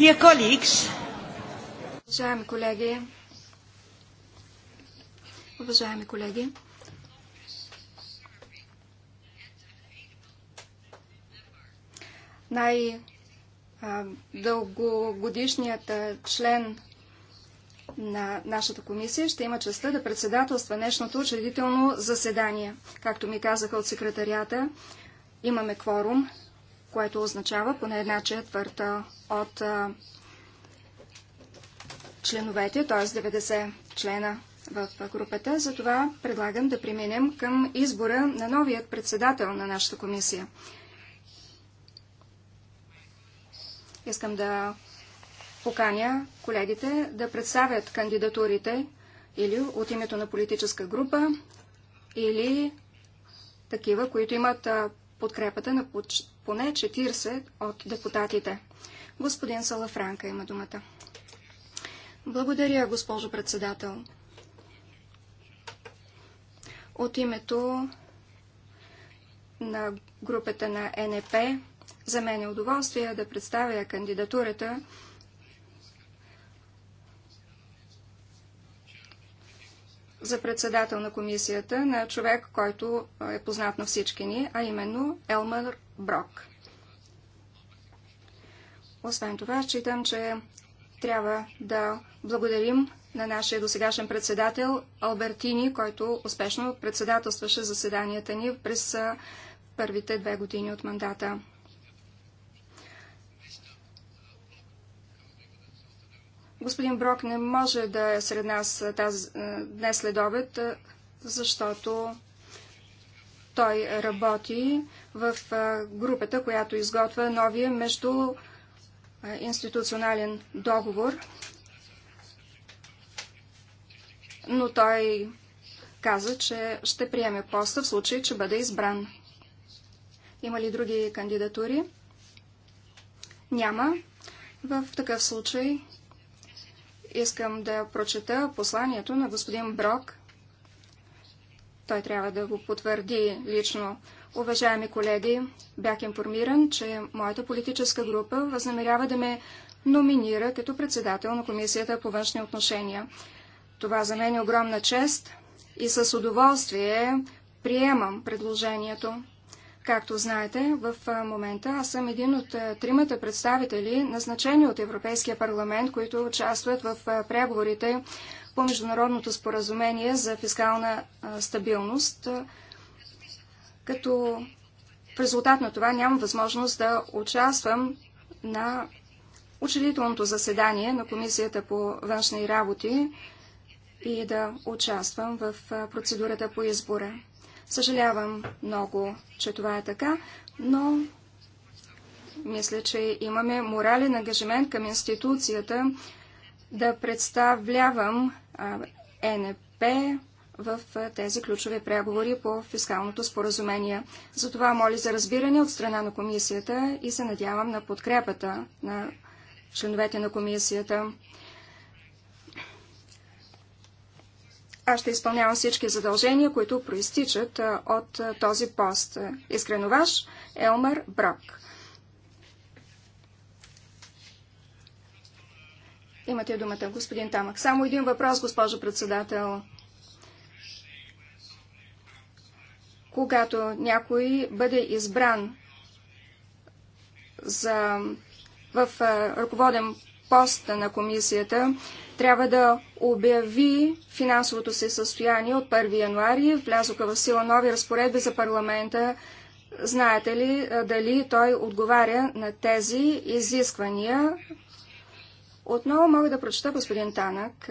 Dear colleagues, уважаеми колеги, уважаеми колеги, най-дългогодишният член на нашата комисия ще има честа да председателства днешното учредително заседание. Както ми казаха от секретарията, имаме кворум което означава поне една четвърта от членовете, т.е. 90 члена в групата. Затова предлагам да преминем към избора на новият председател на нашата комисия. Искам да поканя колегите да представят кандидатурите или от името на политическа група, или такива, които имат подкрепата на поне 40 от депутатите. Господин Салафранка има думата. Благодаря, госпожо председател. От името на групата на НП за мен е удоволствие да представя кандидатурата за председател на комисията на човек, който е познат на всички ни, а именно Елмър Брок. Освен това, считам, че трябва да благодарим на нашия досегашен председател Албертини, който успешно председателстваше заседанията ни през първите две години от мандата. Господин Брок не може да е сред нас тази, днес след обед, защото той работи в групата, която изготвя новия между институционален договор. Но той каза, че ще приеме поста в случай, че бъде избран. Има ли други кандидатури? Няма. В такъв случай Искам да прочета посланието на господин Брок. Той трябва да го потвърди лично. Уважаеми колеги, бях информиран, че моята политическа група възнамерява да ме номинира като председател на Комисията по външни отношения. Това за мен е огромна чест и с удоволствие приемам предложението. Както знаете, в момента аз съм един от тримата представители, назначени от Европейския парламент, които участват в преговорите по Международното споразумение за фискална стабилност, като в резултат на това нямам възможност да участвам на учредителното заседание на Комисията по външни работи и да участвам в процедурата по избора. Съжалявам много, че това е така, но мисля, че имаме морален ангажимент към институцията да представлявам НП в тези ключови преговори по фискалното споразумение. Затова моля за разбиране от страна на комисията и се надявам на подкрепата на членовете на комисията. аз ще изпълнявам всички задължения, които проистичат от този пост. Искрено ваш, Елмар Брак. Имате думата, господин Тамак. Само един въпрос, госпожо председател. Когато някой бъде избран за, в ръководен поста на комисията трябва да обяви финансовото си състояние от 1 януари. Влязоха в сила нови разпоредби за парламента. Знаете ли дали той отговаря на тези изисквания? Отново мога да прочета, господин Танък,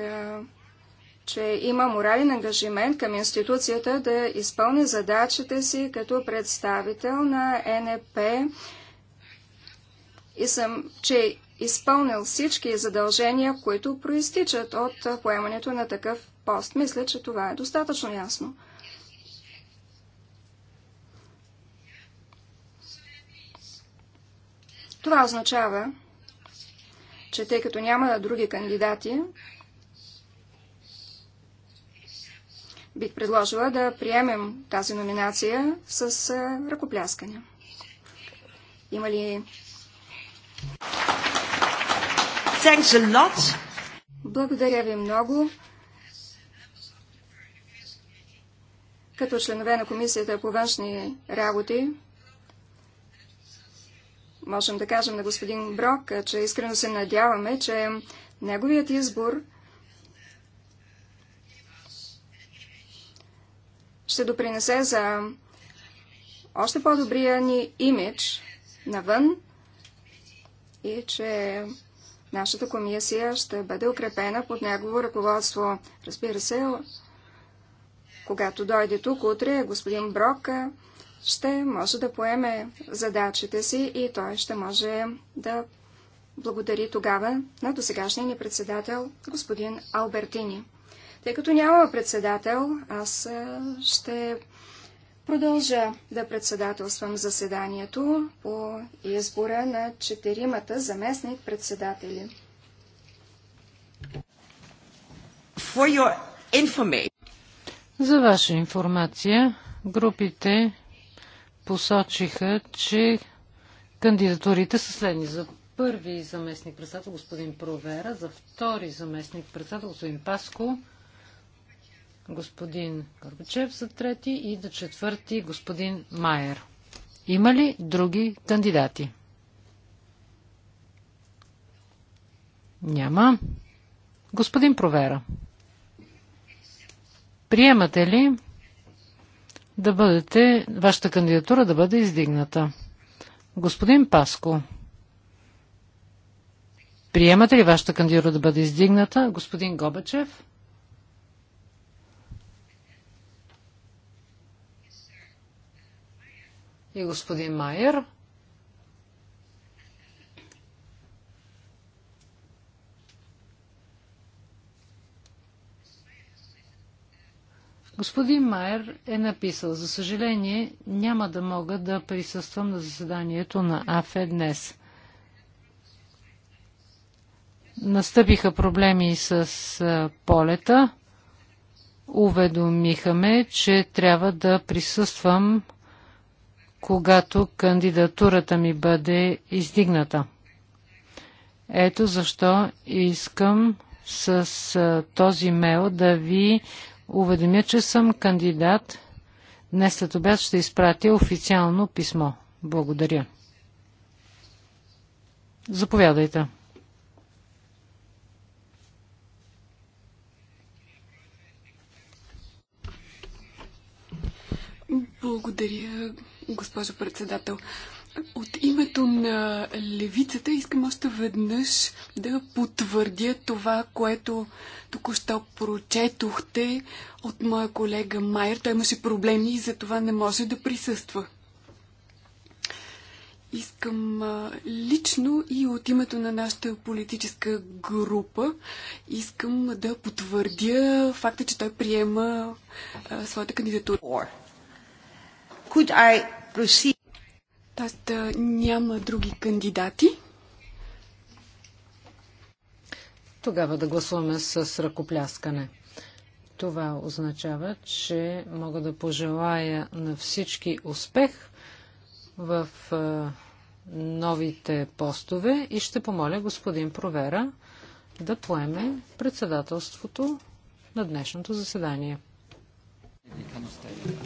че има морален ангажимент към институцията да изпълни задачите си като представител на НП и съм, че изпълнил всички задължения, които проистичат от поемането на такъв пост. Мисля, че това е достатъчно ясно. Това означава, че тъй като няма други кандидати, бих предложила да приемем тази номинация с ръкопляскане. Има ли Thanks a lot. Благодаря ви много. Като членове на Комисията по външни работи, можем да кажем на господин Брок, че искрено се надяваме, че неговият избор ще допринесе за още по-добрия ни имидж навън и че Нашата комисия ще бъде укрепена под негово ръководство. Разбира се, когато дойде тук утре, господин Брок ще може да поеме задачите си и той ще може да благодари тогава на досегашния ни председател, господин Албертини. Тъй като няма председател, аз ще продължа да председателствам заседанието по избора на четиримата заместник-председатели. За ваша информация, групите посочиха, че кандидатурите са следни за първи заместник председател господин Провера, за втори заместник председател господин Паско, господин Горбачев за трети и за четвърти господин Майер. Има ли други кандидати? Няма. Господин Провера, приемате ли да бъдете, вашата кандидатура да бъде издигната? Господин Паско, приемате ли вашата кандидатура да бъде издигната? Господин Гобачев? и господин Майер. Господин Майер е написал, за съжаление няма да мога да присъствам на заседанието на АФЕ днес. Настъпиха проблеми с полета. Уведомиха ме, че трябва да присъствам когато кандидатурата ми бъде издигната. Ето защо искам с този мейл да ви уведомя, че съм кандидат. Днес след обяд ще изпратя официално писмо. Благодаря. Заповядайте. Благодаря, госпожо председател. От името на левицата искам още веднъж да потвърдя това, което току-що прочетохте от моя колега Майер. Той имаше проблеми и за това не може да присъства. Искам лично и от името на нашата политическа група искам да потвърдя факта, че той приема своята кандидатура. Could I proceed? няма други кандидати. Тогава да гласуваме с ръкопляскане. Това означава, че мога да пожелая на всички успех в новите постове и ще помоля господин Провера да поеме председателството на днешното заседание. Thank you.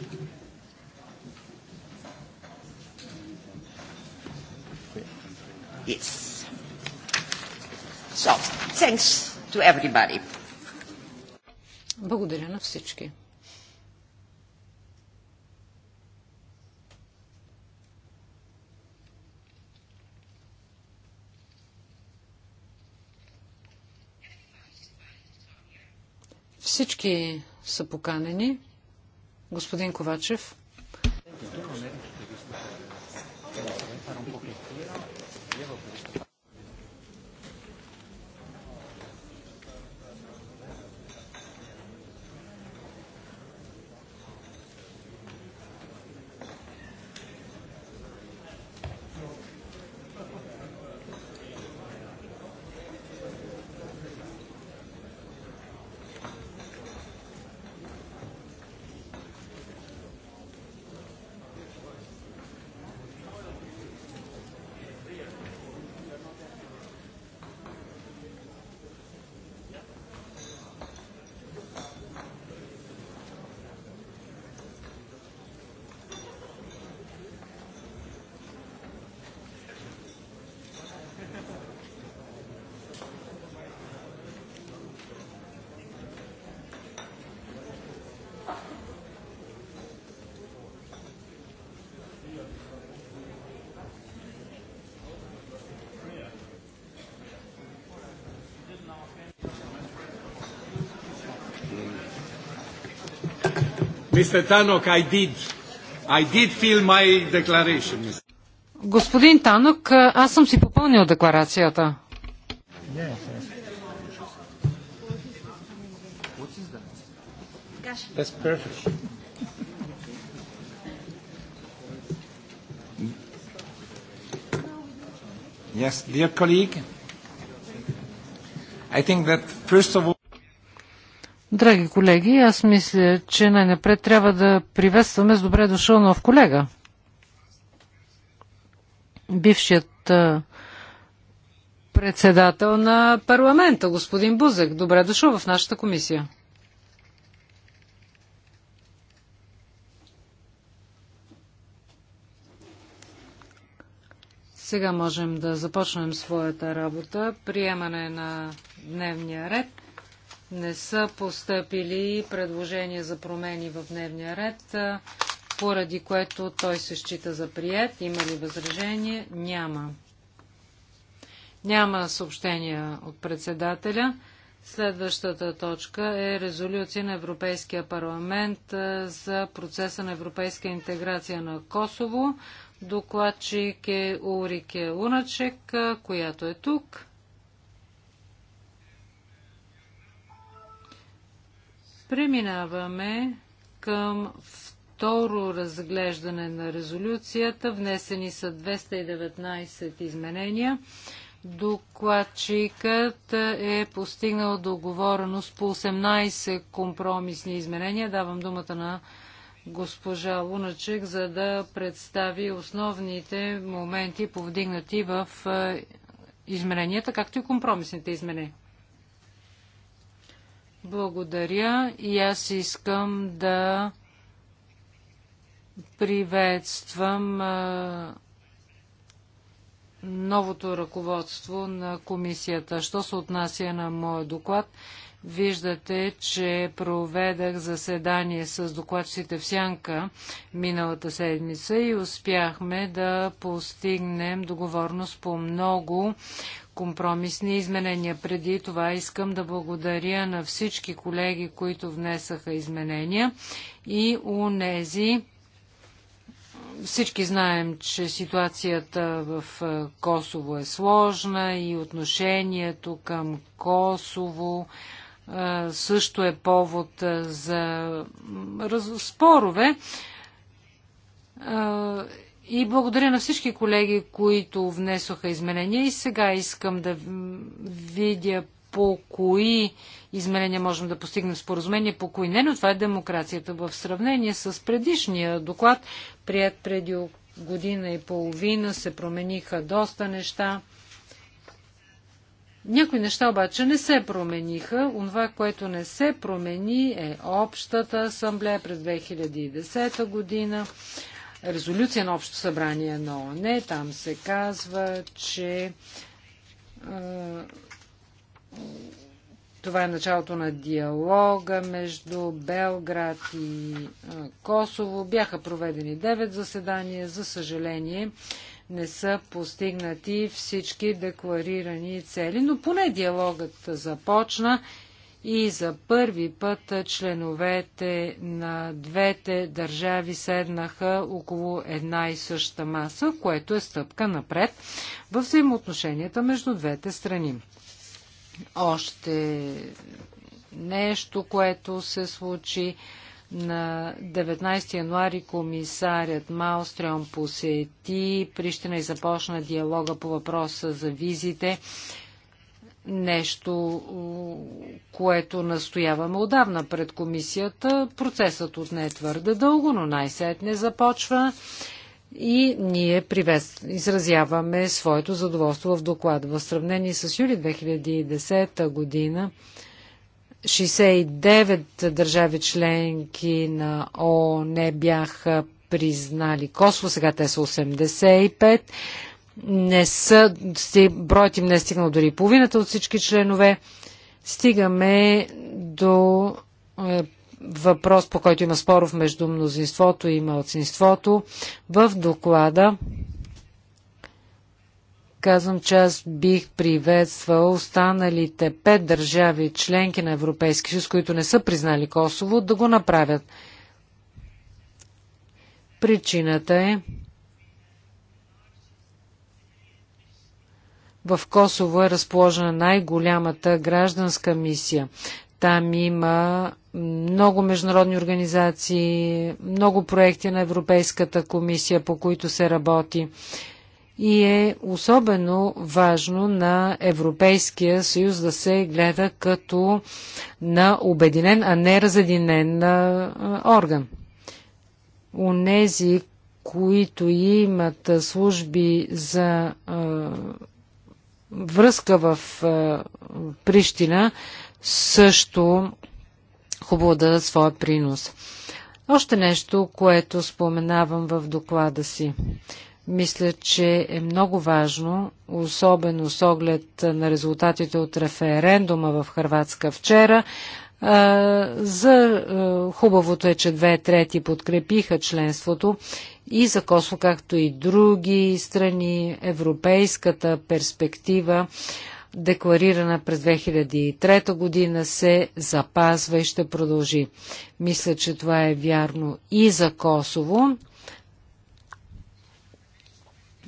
Yes. So, thanks to everybody. Благодаря на всички. Всички са поканени. Господин Ковачев. Mr. Tanok, I did. I did fill my declaration. Mr. Господин Танок, аз съм си попълнил декларацията. Yes, yes. That's perfect. Yes, dear colleague, I think that first of all... Драги колеги, аз мисля, че най-напред трябва да приветстваме с добре дошъл нов колега. Бившият председател на парламента, господин Бузек. Добре дошъл в нашата комисия. Сега можем да започнем своята работа. Приемане на дневния ред. Не са постъпили предложения за промени в дневния ред, поради което той се счита за прият. Има ли възражение? Няма. Няма съобщения от председателя. Следващата точка е резолюция на Европейския парламент за процеса на европейска интеграция на Косово. Докладчик е Урике Луначек, която е тук. Преминаваме към второ разглеждане на резолюцията. Внесени са 219 изменения. Докладчикът е постигнал договореност по 18 компромисни изменения. Давам думата на госпожа Луначек, за да представи основните моменти, повдигнати в е, измененията, както и компромисните изменения. Благодаря и аз искам да приветствам а, новото ръководство на комисията. Що се отнася на моя доклад, виждате, че проведах заседание с докладчите в Сянка миналата седмица и успяхме да постигнем договорност по много безкомпромисни изменения. Преди това искам да благодаря на всички колеги, които внесаха изменения и у нези. Всички знаем, че ситуацията в е, Косово е сложна и отношението към Косово е, също е повод е, за спорове и благодаря на всички колеги, които внесоха изменения. И сега искам да видя по кои изменения можем да постигнем споразумение, по кои не, но това е демокрацията в сравнение с предишния доклад, прият преди година и половина, се промениха доста неща. Някои неща обаче не се промениха. Онова, което не се промени е общата асамблея през 2010 година, резолюция на Общо събрание на ООН. Там се казва, че това е началото на диалога между Белград и Косово. Бяха проведени 9 заседания. За съжаление, не са постигнати всички декларирани цели, но поне диалогът започна и за първи път членовете на двете държави седнаха около една и съща маса, което е стъпка напред в взаимоотношенията между двете страни. Още нещо, което се случи на 19 януари комисарят Маустрион посети Прищина и започна диалога по въпроса за визите нещо, което настояваме отдавна пред комисията. Процесът отне е твърде дълго, но най-сетне започва и ние привез... изразяваме своето задоволство в доклада. В сравнение с юли 2010 година 69 държави членки на ООН не бяха признали Косово, сега те са 85 не са, броят им не е стигнал дори половината от всички членове. Стигаме до е, въпрос, по който има споров между мнозинството и малцинството. В доклада казвам, че аз бих приветствал останалите пет държави членки на Европейски съюз, които не са признали Косово, да го направят. Причината е, В Косово е разположена най-голямата гражданска мисия. Там има много международни организации, много проекти на Европейската комисия, по които се работи. И е особено важно на Европейския съюз да се гледа като на обединен, а не разединен орган. Унези, които имат служби за връзка в е, Прищина също хубаво да дадат своя принос. Още нещо, което споменавам в доклада си. Мисля, че е много важно, особено с оглед на резултатите от референдума в Харватска вчера, за хубавото е, че две трети подкрепиха членството и за Косово, както и други страни, европейската перспектива, декларирана през 2003 година, се запазва и ще продължи. Мисля, че това е вярно и за Косово.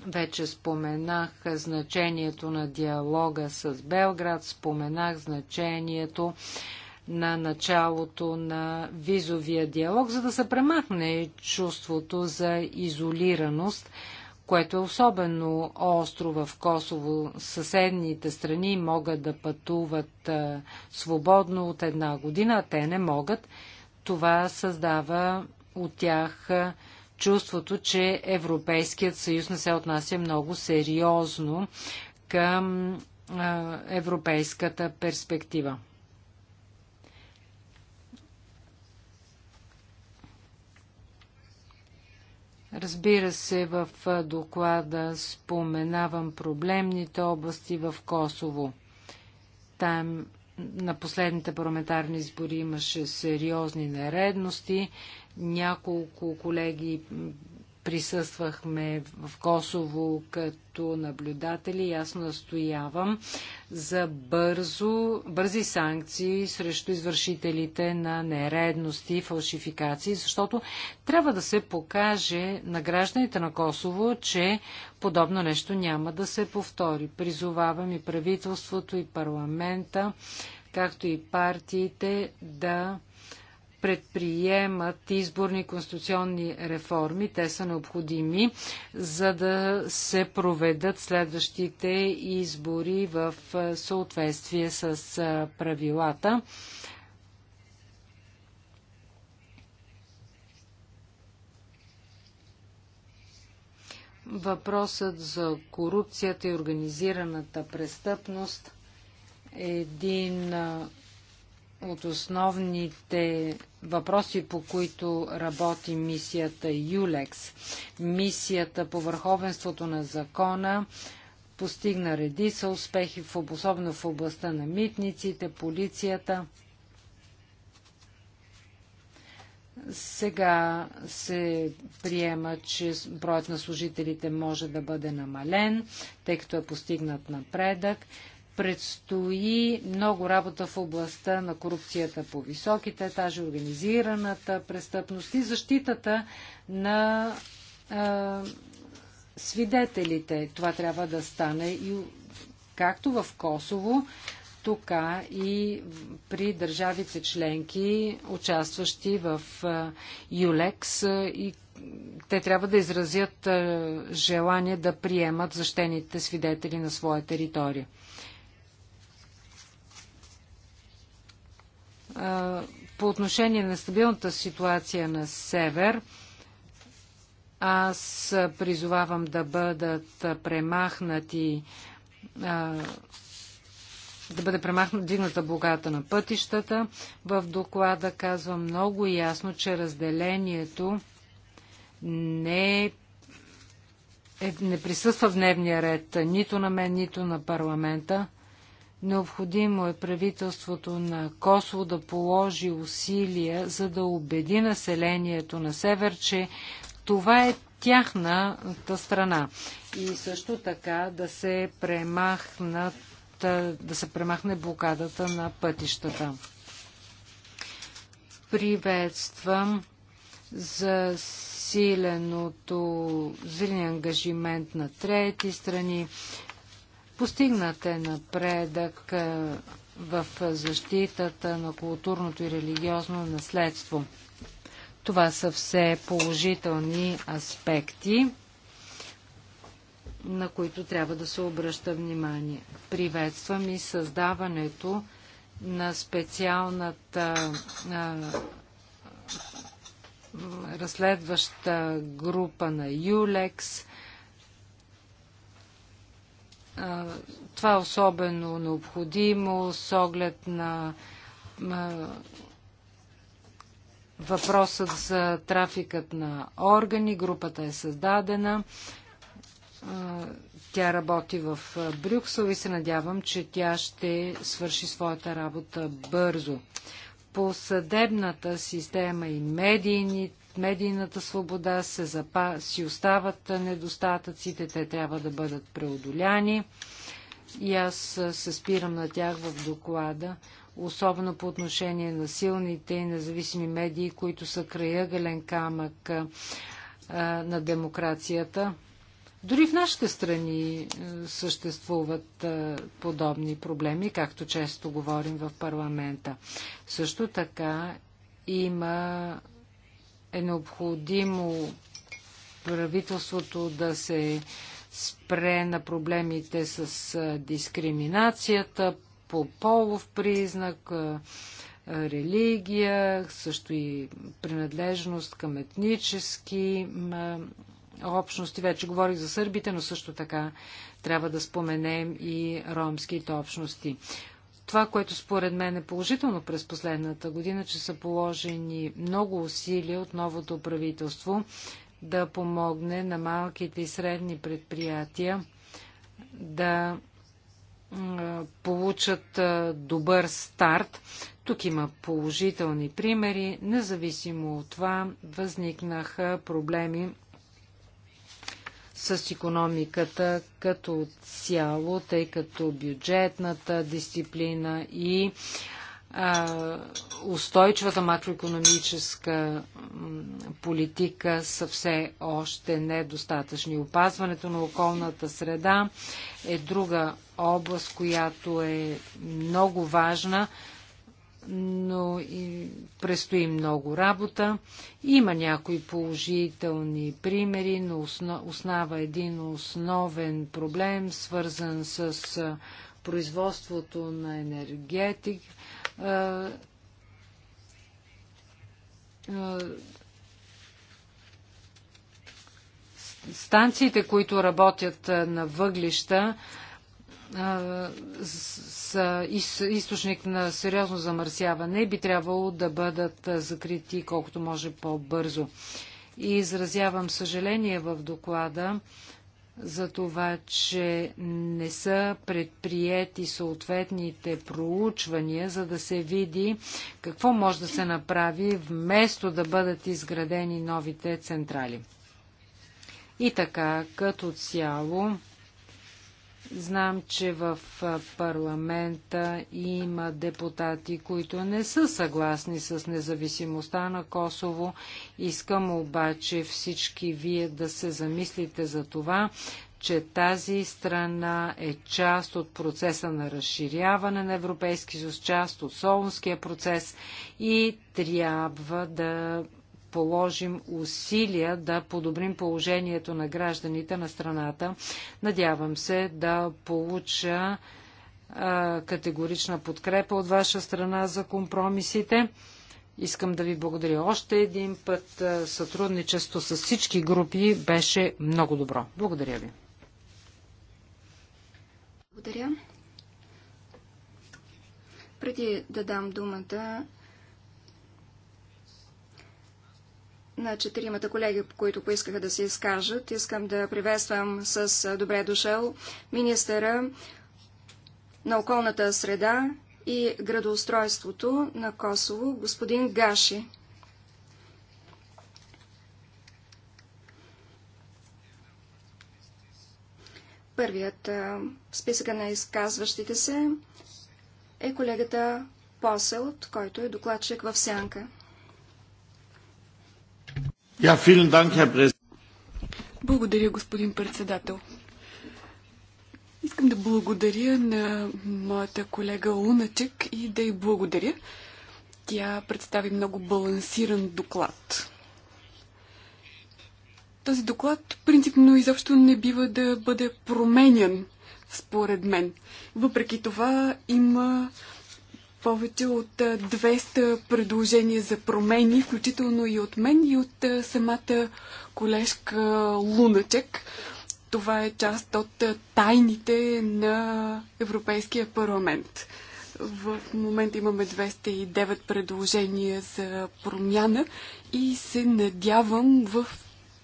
Вече споменах значението на диалога с Белград, споменах значението на началото на визовия диалог, за да се премахне чувството за изолираност, което е особено остро в Косово. Съседните страни могат да пътуват свободно от една година, а те не могат. Това създава от тях чувството, че Европейският съюз не се отнася много сериозно към европейската перспектива. Разбира се, в доклада споменавам проблемните области в Косово. Там на последните парламентарни избори имаше сериозни нередности. Няколко колеги присъствахме в Косово като наблюдатели аз настоявам за бързо, бързи санкции срещу извършителите на нередности и фалшификации, защото трябва да се покаже на гражданите на Косово, че подобно нещо няма да се повтори. Призовавам и правителството, и парламента, както и партиите да предприемат изборни конституционни реформи. Те са необходими, за да се проведат следващите избори в съответствие с правилата. Въпросът за корупцията и организираната престъпност е един от основните въпроси, по които работи мисията ЮЛЕКС. Мисията по върховенството на закона постигна редица успехи, в особено в областта на митниците, полицията. Сега се приема, че броят на служителите може да бъде намален, тъй като е постигнат напредък. Предстои много работа в областта на корупцията по високите етажи, организираната престъпност и защитата на а, свидетелите. Това трябва да стане и както в Косово, така и при държавите членки, участващи в ЮЛЕКС и те трябва да изразят желание да приемат защените свидетели на своя територия. по отношение на стабилната ситуация на север, аз призовавам да бъдат премахнати да бъде премахната дигната богата на пътищата. В доклада казва много ясно, че разделението не, е, не присъства в дневния ред нито на мен, нито на парламента. Необходимо е правителството на Косово да положи усилия, за да убеди населението на север, че това е тяхната страна. И също така да се премахнат да се премахне блокадата на пътищата. Приветствам за силеното зелен ангажимент на трети страни, Постигнат е напредък е, в защитата на културното и религиозно наследство. Това са все положителни аспекти, на които трябва да се обръща внимание. Приветствам и създаването на специалната а, разследваща група на ЮЛЕКС това е особено необходимо с оглед на въпросът за трафикът на органи. Групата е създадена. Тя работи в Брюксел и се надявам, че тя ще свърши своята работа бързо. По съдебната система и медийни, медийната свобода се запа... си остават недостатъците, те трябва да бъдат преодоляни и аз се спирам на тях в доклада, особено по отношение на силните и независими медии, които са краягален камък а, на демокрацията. Дори в нашите страни съществуват подобни проблеми, както често говорим в парламента. Също така има е необходимо правителството да се спре на проблемите с дискриминацията по полов признак, религия, също и принадлежност към етнически общности. Вече говорих за сърбите, но също така трябва да споменем и ромските общности това, което според мен е положително през последната година, че са положени много усилия от новото правителство да помогне на малките и средни предприятия да получат добър старт. Тук има положителни примери. Независимо от това, възникнаха проблеми с економиката като цяло, тъй като бюджетната дисциплина и а, устойчивата макроекономическа политика са все още недостатъчни. Опазването на околната среда е друга област, която е много важна но и предстои много работа. Има някои положителни примери, но основа един основен проблем, свързан с производството на енергетик. Станциите, които работят на въглища, са източник на сериозно замърсяване, би трябвало да бъдат закрити колкото може по-бързо. И изразявам съжаление в доклада за това, че не са предприяти съответните проучвания, за да се види какво може да се направи вместо да бъдат изградени новите централи. И така, като цяло, Знам, че в парламента има депутати, които не са съгласни с независимостта на Косово. Искам обаче всички вие да се замислите за това, че тази страна е част от процеса на разширяване на Европейски съюз, част от Солунския процес и трябва да положим усилия да подобрим положението на гражданите на страната. Надявам се да получа категорична подкрепа от ваша страна за компромисите. Искам да ви благодаря още един път. Сътрудничество с всички групи беше много добро. Благодаря ви. Благодаря. Преди да дам думата на четиримата колеги, които поискаха да се изкажат. Искам да приветствам с добре дошъл министъра на околната среда и градоустройството на Косово, господин Гаши. Първият списъка на изказващите се е колегата Посел, който е докладчик в Сянка. Благодаря, господин председател. Искам да благодаря на моята колега Луначек и да й благодаря. Тя представи много балансиран доклад. Този доклад принципно изобщо не бива да бъде променен, според мен. Въпреки това има повече от 200 предложения за промени, включително и от мен и от самата колежка Луначек. Това е част от тайните на Европейския парламент. В момента имаме 209 предложения за промяна и се надявам в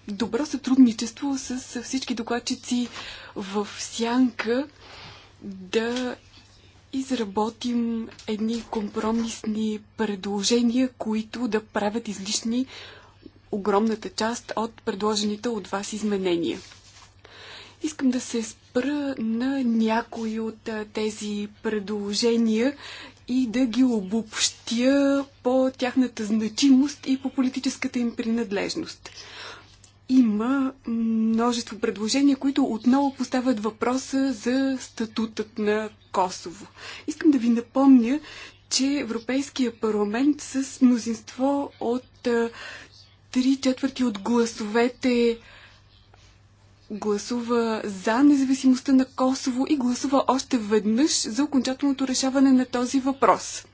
добро сътрудничество с всички докладчици в Сянка да изработим едни компромисни предложения, които да правят излишни огромната част от предложените от вас изменения. Искам да се спра на някои от тези предложения и да ги обобщя по тяхната значимост и по политическата им принадлежност има множество предложения, които отново поставят въпроса за статутът на Косово. Искам да ви напомня, че Европейския парламент с мнозинство от три четвърти от гласовете гласува за независимостта на Косово и гласува още веднъж за окончателното решаване на този въпрос.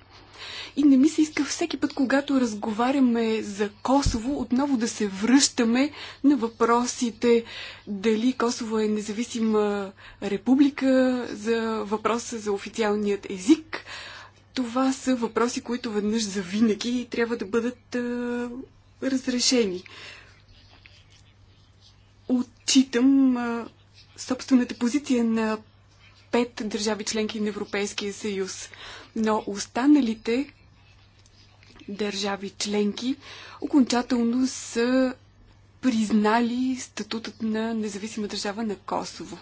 И не ми се иска всеки път, когато разговаряме за Косово, отново да се връщаме на въпросите дали Косово е независима република, за въпроса за официалният език. Това са въпроси, които веднъж за винаги трябва да бъдат а, разрешени. Отчитам а, собствената позиция на пет държави членки на Европейския съюз. Но останалите държави членки окончателно са признали статутът на независима държава на Косово.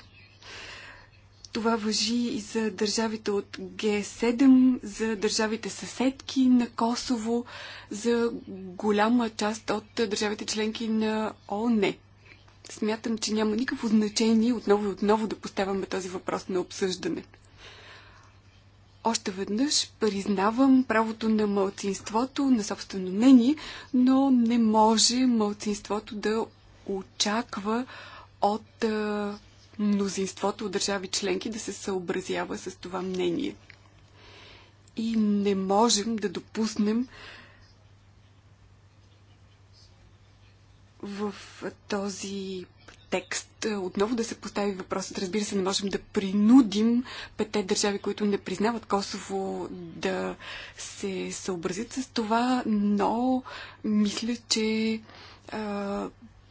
Това въжи и за държавите от Г7, за държавите съседки на Косово, за голяма част от държавите членки на ООН. Смятам, че няма никакво значение отново и отново да поставяме този въпрос на обсъждане. Още веднъж признавам правото на мълцинството на собствено мнение, но не може мълцинството да очаква от а, мнозинството от държави членки да се съобразява с това мнение. И не можем да допуснем в този текст е, отново да се постави въпросът. Разбира се, не можем да принудим пете държави, които не признават Косово, да се съобразят с това, но мисля, че а,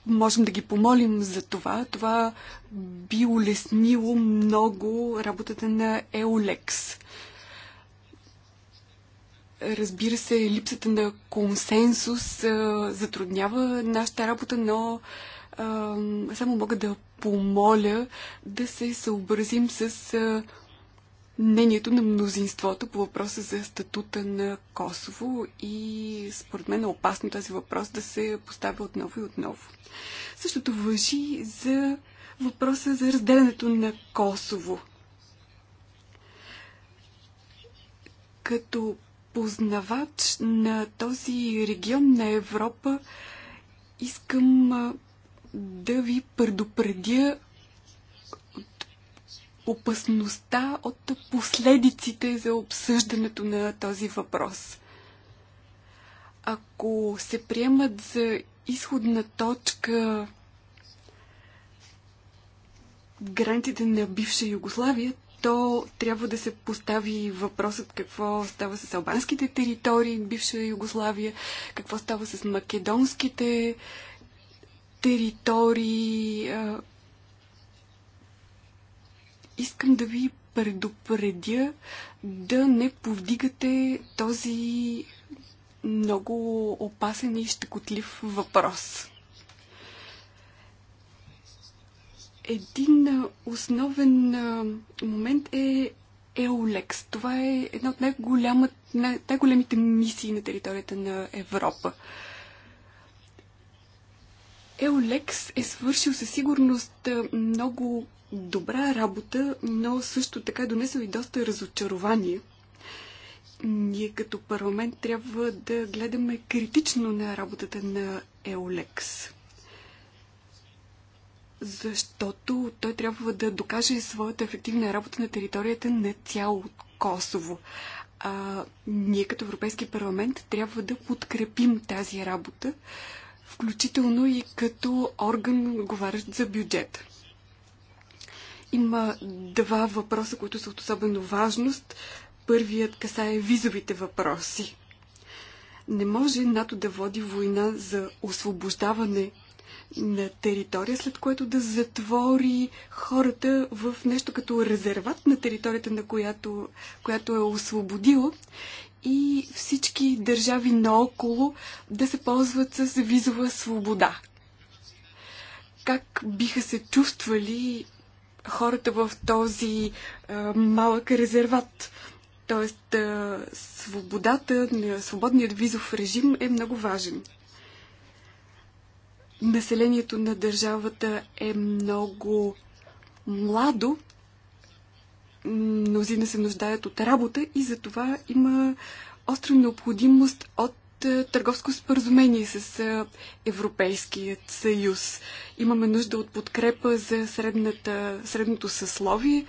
можем да ги помолим за това. Това би улеснило много работата на Еолекс. Разбира се, липсата на консенсус а, затруднява нашата работа, но а, само мога да помоля да се съобразим с а, мнението на мнозинството по въпроса за статута на Косово и според мен е опасно този въпрос да се поставя отново и отново. Същото въжи за въпроса за разделянето на Косово. Като познавач на този регион на Европа, искам да ви предупредя опасността от последиците за обсъждането на този въпрос. Ако се приемат за изходна точка границите на бивша Югославия, то трябва да се постави въпросът какво става с албанските територии, бивша Югославия, какво става с македонските територии. Искам да ви предупредя да не повдигате този много опасен и щекотлив въпрос. Един основен момент е Еолекс. Това е една от най-голямите мисии на територията на Европа. Еолекс е свършил със сигурност много добра работа, но също така е донесъл и доста разочарование. Ние като парламент трябва да гледаме критично на работата на Еолекс. Защото той трябва да докаже своята ефективна работа на територията на цяло Косово. А, ние като Европейски парламент трябва да подкрепим тази работа, включително и като орган, отговарящ за бюджет. Има два въпроса, които са от особено важност. Първият касае визовите въпроси. Не може НАТО да води война за освобождаване на територия, след което да затвори хората в нещо като резерват на територията, на която, която е освободила и всички държави наоколо да се ползват с визова свобода. Как биха се чувствали хората в този а, малък резерват? Тоест, а, свободата, свободният визов режим е много важен. Населението на държавата е много младо мнозина се нуждаят от работа и за това има остра необходимост от е, търговско споразумение с е, Европейският съюз. Имаме нужда от подкрепа за средната, средното съсловие,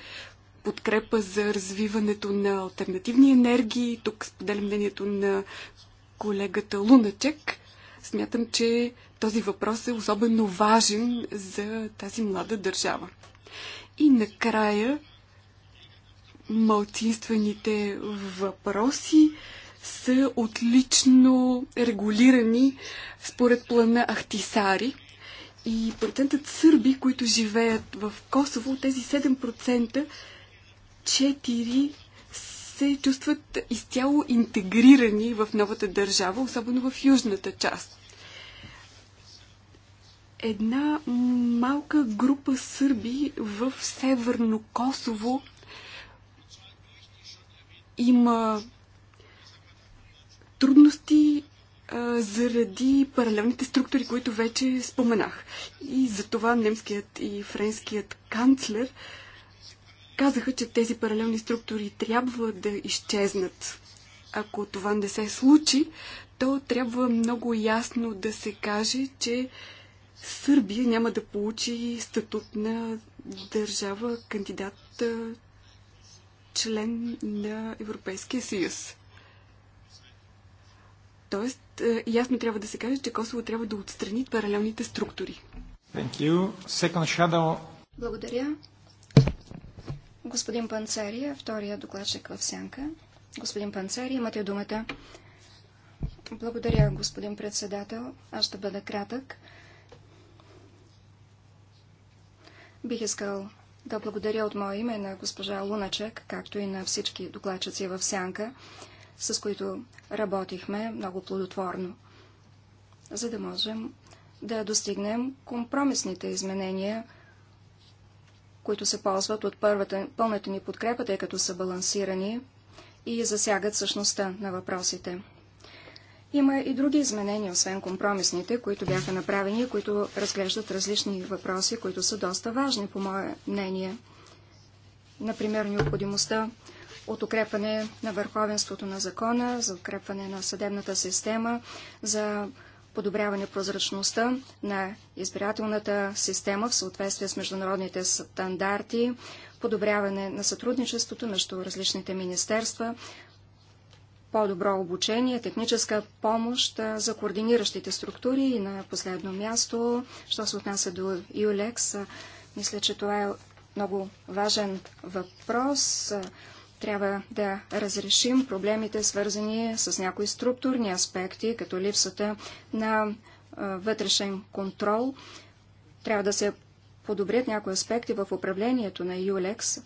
подкрепа за развиването на альтернативни енергии. Тук споделям мнението на колегата Луначек. Смятам, че този въпрос е особено важен за тази млада държава. И накрая малцинствените въпроси са отлично регулирани според плана Ахтисари. И процентът сърби, които живеят в Косово, тези 7%, 4 се чувстват изцяло интегрирани в новата държава, особено в южната част. Една малка група сърби в Северно Косово има трудности а, заради паралелните структури, които вече споменах. И затова немският и френският канцлер казаха, че тези паралелни структури трябва да изчезнат. Ако това не се случи, то трябва много ясно да се каже, че Сърбия няма да получи статут на държава кандидат член на Европейския съюз. Тоест, е, ясно трябва да се каже, че Косово трябва да отстрани паралелните структури. Thank you. Second shadow. Благодаря. Господин Панцария, е втория докладчик в сянка. Господин панцари, имате думата. Благодаря, господин председател. Аз ще бъда кратък. Бих искал да благодаря от мое име на госпожа Луначек, както и на всички докладчици в Сянка, с които работихме много плодотворно, за да можем да достигнем компромисните изменения, които се ползват от първата, пълната ни подкрепа, тъй като са балансирани и засягат същността на въпросите. Има и други изменения, освен компромисните, които бяха направени които разглеждат различни въпроси, които са доста важни, по мое мнение. Например, необходимостта от укрепване на върховенството на закона, за укрепване на съдебната система, за подобряване прозрачността на избирателната система в съответствие с международните стандарти, подобряване на сътрудничеството между различните министерства, по-добро обучение, техническа помощ за координиращите структури и на последно място, що се отнася до ЮЛЕКС, мисля, че това е много важен въпрос. Трябва да разрешим проблемите, свързани с някои структурни аспекти, като липсата на вътрешен контрол. Трябва да се подобрят някои аспекти в управлението на ЮЛЕКС,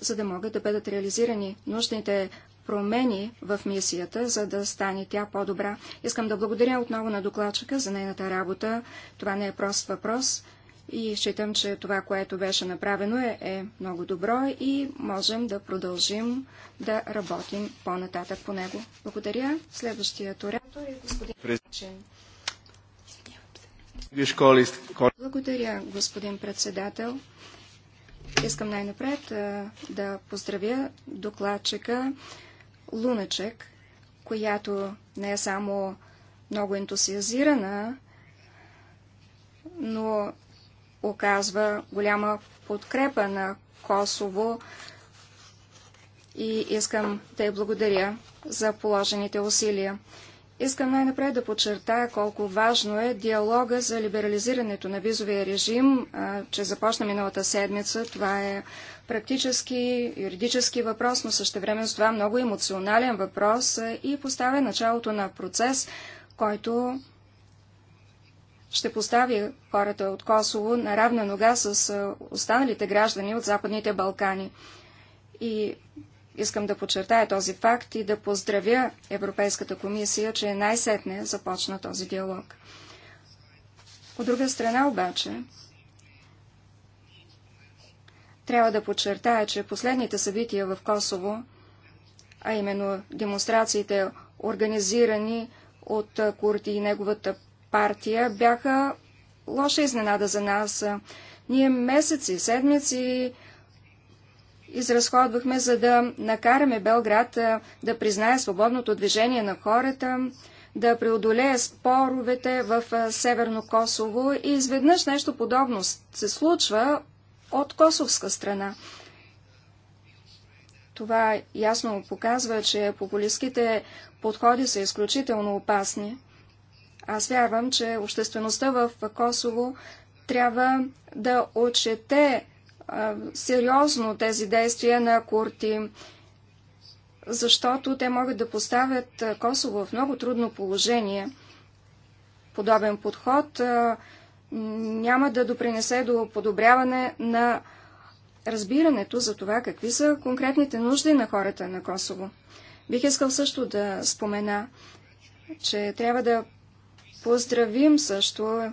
за да могат да бъдат реализирани нужните промени в мисията, за да стане тя по-добра. Искам да благодаря отново на докладчика за нейната работа. Това не е прост въпрос и считам, че това, което беше направено е, е много добро и можем да продължим да работим по-нататък по него. Благодаря. Следващият оратор е господин Начин. Благодаря, господин председател. Искам най-напред да поздравя докладчика Луначек, която не е само много ентусиазирана, но оказва голяма подкрепа на Косово и искам да я благодаря за положените усилия. Искам най-напред да подчертая колко важно е диалога за либерализирането на визовия режим, че започна миналата седмица. Това е практически, юридически въпрос, но същевременно с това много емоционален въпрос и поставя началото на процес, който ще постави хората от Косово на равна нога с останалите граждани от Западните Балкани. И Искам да подчертая този факт и да поздравя Европейската комисия, че най-сетне започна този диалог. От друга страна обаче, трябва да подчертая, че последните събития в Косово, а именно демонстрациите, организирани от Курти и неговата партия, бяха лоша изненада за нас. Ние месеци, седмици изразходвахме, за да накараме Белград да признае свободното движение на хората, да преодолее споровете в Северно Косово и изведнъж нещо подобно се случва от косовска страна. Това ясно показва, че популистските подходи са изключително опасни. Аз вярвам, че обществеността в Косово трябва да отчете сериозно тези действия на Курти, защото те могат да поставят Косово в много трудно положение. Подобен подход няма да допринесе до подобряване на разбирането за това какви са конкретните нужди на хората на Косово. Бих искал също да спомена, че трябва да поздравим също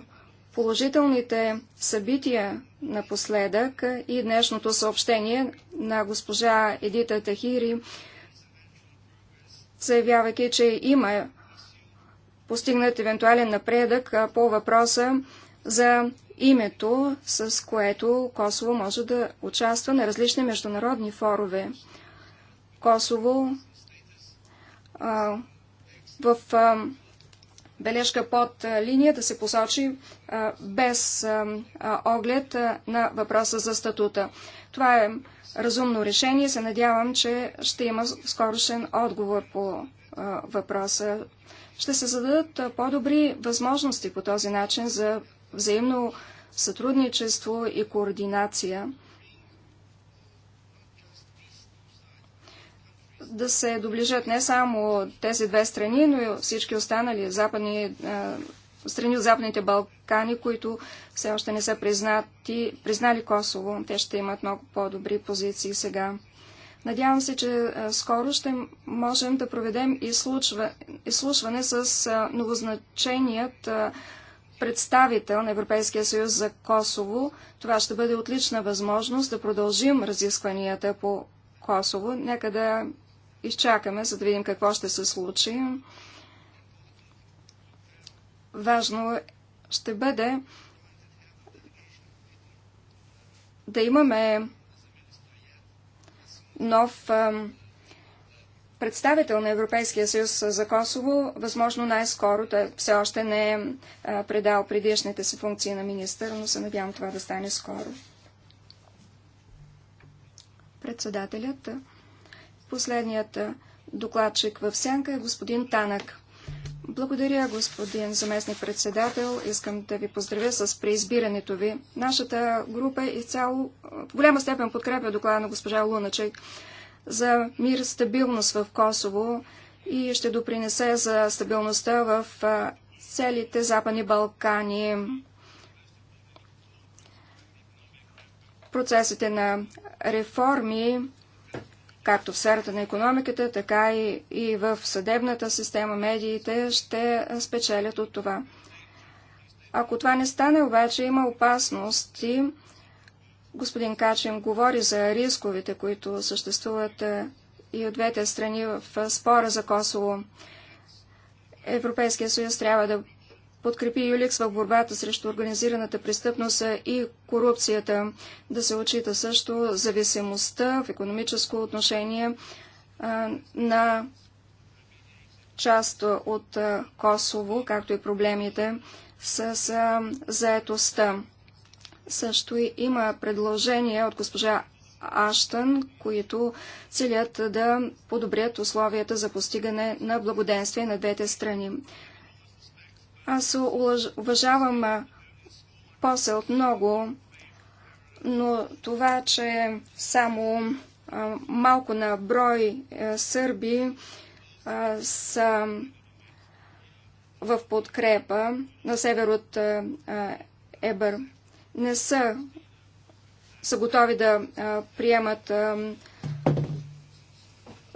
положителните събития напоследък и днешното съобщение на госпожа Едита Тахири, заявявайки, че има постигнат евентуален напредък по въпроса за името, с което Косово може да участва на различни международни форове. Косово а, в а, бележка под линия да се посочи без оглед на въпроса за статута. Това е разумно решение. Се надявам, че ще има скорошен отговор по въпроса. Ще се зададат по-добри възможности по този начин за взаимно сътрудничество и координация. да се доближат не само тези две страни, но и всички останали западни, страни от Западните Балкани, които все още не са признати, признали Косово. Те ще имат много по-добри позиции сега. Надявам се, че скоро ще можем да проведем изслушване с новозначеният представител на Европейския съюз за Косово. Това ще бъде отлична възможност да продължим разискванията по Косово. Нека да изчакаме, за да видим какво ще се случи. Важно ще бъде да имаме нов представител на Европейския съюз за Косово, възможно най-скоро. Той все още не е предал предишните си функции на министър, но се надявам това да стане скоро. Председателят Последният докладчик в сянка е господин Танък. Благодаря, господин заместник-председател. Искам да ви поздравя с преизбирането ви. Нашата група изцяло в голяма степен подкрепя доклада на госпожа Луначек за мир и стабилност в Косово и ще допринесе за стабилността в целите Западни Балкани. Процесите на реформи както в сферата на економиката, така и, и в съдебната система, медиите ще спечелят от това. Ако това не стане, обаче има опасности. Господин Качин говори за рисковете, които съществуват е, и от двете страни в е, спора за Косово. Европейския съюз трябва да подкрепи Юликс в борбата срещу организираната престъпност и корупцията, да се отчита също зависимостта в економическо отношение на част от Косово, както и проблемите с заетостта. Също и има предложения от госпожа Аштън, които целят да подобрят условията за постигане на благоденствие на двете страни. Аз уважавам от много, но това, че само малко на брой е, сърби са в подкрепа на север от е, е, Ебър, не са, са готови да приемат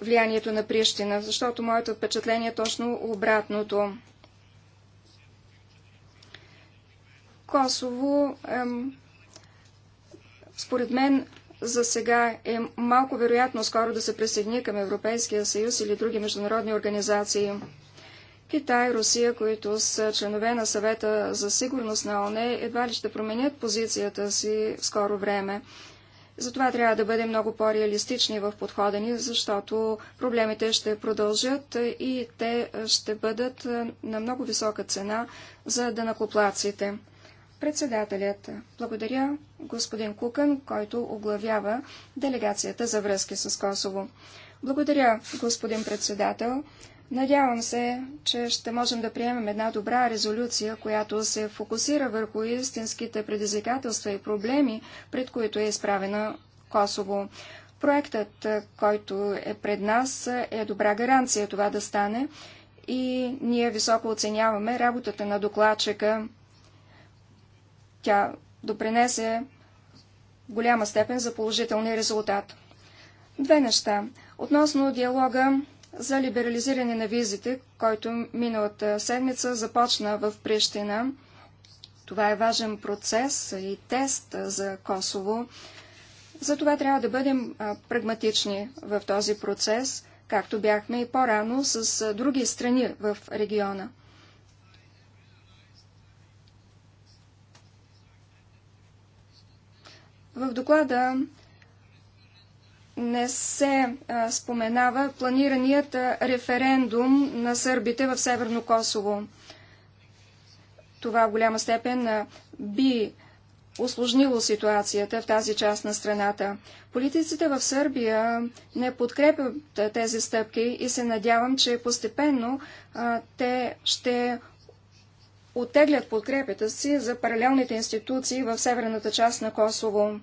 влиянието на Прищина, защото моето впечатление е точно обратното. Косово, ем, според мен, за сега е малко вероятно скоро да се присъедини към Европейския съюз или други международни организации. Китай, Русия, които са членове на съвета за сигурност на ОНЕ, едва ли ще променят позицията си в скоро време. Затова трябва да бъдем много по-реалистични в подхода ни, защото проблемите ще продължат и те ще бъдат на много висока цена за данакоплаците. Председателят. Благодаря господин Кукън, който оглавява делегацията за връзки с Косово. Благодаря, господин председател. Надявам се, че ще можем да приемем една добра резолюция, която се фокусира върху истинските предизвикателства и проблеми, пред които е изправена Косово. Проектът, който е пред нас, е добра гаранция това да стане и ние високо оценяваме работата на докладчика тя допринесе голяма степен за положителния резултат. Две неща. Относно диалога за либерализиране на визите, който миналата седмица започна в Прищина. Това е важен процес и тест за Косово. Затова трябва да бъдем прагматични в този процес, както бяхме и по-рано с други страни в региона. В доклада не се а, споменава планираният референдум на сърбите в Северно Косово. Това в голяма степен а, би осложнило ситуацията в тази част на страната. Политиците в Сърбия не подкрепят тези стъпки и се надявам, че постепенно а, те ще оттеглят подкрепята си за паралелните институции в северната част на Косово.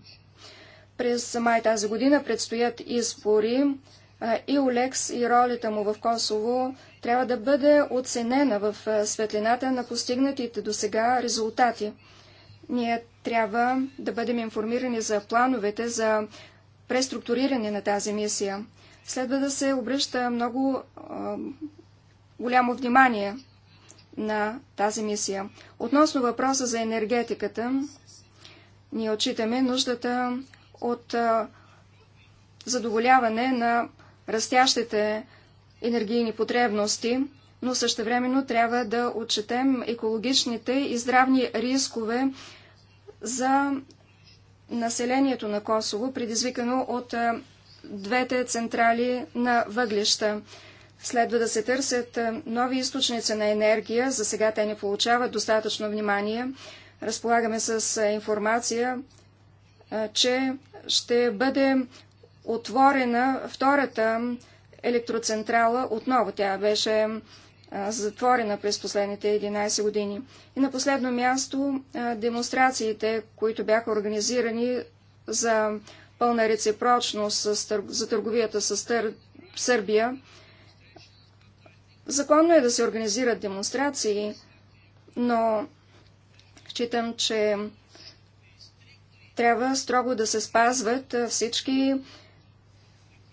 През май тази година предстоят избори. И Олекс и ролята му в Косово трябва да бъде оценена в светлината на постигнатите до сега резултати. Ние трябва да бъдем информирани за плановете за преструктуриране на тази мисия. Следва да се обръща много голямо внимание на тази мисия. Относно въпроса за енергетиката, ние отчитаме нуждата от задоволяване на растящите енергийни потребности, но същевременно трябва да отчетем екологичните и здравни рискове за населението на Косово, предизвикано от двете централи на въглища. Следва да се търсят нови източници на енергия. За сега те не получават достатъчно внимание. Разполагаме с информация, че ще бъде отворена втората електроцентрала. Отново тя беше затворена през последните 11 години. И на последно място демонстрациите, които бяха организирани за пълна реципрочност за търговията с Сърбия, Законно е да се организират демонстрации, но считам, че трябва строго да се спазват всички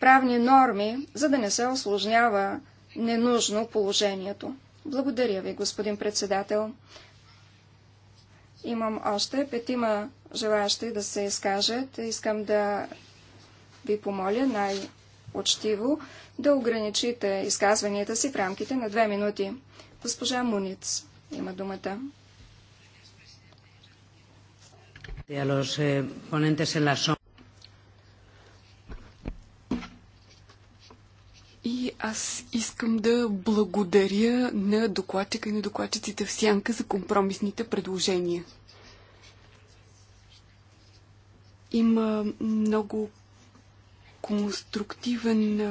правни норми, за да не се осложнява ненужно положението. Благодаря ви, господин председател. Имам още петима желащи да се изкажат. Искам да ви помоля най- учтиво да ограничите изказванията си в рамките на две минути. Госпожа Муниц има думата. Е, е и аз искам да благодаря на докладчика и на докладчиците в Сянка за компромисните предложения. Има много конструктивен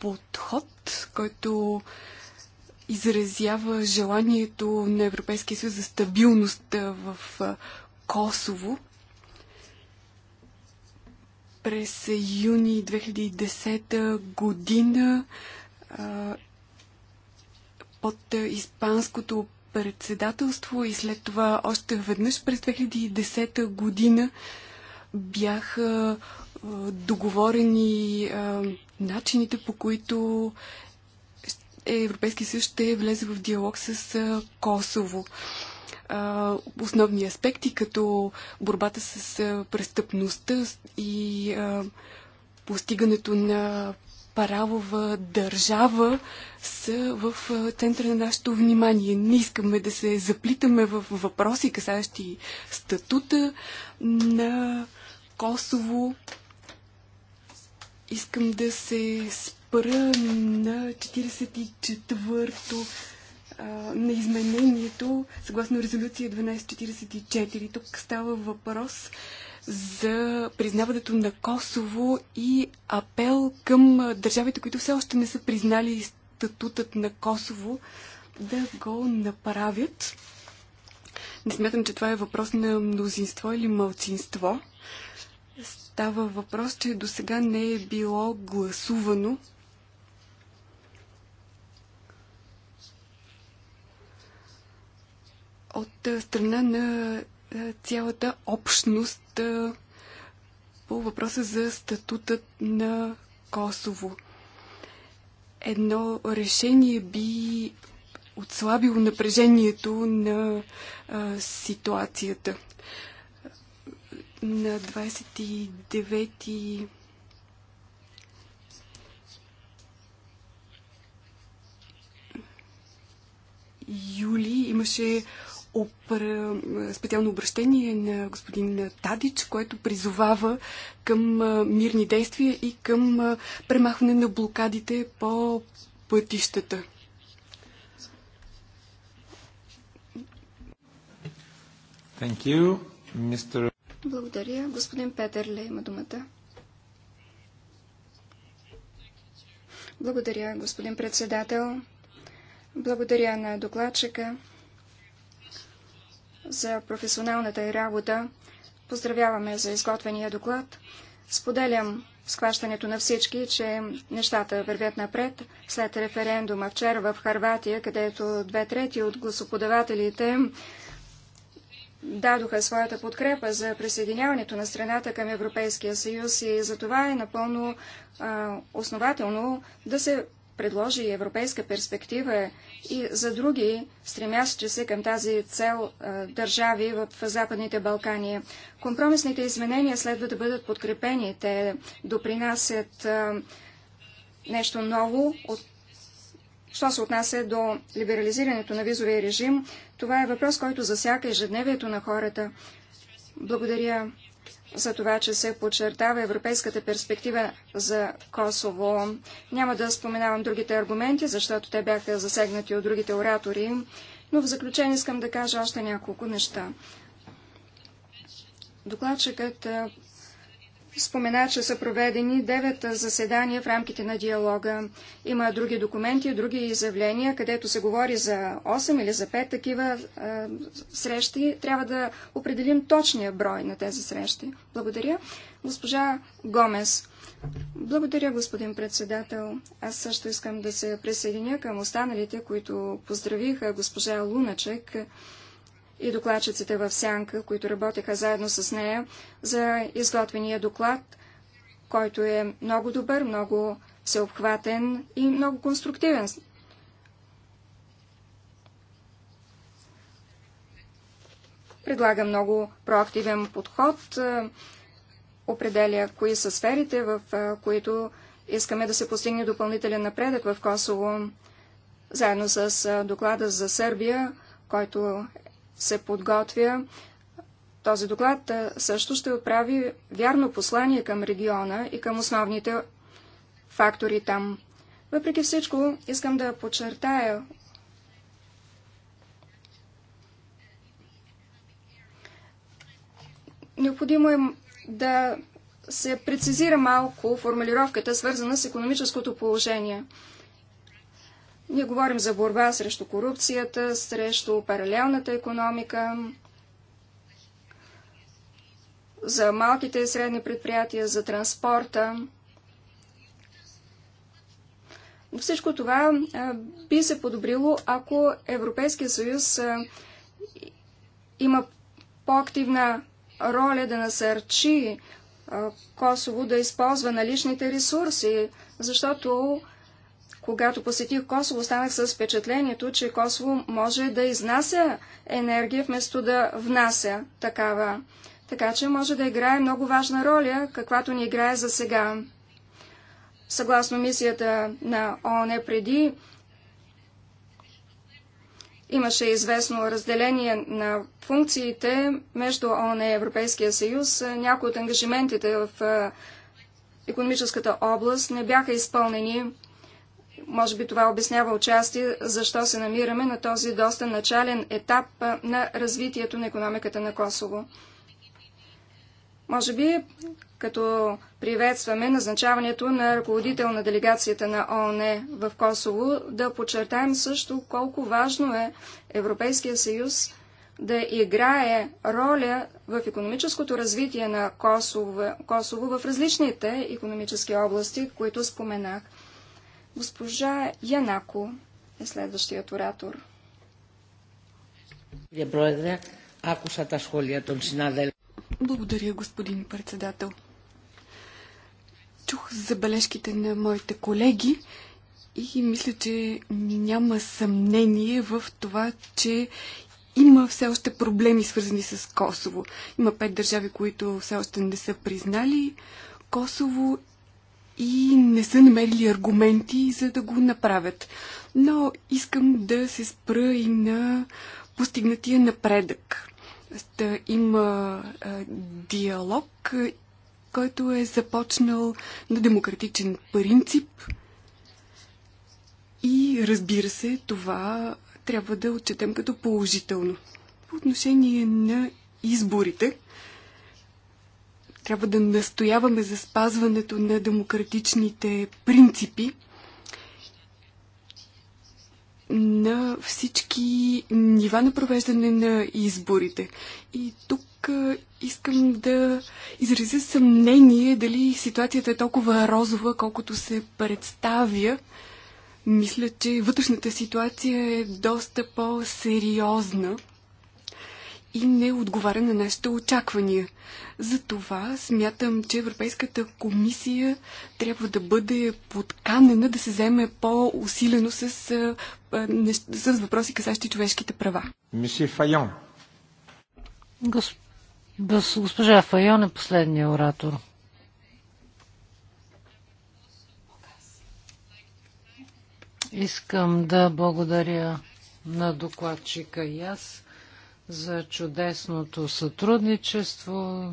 подход, който изразява желанието на Европейския съюз за стабилност в Косово. През юни 2010 година под испанското председателство и след това още веднъж през 2010 година бяха договорени начините по които е, Европейски съюз ще влезе в диалог с Косово. Основни аспекти, като борбата с престъпността и постигането на правова държава, са в центъра на нашето внимание. Не искаме да се заплитаме в въпроси, касащи статута на Косово, Искам да се спра на 44-то на изменението съгласно резолюция 1244. Тук става въпрос за признаването на Косово и апел към държавите, които все още не са признали статутът на Косово, да го направят. Не смятам, че това е въпрос на мнозинство или мълцинство. Става въпрос, че до сега не е било гласувано от страна на цялата общност по въпроса за статутът на Косово. Едно решение би отслабило напрежението на ситуацията. На 29 юли имаше специално обращение на господин Тадич, което призовава към мирни действия и към премахване на блокадите по пътищата. Thank you, Mr. Благодаря. Господин Ле има думата. Благодаря, господин председател. Благодаря на докладчика за професионалната и работа. Поздравяваме за изготвения доклад. Споделям схващането на всички, че нещата вървят напред. След референдума вчера в Харватия, където две трети от гласоподавателите дадоха своята подкрепа за присъединяването на страната към Европейския съюз и за това е напълно а, основателно да се предложи европейска перспектива и за други, стремящи се към тази цел държави в Западните Балкани. Компромисните изменения следва да бъдат подкрепени. Те допринасят нещо ново от Що се отнася до либерализирането на визовия режим, това е въпрос, който засяга ежедневието на хората. Благодаря за това, че се подчертава европейската перспектива за Косово. Няма да споменавам другите аргументи, защото те бяха засегнати от другите оратори, но в заключение искам да кажа още няколко неща. Докладчикът спомена, че са проведени 9 заседания в рамките на диалога. Има други документи, други изявления, където се говори за 8 или за 5 такива е, срещи. Трябва да определим точния брой на тези срещи. Благодаря. Госпожа Гомес. Благодаря, господин председател. Аз също искам да се присъединя към останалите, които поздравиха госпожа Луначек и докладчиците в Сянка, които работеха заедно с нея, за изготвения доклад, който е много добър, много всеобхватен и много конструктивен. Предлага много проактивен подход, е, определя кои са сферите, в е, които искаме да се постигне допълнителен напредък в Косово. Заедно с е, доклада за Сърбия, който се подготвя този доклад, също ще отправи вярно послание към региона и към основните фактори там. Въпреки всичко, искам да подчертая Необходимо е да се прецизира малко формулировката, свързана с економическото положение. Ние говорим за борба срещу корупцията, срещу паралелната економика, за малките и средни предприятия, за транспорта. Всичко това би се подобрило, ако Европейския съюз има по-активна роля да насърчи Косово да използва наличните ресурси, защото когато посетих Косово, останах с впечатлението, че Косово може да изнася енергия, вместо да внася такава. Така че може да играе много важна роля, каквато ни играе за сега. Съгласно мисията на ООН преди, имаше известно разделение на функциите между ООН и Европейския съюз. Някои от ангажиментите в економическата област не бяха изпълнени. Може би това обяснява отчасти защо се намираме на този доста начален етап на развитието на економиката на Косово. Може би, като приветстваме назначаването на ръководител на делегацията на ООН в Косово, да подчертаем също колко важно е Европейския съюз да играе роля в економическото развитие на Косово, Косово в различните економически области, които споменах. Госпожа Янако е следващият оратор. Благодаря, господин председател. Чух забележките на моите колеги и мисля, че няма съмнение в това, че има все още проблеми, свързани с Косово. Има пет държави, които все още не са признали Косово и не са намерили аргументи за да го направят. Но искам да се спра и на постигнатия напредък. Да има диалог, който е започнал на демократичен принцип. И разбира се, това трябва да отчетем като положително. По отношение на изборите, трябва да настояваме за спазването на демократичните принципи на всички нива на провеждане на изборите. И тук искам да изразя съмнение дали ситуацията е толкова розова, колкото се представя. Мисля, че вътрешната ситуация е доста по-сериозна и не отговаря на нашите очаквания. Затова смятам, че Европейската комисия трябва да бъде подканена да се вземе по-усилено с, с, с въпроси, касащи човешките права. Мисие Файон. Госпожа Файон е последния оратор. Искам да благодаря на докладчика и аз за чудесното сътрудничество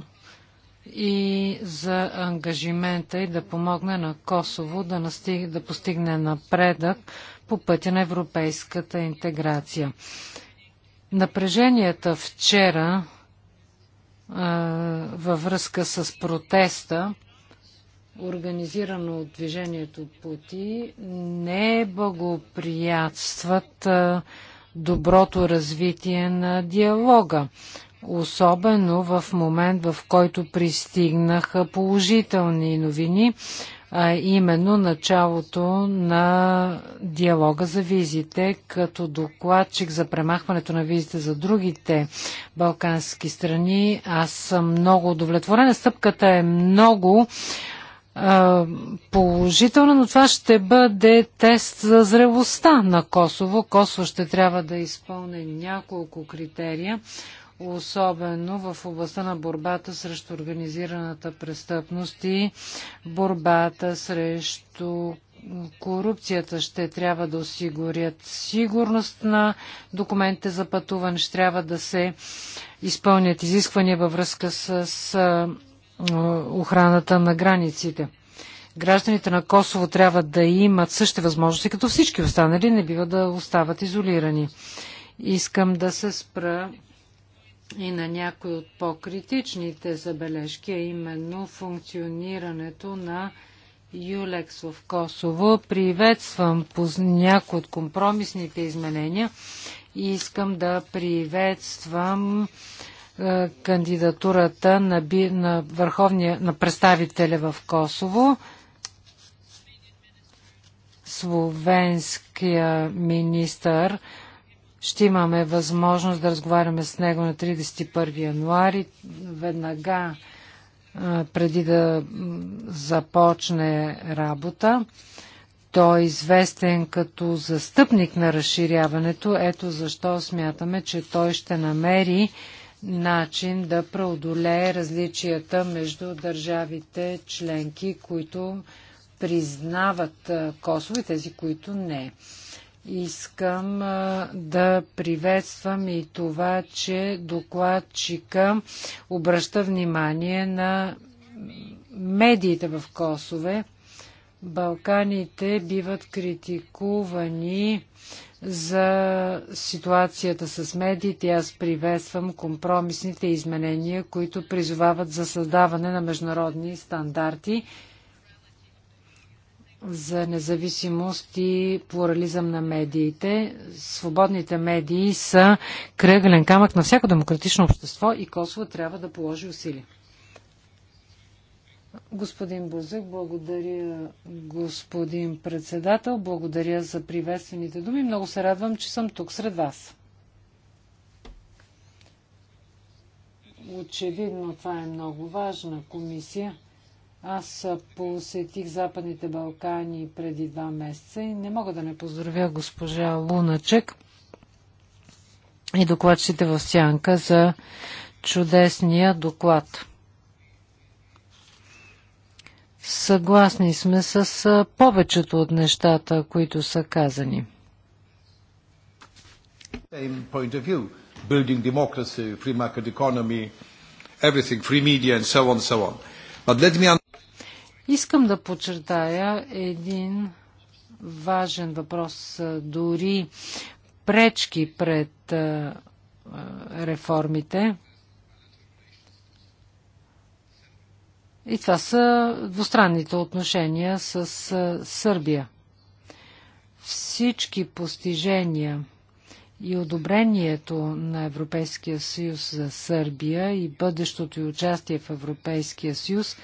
и за ангажимента и да помогне на Косово да, настиг, да постигне напредък по пътя на европейската интеграция. Напреженията вчера а, във връзка с протеста, организирано от движението Пути, не благоприятстват а, доброто развитие на диалога. Особено в момент, в който пристигнаха положителни новини, а именно началото на диалога за визите, като докладчик за премахването на визите за другите балкански страни. Аз съм много удовлетворена. Стъпката е много положителна, но това ще бъде тест за зрелостта на Косово. Косово ще трябва да изпълне няколко критерия, особено в областта на борбата срещу организираната престъпност и борбата срещу корупцията ще трябва да осигурят сигурност на документите за пътуване, ще трябва да се изпълнят изисквания във връзка с охраната на границите. Гражданите на Косово трябва да имат същите възможности, като всички останали, не бива да остават изолирани. Искам да се спра и на някои от по-критичните забележки, а именно функционирането на ЮЛЕКС в Косово. Приветствам по някои от компромисните изменения и искам да приветствам е, кандидатурата на, би, на върховния на представителя в Косово. Словенския министър ще имаме възможност да разговаряме с него на 31 януари. Веднага е, преди да започне работа. Той е известен като застъпник на разширяването. Ето защо смятаме, че той ще намери начин да преодолее различията между държавите членки, които признават Косово и тези, които не. Искам да приветствам и това, че докладчика обръща внимание на медиите в Косове. Балканите биват критикувани за ситуацията с медиите. Аз приветствам компромисните изменения, които призовават за създаване на международни стандарти за независимост и плурализъм на медиите. Свободните медии са кръглен камък на всяко демократично общество и Косово трябва да положи усилия. Господин Бузък, благодаря, господин председател. Благодаря за приветствените думи. Много се радвам, че съм тук сред вас. Очевидно, това е много важна комисия. Аз посетих Западните Балкани преди два месеца и не мога да не поздравя госпожа Луначек и докладчите в Сянка за чудесния доклад. Съгласни сме с повечето от нещата, които са казани. building democracy, free market economy, everything, free media and so on, so on. But let me... Искам да подчертая един важен въпрос, дори пречки пред реформите. И това са двустранните отношения с Сърбия. Всички постижения и одобрението на Европейския съюз за Сърбия и бъдещото й участие в Европейския съюз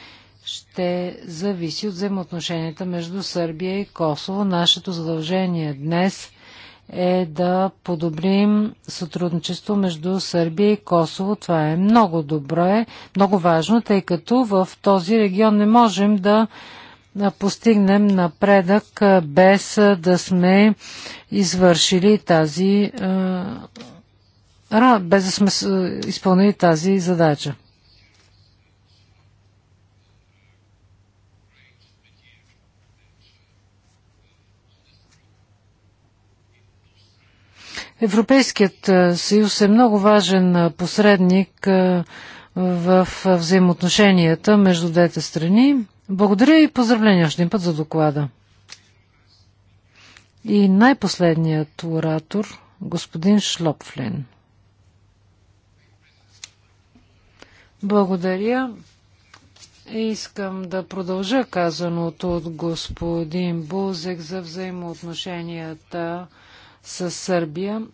ще зависи от взаимоотношенията между Сърбия и Косово. Нашето задължение днес е да подобрим сътрудничество между Сърбия и Косово. Това е много е много важно, тъй като в този регион не можем да постигнем напредък без да сме извършили тази без да сме изпълнили тази задача. Европейският е, съюз е много важен е, посредник е, в взаимоотношенията между двете страни. Благодаря и поздравления още един път за доклада. И най-последният оратор, господин Шлопфлин. Благодаря. Искам да продължа казаното от господин Бузек за взаимоотношенията с Сърбия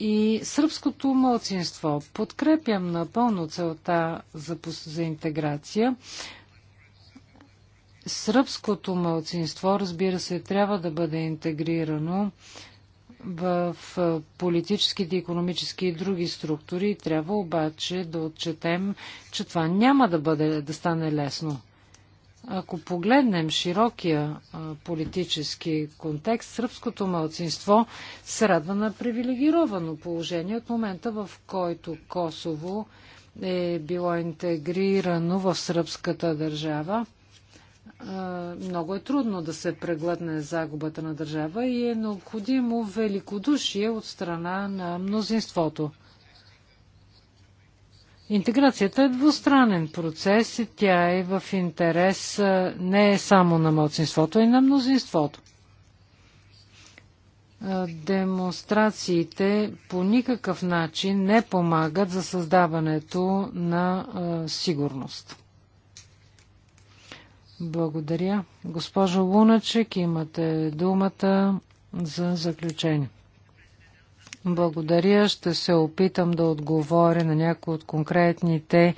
и сръбското мълцинство. Подкрепям напълно целта за, за интеграция. Сръбското мълцинство, разбира се, трябва да бъде интегрирано в политическите, економически и други структури. Трябва обаче да отчетем, че това няма да, бъде, да стане лесно. Ако погледнем широкия политически контекст, сръбското малцинство се радва на привилегировано положение от момента, в който Косово е било интегрирано в сръбската държава. Много е трудно да се преглътне загубата на държава и е необходимо великодушие от страна на мнозинството. Интеграцията е двустранен процес и тя е в интерес не е само на младсинството, а и на мнозинството. Демонстрациите по никакъв начин не помагат за създаването на сигурност. Благодаря. Госпожо Луначек, имате думата за заключение. Благодаря. Ще се опитам да отговоря на някои от конкретните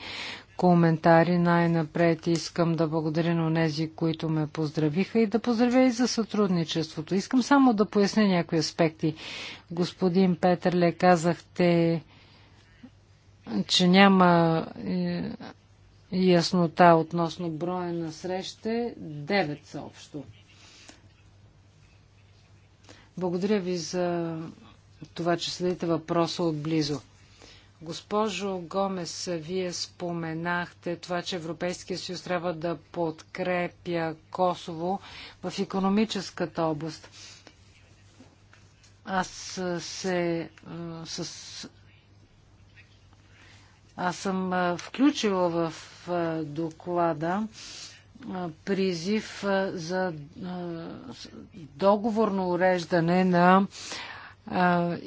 коментари. Най-напред искам да благодаря на тези, които ме поздравиха и да поздравя и за сътрудничеството. Искам само да поясня някои аспекти. Господин Петърле, казахте, че няма е, яснота относно броя на срещите. Девет са общо. Благодаря ви за това, че следите въпроса отблизо. Госпожо Гомес, вие споменахте това, че Европейския съюз трябва да подкрепя Косово в економическата област. Аз се с... Аз съм включила в доклада призив за договорно уреждане на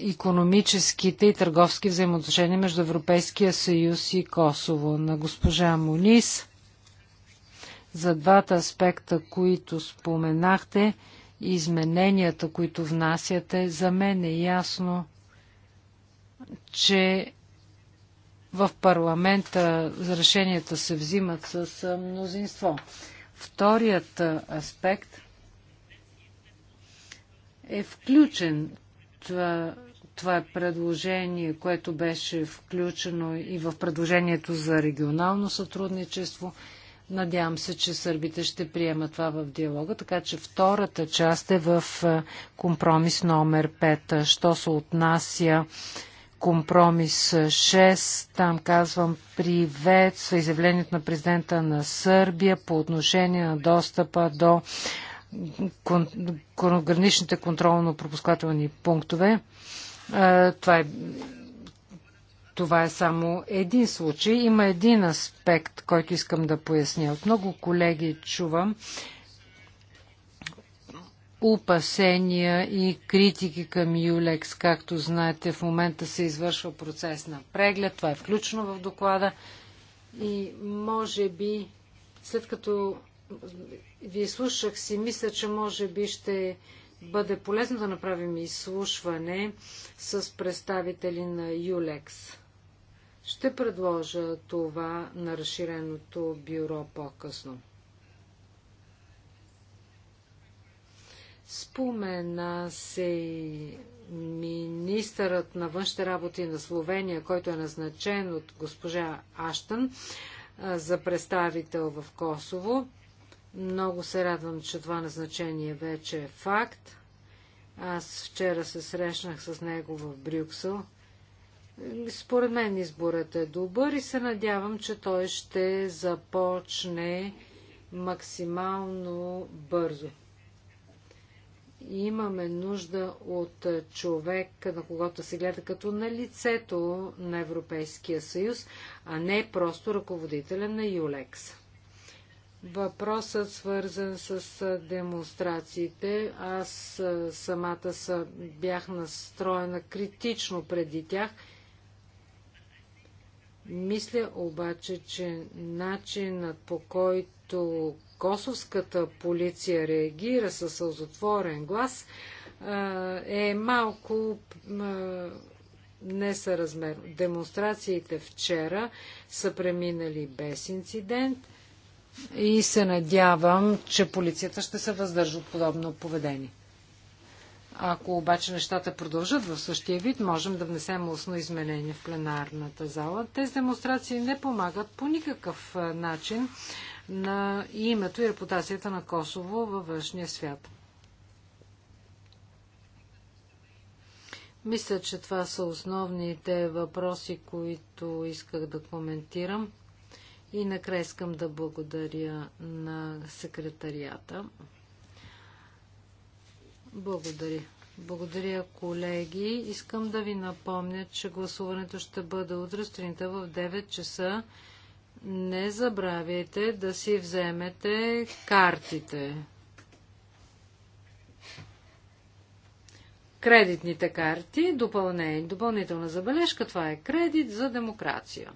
економическите и търговски взаимоотношения между Европейския съюз и Косово. На госпожа Монис за двата аспекта, които споменахте измененията, които внасяте, за мен е ясно, че в парламента решенията се взимат с мнозинство. Вторият аспект е включен това, това е предложение, което беше включено и в предложението за регионално сътрудничество. Надявам се, че сърбите ще приемат това в диалога, така че втората част е в компромис номер 5. Що се отнася компромис 6, там казвам привет, с изявлението на президента на Сърбия по отношение на достъпа до кон, граничните контролно-пропускателни пунктове. Е, това е, това е само един случай. Има един аспект, който искам да поясня. От много колеги чувам опасения и критики към Юлекс. Както знаете, в момента се извършва процес на преглед. Това е включено в доклада. И може би, след като ви слушах си, мисля, че може би ще бъде полезно да направим изслушване с представители на ЮЛЕКС. Ще предложа това на разширеното бюро по-късно. Спомена се и министърът на външните работи на Словения, който е назначен от госпожа Аштън за представител в Косово. Много се радвам, че това назначение вече е факт. Аз вчера се срещнах с него в Брюксел. Според мен изборът е добър и се надявам, че той ще започне максимално бързо. Имаме нужда от човек, на когото се гледа като на лицето на Европейския съюз, а не просто ръководителя на ЮЛЕКС. Въпросът свързан с демонстрациите. Аз самата са, бях настроена критично преди тях. Мисля обаче, че начинът по който косовската полиция реагира със сълзотворен глас е малко несъразмерно. Демонстрациите вчера са преминали без инцидент – и се надявам, че полицията ще се въздържа от подобно поведение. Ако обаче нещата продължат в същия вид, можем да внесем устно изменение в пленарната зала. Тези демонстрации не помагат по никакъв начин на името и репутацията на Косово във външния свят. Мисля, че това са основните въпроси, които исках да коментирам. И накрая искам да благодаря на секретарията. Благодаря. Благодаря, колеги. Искам да ви напомня, че гласуването ще бъде утре сутринта в 9 часа. Не забравяйте да си вземете картите. Кредитните карти, допълнение, допълнителна забележка, това е кредит за демокрация.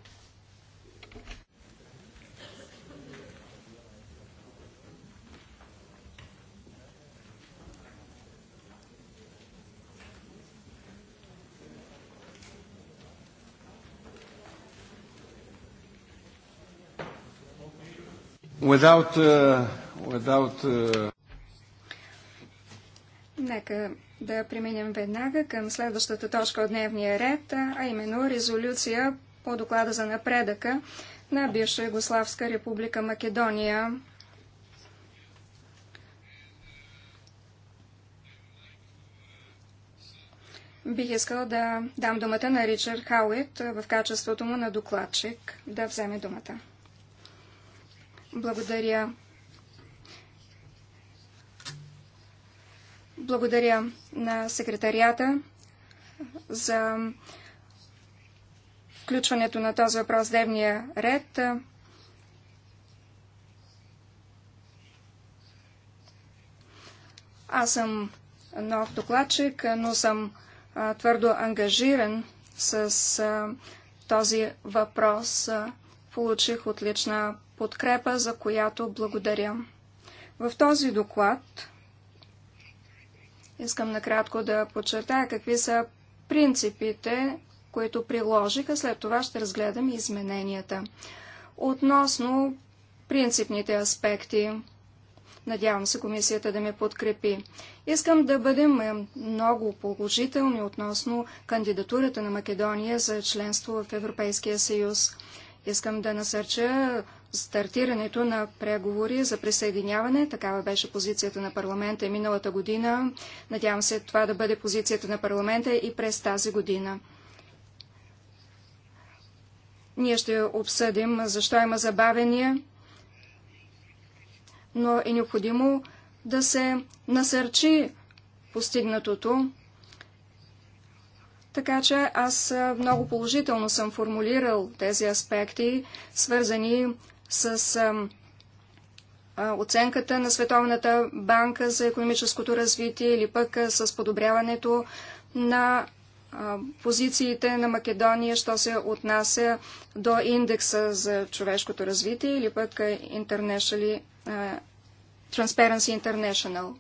Without, uh, without, uh... Нека да преминем веднага към следващата точка от дневния ред, а именно резолюция по доклада за напредъка на бивша Югославска република Македония. Бих искал да дам думата на Ричард Хауит в качеството му на докладчик да вземе думата. Благодаря. Благодаря на секретарията за включването на този въпрос в дневния ред. Аз съм нов докладчик, но съм твърдо ангажиран с този въпрос. Получих отлична подкрепа, за която благодаря. В този доклад искам накратко да подчертая какви са принципите, които приложиха. След това ще разгледам измененията. Относно принципните аспекти, надявам се комисията да ме подкрепи. Искам да бъдем е, много положителни относно кандидатурата на Македония за членство в Европейския съюз. Искам да насърча стартирането на преговори за присъединяване. Такава беше позицията на парламента и миналата година. Надявам се това да бъде позицията на парламента и през тази година. Ние ще обсъдим защо има забавения, но е необходимо да се насърчи постигнатото. Така че аз много положително съм формулирал тези аспекти, свързани с а, оценката на Световната банка за економическото развитие или пък а, с подобряването на а, позициите на Македония, що се отнася до индекса за човешкото развитие или пък International, Transparency International.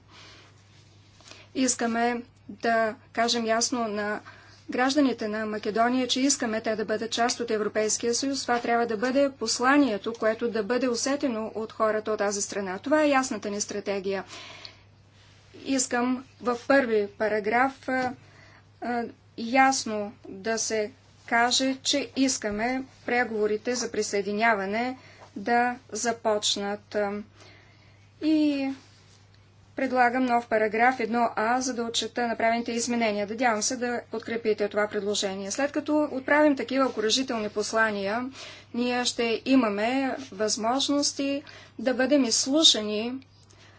Искаме да кажем ясно на гражданите на Македония, че искаме те да бъдат част от Европейския съюз. Това трябва да бъде посланието, което да бъде усетено от хората от тази страна. Това е ясната ни стратегия. Искам в първи параграф а, а, ясно да се каже, че искаме преговорите за присъединяване да започнат. И предлагам нов параграф 1а, за да отчета направените изменения. Надявам се да подкрепите това предложение. След като отправим такива окоръжителни послания, ние ще имаме възможности да бъдем изслушани,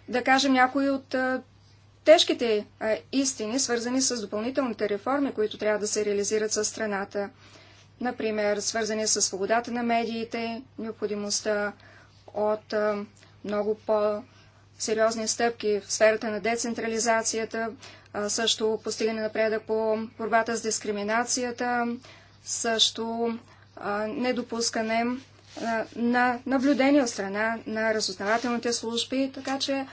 да кажем някои от тежките истини, свързани с допълнителните реформи, които трябва да се реализират със страната. Например, свързани с свободата на медиите, необходимостта от много по- сериозни стъпки в сферата на децентрализацията, също постигане напредък по борбата с дискриминацията, също недопускане на наблюдение от страна на разузнавателните служби, така че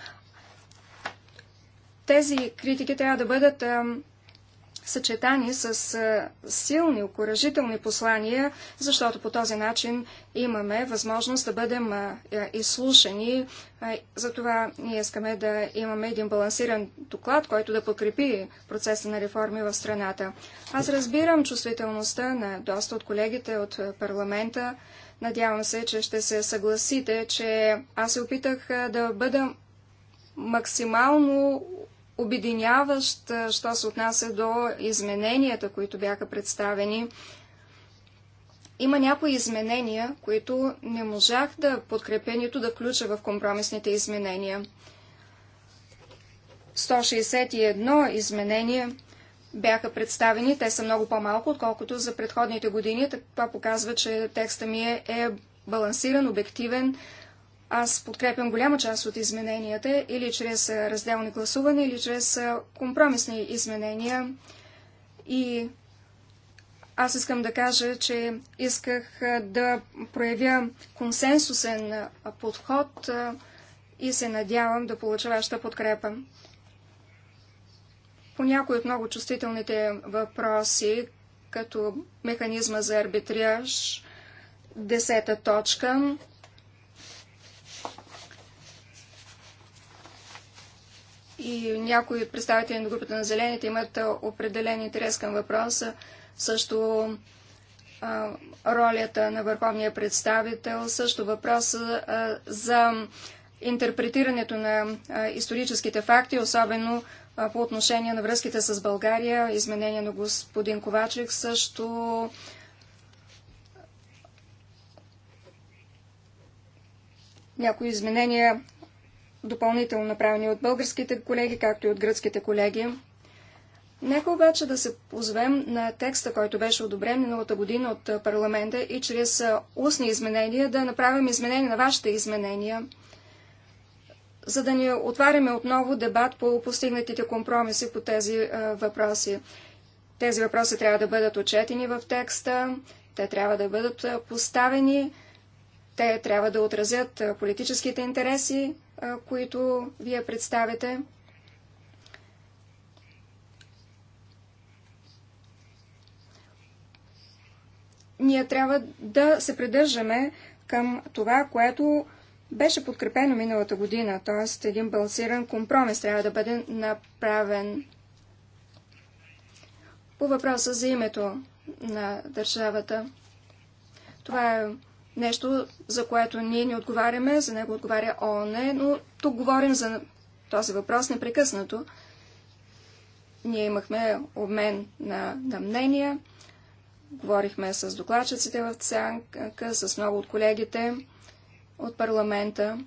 тези критики трябва да бъдат съчетани с силни, окоръжителни послания, защото по този начин имаме възможност да бъдем е, изслушани. Затова ние искаме да имаме един балансиран доклад, който да подкрепи процеса на реформи в страната. Аз разбирам чувствителността на доста от колегите от парламента. Надявам се, че ще се съгласите, че аз се опитах да бъда максимално обединяващ, що се отнася до измененията, които бяха представени. Има някои изменения, които не можах да подкрепя, нито да включа в компромисните изменения. 161 изменения бяха представени. Те са много по-малко, отколкото за предходните години. Това показва, че текста ми е, е балансиран, обективен, аз подкрепям голяма част от измененията или чрез разделни гласувания, или чрез компромисни изменения. И аз искам да кажа, че исках да проявя консенсусен подход и се надявам да получа вашата подкрепа. По някои от много чувствителните въпроси, като механизма за арбитриаж, десета точка, и някои представители на групата на зелените имат определен интерес към въпроса. Също а, ролята на върховния представител, също въпроса а, за интерпретирането на а, историческите факти, особено по отношение на връзките с България, изменение на господин Ковачек, също някои изменения допълнително направени от българските колеги, както и от гръцките колеги. Нека обаче да се позвем на текста, който беше одобрен миналата година от парламента и чрез устни изменения да направим изменения на вашите изменения, за да ни отваряме отново дебат по постигнатите компромиси по тези въпроси. Тези въпроси трябва да бъдат отчетени в текста, те трябва да бъдат поставени те трябва да отразят политическите интереси, които вие представите. Ние трябва да се придържаме към това, което беше подкрепено миналата година, т.е. един балансиран компромис трябва да бъде направен. По въпроса за името на държавата. Това е нещо, за което ние не отговаряме, за него отговаря ООН, но тук говорим за този въпрос непрекъснато. Ние имахме обмен на, на мнения, говорихме с докладчиците в Цянка, с много от колегите от парламента.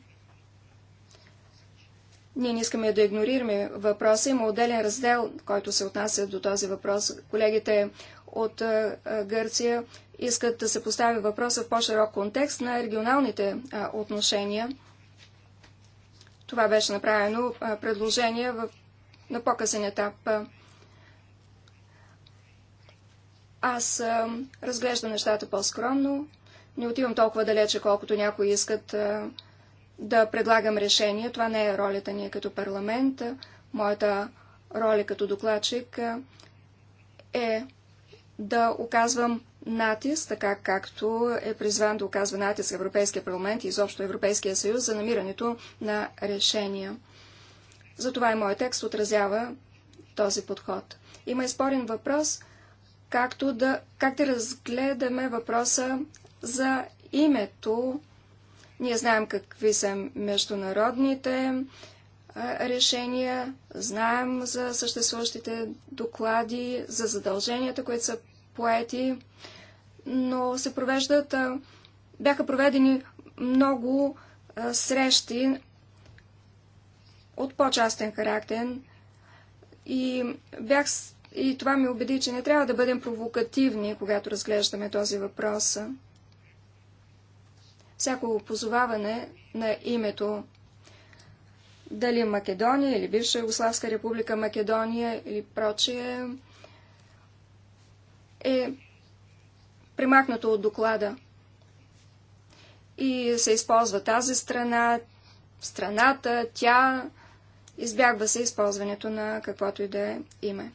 Ние не искаме да игнорираме въпроса. Има отделен раздел, който се отнася до този въпрос. Колегите от Гърция искат да се постави въпроса в по-широк контекст на регионалните а, отношения. Това беше направено а, предложение в, на по-късен етап. Аз а, разглеждам нещата по-скромно. Не отивам толкова далече, колкото някои искат а, да предлагам решение. Това не е ролята ни като парламент. Моята роля като докладчик е да оказвам натиск, така както е призван да оказва натиск Европейския парламент и изобщо Европейския съюз за намирането на решения. Затова и моят текст отразява този подход. Има и спорен въпрос, както да, как да разгледаме въпроса за името. Ние знаем какви са международните решения, знаем за съществуващите доклади, за задълженията, които са поети но се провеждат, бяха проведени много срещи от по-частен характер и, бях, и това ми убеди, че не трябва да бъдем провокативни, когато разглеждаме този въпрос. Всяко позоваване на името дали Македония или бивша Югославска република Македония или прочие, е премахнато от доклада. И се използва тази страна, страната, тя, избягва се използването на каквото и да е име.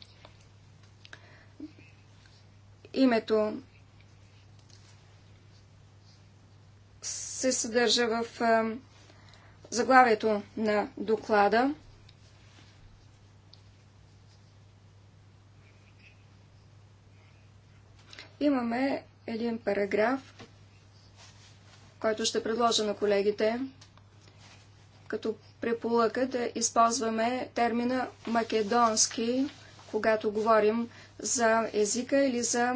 Името се съдържа в заглавието на доклада. Имаме един параграф, който ще предложа на колегите, като препоръка да използваме термина македонски, когато говорим за езика или за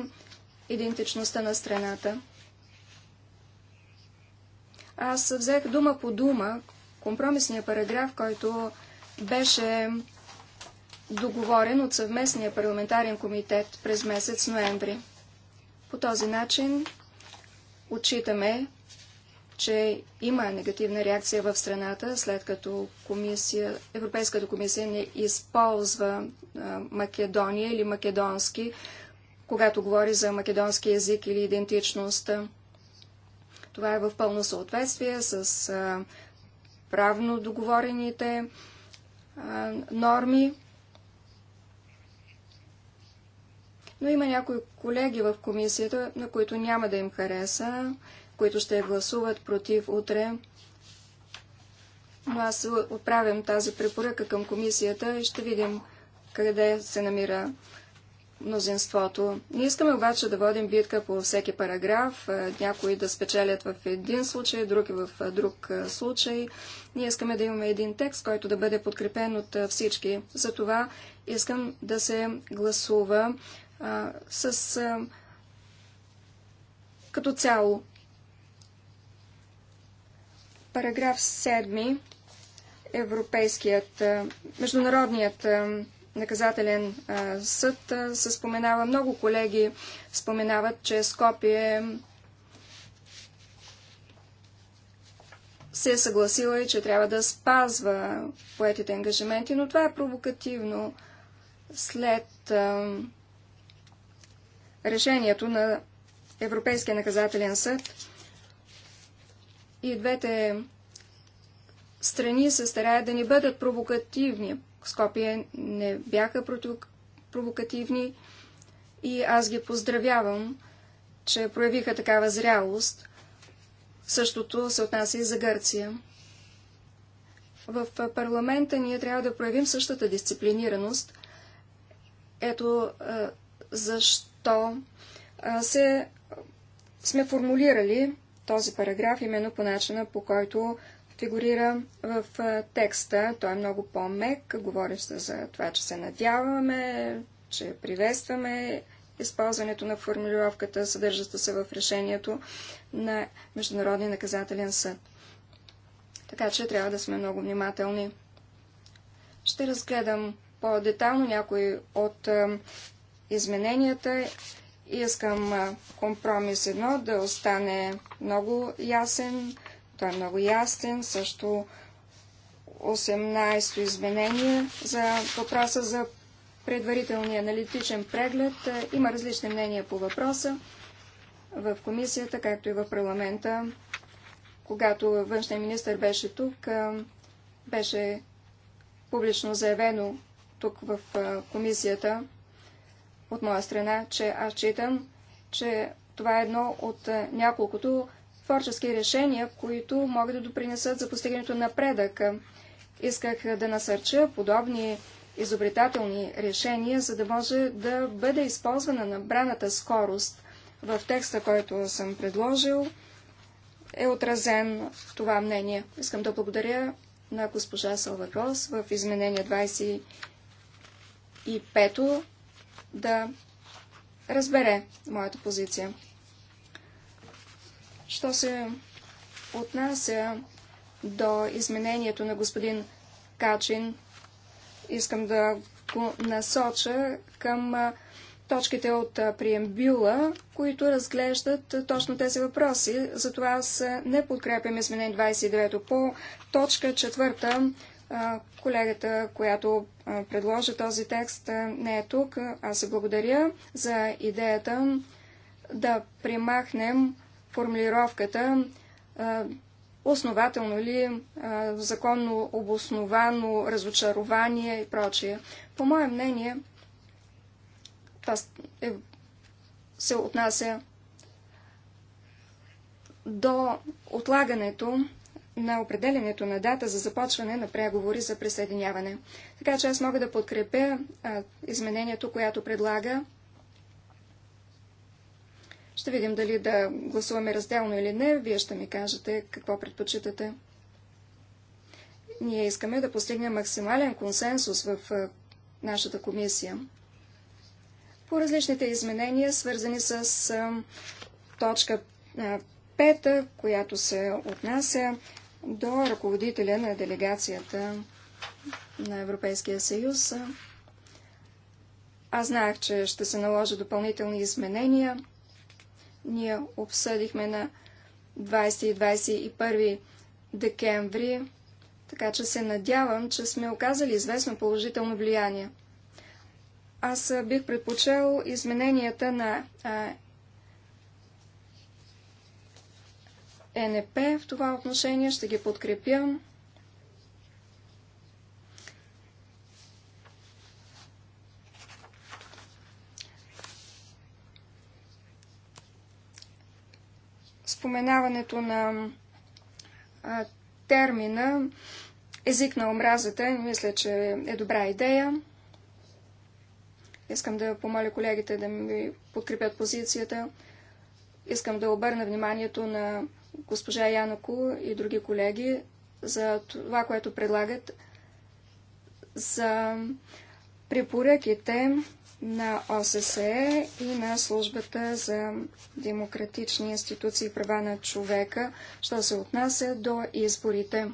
идентичността на страната. Аз взех дума по дума компромисния параграф, който беше договорен от съвместния парламентарен комитет през месец ноември. По този начин отчитаме, че има негативна реакция в страната, след като комисия, Европейската комисия не използва Македония или македонски, когато говори за македонски язик или идентичност. Това е в пълно съответствие с правно договорените норми но има някои колеги в комисията, на които няма да им хареса, които ще гласуват против утре. Но аз отправям тази препоръка към комисията и ще видим къде се намира мнозинството. Не искаме обаче да водим битка по всеки параграф, някои да спечелят в един случай, други в друг случай. Ние искаме да имаме един текст, който да бъде подкрепен от всички. Затова искам да се гласува а, с, а, като цяло. Параграф 7. Европейският, а, международният а, наказателен а, съд а, се споменава. Много колеги споменават, че Скопие се е съгласила и че трябва да спазва поетите ангажименти, но това е провокативно. След а, решението на Европейския наказателен съд. И двете страни се стараят да не бъдат провокативни. Скопие не бяха провокативни и аз ги поздравявам, че проявиха такава зрялост. Същото се отнася и за Гърция. В парламента ние трябва да проявим същата дисциплинираност. Ето защо защо се сме формулирали този параграф именно по начина, по който фигурира в текста. Той е много по-мек, говори се за това, че се надяваме, че приветстваме използването на формулировката, съдържаща се в решението на Международния наказателен съд. Така че трябва да сме много внимателни. Ще разгледам по-детално някои от измененията. Искам компромис едно да остане много ясен. Той е много ясен. Също 18-то изменение за въпроса за предварителния аналитичен преглед. Има различни мнения по въпроса в комисията, както и в парламента. Когато външният министр беше тук, беше публично заявено тук в комисията, от моя страна, че аз читам, че това е едно от е, няколкото творчески решения, които могат да допринесат за постигането на напредък. Исках е, да насърча подобни изобретателни решения, за да може да бъде използвана набраната скорост. В текста, който съм предложил, е отразен това мнение. Искам да благодаря на госпожа Салвакос в изменение 25 да разбере моята позиция. Що се отнася до изменението на господин Качин, искам да го насоча към точките от приембюла, които разглеждат точно тези въпроси. Затова аз не подкрепям изменение 29 по точка 4 Колегата, която предложи този текст, не е тук. Аз се благодаря за идеята да примахнем формулировката основателно ли, законно обосновано разочарование и прочие. По мое мнение, това е, се отнася до отлагането на определенето на дата за започване на преговори за присъединяване. Така че аз мога да подкрепя а, изменението, която предлага. Ще видим дали да гласуваме разделно или не. Вие ще ми кажете какво предпочитате. Ние искаме да постигнем максимален консенсус в а, нашата комисия. По различните изменения, свързани с а, точка пета, която се отнася до ръководителя на делегацията на Европейския съюз. Аз знаех, че ще се наложи допълнителни изменения. Ние обсъдихме на 20 и 21 декември, така че се надявам, че сме оказали известно положително влияние. Аз бих предпочел измененията на ЕНП в това отношение. Ще ги подкрепя. Споменаването на а, термина език на омразата, мисля, че е добра идея. Искам да помоля колегите да ми подкрепят позицията. Искам да обърна вниманието на госпожа Янако и други колеги за това, което предлагат за препоръките на ОССЕ и на службата за демократични институции и права на човека, що се отнася до изборите.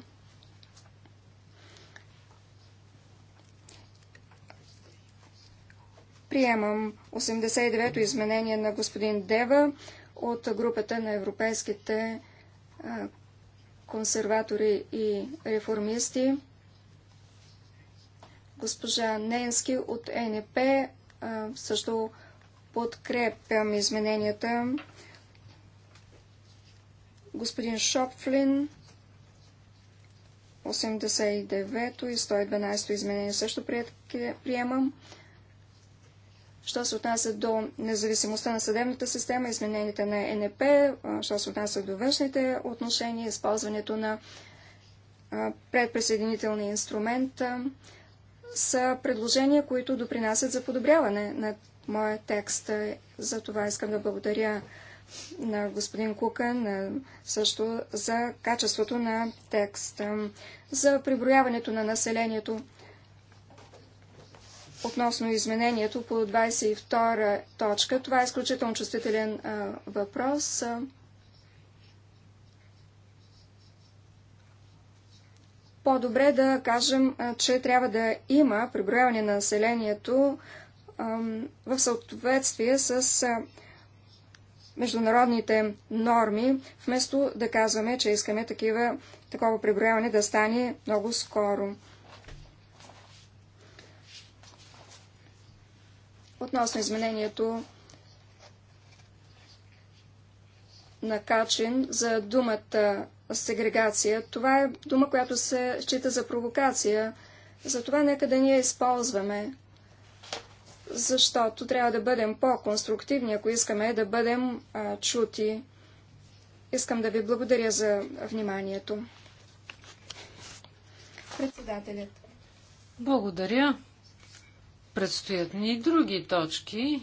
Приемам 89-то изменение на господин Дева от групата на европейските консерватори и реформисти. Госпожа Ненски от НП също подкрепям измененията. Господин Шопфлин, 89 и 112 изменения също приемам. Що се отнася до независимостта на съдебната система, измененията на НП, що се отнася до външните отношения, използването на предприсъединителния инструмент, са предложения, които допринасят за подобряване на моя текст. За това искам да благодаря на господин Кукън, също за качеството на текста, за приброяването на населението относно изменението по 22 точка. Това е изключително чувствителен а, въпрос. по-добре да кажем, че трябва да има преброяване на населението в съответствие с международните норми, вместо да казваме, че искаме такива, такова преброяване да стане много скоро. Относно изменението на Качин за думата сегрегация, това е дума, която се счита за провокация. Затова нека да ние използваме, защото трябва да бъдем по-конструктивни, ако искаме да бъдем а, чути. Искам да ви благодаря за вниманието. Председателят. Благодаря. Предстоят ни други точки.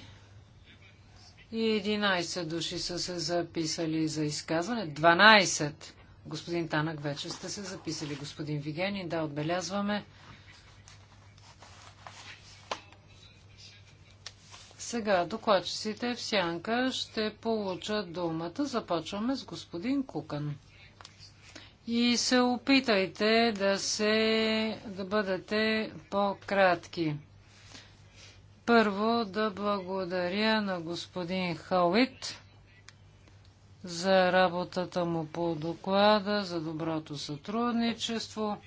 И 11 души са се записали за изказване. 12. Господин Танък, вече сте се записали, господин Вигени. Да, отбелязваме. Сега докладчиците в сянка ще получат думата. Започваме с господин Кукан. И се опитайте да, се, да бъдете по-кратки. Първо да благодаря на господин Хауит за работата му по доклада, за доброто сътрудничество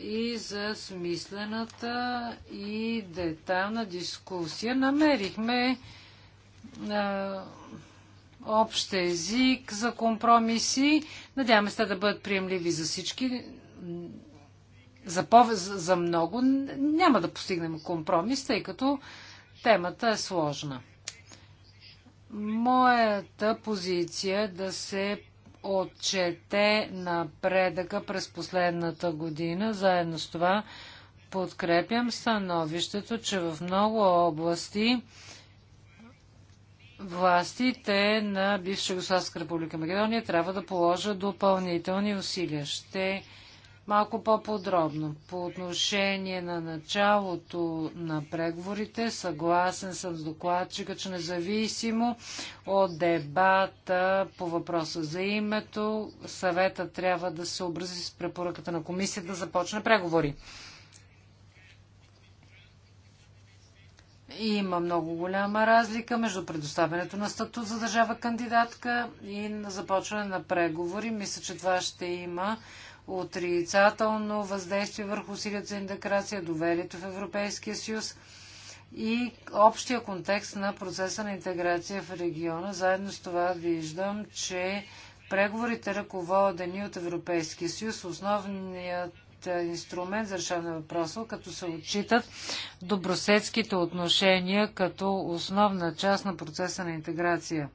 и за смислената и детална дискусия. Намерихме а, общ език за компромиси. Надяваме се да бъдат приемливи за всички за, пове, за много няма да постигнем компромис, тъй като темата е сложна. Моята позиция е да се отчете напредъка през последната година. Заедно с това подкрепям становището, че в много области властите на бивша Югославска република Македония трябва да положат допълнителни усилия. Ще малко по-подробно. По отношение на началото на преговорите, съгласен съм с докладчика, че независимо от дебата по въпроса за името, съвета трябва да се образи с препоръката на комисията да започне преговори. Има много голяма разлика между предоставянето на статут за държава кандидатка и на започване на преговори. Мисля, че това ще има отрицателно въздействие върху усилията за интеграция, доверието в Европейския съюз и общия контекст на процеса на интеграция в региона. Заедно с това виждам, че преговорите ръководени от Европейския съюз, основният е, инструмент за решаване на въпроса, като се отчитат добросетските отношения като основна част на процеса на интеграция.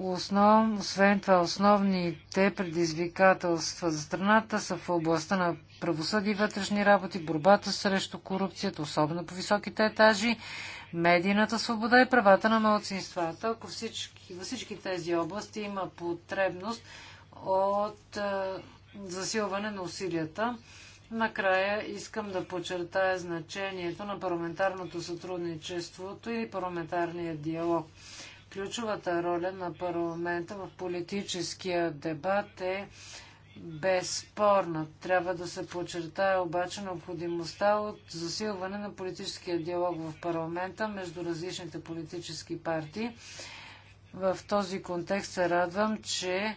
Основ, освен това, основните предизвикателства за страната са в областта на правосъдие и вътрешни работи, борбата срещу корупцията, особено по високите етажи, медийната свобода и правата на малцинствата. Ако всички, във всички тези области има потребност от е, засилване на усилията, Накрая искам да подчертая значението на парламентарното сътрудничеството и парламентарния диалог. Ключовата роля на парламента в политическия дебат е безспорна. Трябва да се подчертая обаче необходимостта от засилване на политическия диалог в парламента между различните политически партии. В този контекст се радвам, че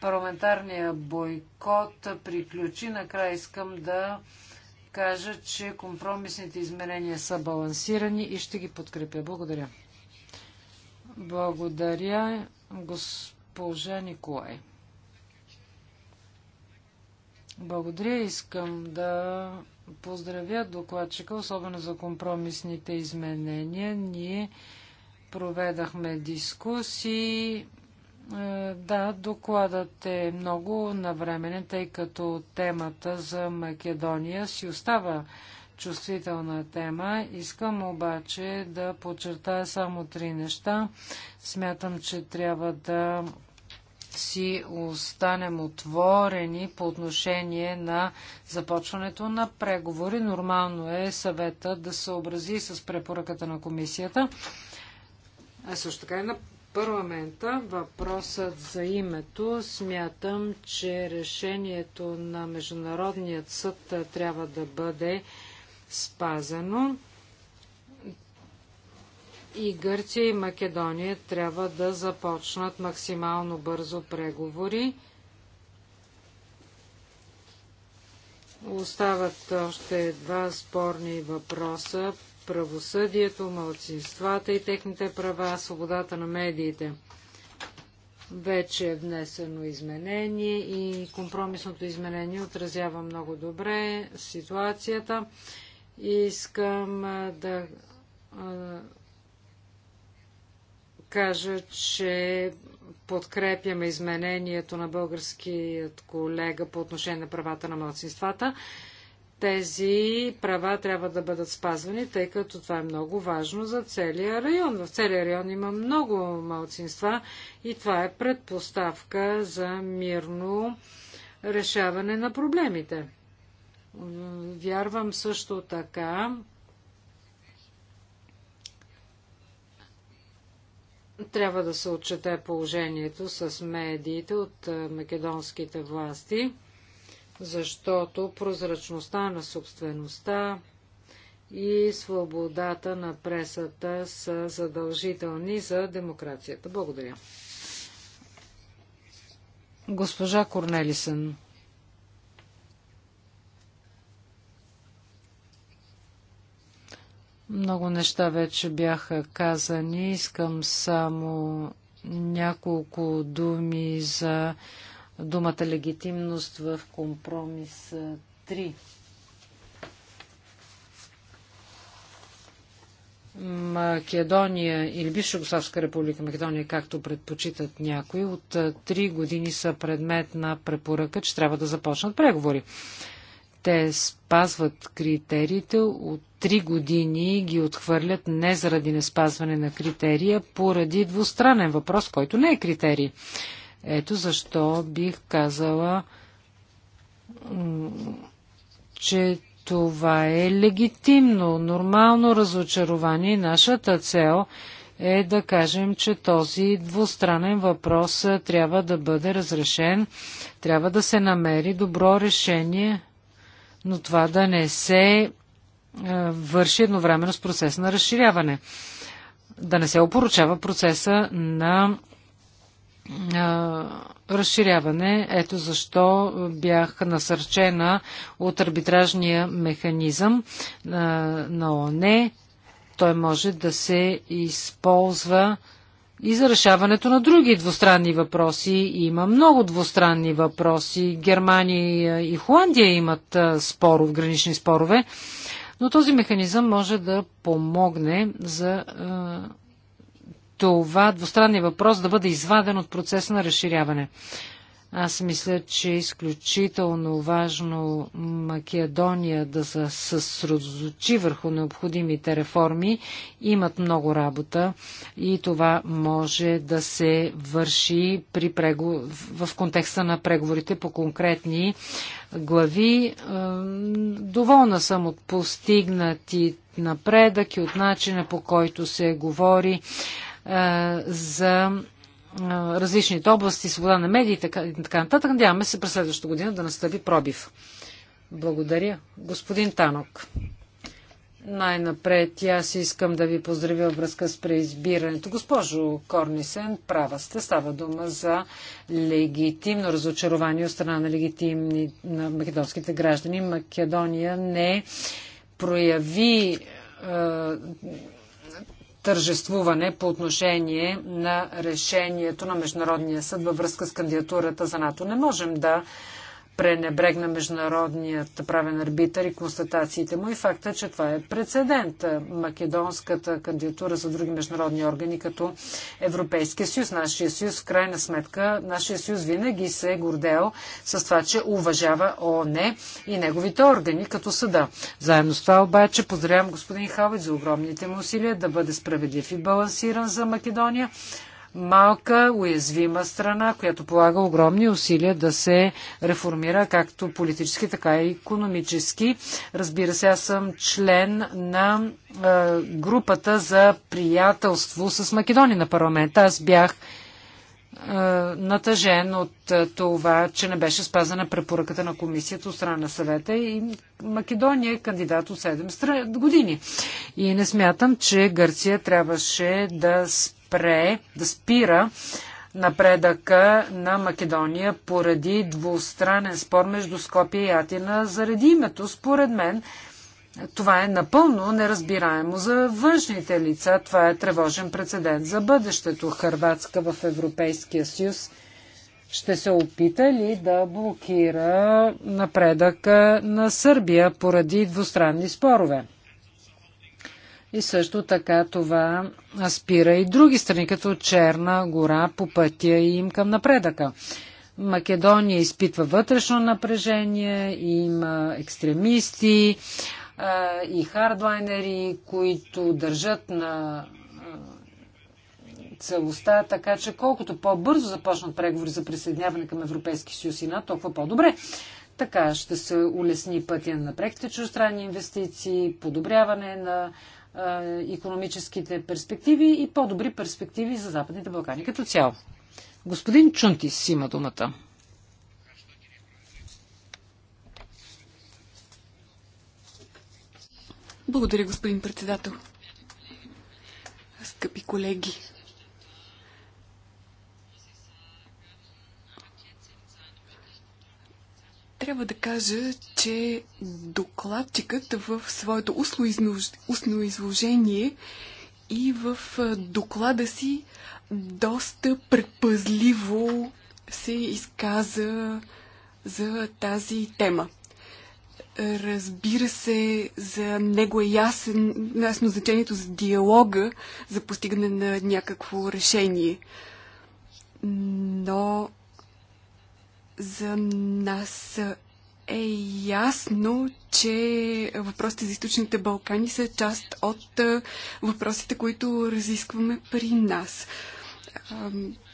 парламентарния бойкот приключи. Накрая искам да кажа, че компромисните изменения са балансирани и ще ги подкрепя. Благодаря. Благодаря, госпожа Николай. Благодаря. Искам да поздравя докладчика, особено за компромисните изменения. Ние проведахме дискусии. Е, да, докладът е много навременен, тъй като темата за Македония си остава чувствителна тема. Искам обаче да подчертая само три неща. Смятам, че трябва да си останем отворени по отношение на започването на преговори. Нормално е съвета да съобрази с препоръката на комисията. А също така и на парламента въпросът за името. Смятам, че решението на Международният съд трябва да бъде спазено. И Гърция и Македония трябва да започнат максимално бързо преговори. Остават още два спорни въпроса правосъдието, малцинствата и техните права, свободата на медиите. Вече е внесено изменение и компромисното изменение отразява много добре ситуацията. Искам да кажа, че подкрепяме изменението на българският колега по отношение на правата на младсинствата. Тези права трябва да бъдат спазвани, тъй като това е много важно за целия район. В целия район има много малцинства и това е предпоставка за мирно решаване на проблемите. Вярвам също така, трябва да се отчете положението с медиите от македонските власти, защото прозрачността на собствеността и свободата на пресата са задължителни за демокрацията. Благодаря. Госпожа Корнелисън. Много неща вече бяха казани. Искам само няколко думи за думата легитимност в компромис 3. Македония или Бивша република Македония, както предпочитат някои, от три години са предмет на препоръка, че трябва да започнат преговори. Те спазват критериите от три години ги отхвърлят не заради не спазване на критерия, поради двустранен въпрос, който не е критерий. Ето защо бих казала, че това е легитимно, нормално разочарование. Нашата цел е да кажем, че този двустранен въпрос е, трябва да бъде разрешен, трябва да се намери добро решение, но това да не се е, върши едновременно с процеса на разширяване. Да не се опоручава процеса на е, разширяване. Ето защо бях насърчена от арбитражния механизъм е, на ОНЕ. Той може да се използва и за решаването на други двустранни въпроси. Има много двустранни въпроси. Германия и Холандия имат споров, гранични спорове. Но този механизъм може да помогне за е, това двустранния въпрос да бъде изваден от процеса на разширяване. Аз мисля, че е изключително важно Македония да се съсредоточи върху необходимите реформи. Имат много работа и това може да се върши при прегу... в контекста на преговорите по конкретни глави. Е, доволна съм от постигнати напредък и от начина по който се говори е, за различните области, свобода на медиите и така нататък. Надяваме се през следващата година да настъпи пробив. Благодаря. Господин Танок. Най-напред аз искам да ви поздравя връзка с преизбирането. Госпожо Корнисен, права сте. Става дума за легитимно разочарование от страна на легитимни на македонските граждани. Македония не прояви тържествуване по отношение на решението на Международния съд във връзка с кандидатурата за НАТО. Не можем да пренебрегна международният правен арбитър и констатациите му и факта, че това е прецедент. Македонската кандидатура за други международни органи, като Европейския съюз, нашия съюз, в крайна сметка, нашия съюз винаги се е гордел с това, че уважава ООН и неговите органи, като съда. Заедно с това обаче поздравявам господин Хавец за огромните му усилия да бъде справедлив и балансиран за Македония малка, уязвима страна, която полага огромни усилия да се реформира както политически, така и економически. Разбира се, аз съм член на е, групата за приятелство с Македония на парламента. Аз бях натъжен от това, че не беше спазена препоръката на комисията от страна на съвета и Македония е кандидат от 7 години. И не смятам, че Гърция трябваше да спазва спре, да спира напредъка на Македония поради двустранен спор между Скопия и Атина заради името. Според мен това е напълно неразбираемо за външните лица. Това е тревожен прецедент за бъдещето. Хрватска в Европейския съюз ще се опита ли да блокира напредъка на Сърбия поради двустранни спорове? И също така това спира и други страни, като Черна гора по пътя им към напредъка. Македония изпитва вътрешно напрежение, има екстремисти а, и хардлайнери, които държат на целостта, така че колкото по-бързо започнат преговори за присъединяване към Европейски съюз и НАТО, толкова по-добре. Така ще се улесни пътя на преките чуждестранни инвестиции, подобряване на економическите перспективи и по-добри перспективи за Западните Балкани като цяло. Господин Чунтис има думата. Благодаря, господин председател. Скъпи колеги, Трябва да кажа, че докладчикът в своето устно, изнож... устно изложение и в доклада си доста предпазливо се изказа за тази тема. Разбира се, за него е ясен, ясно значението за диалога, за постигане на някакво решение. Но за нас е ясно, че въпросите за източните Балкани са част от въпросите, които разискваме при нас.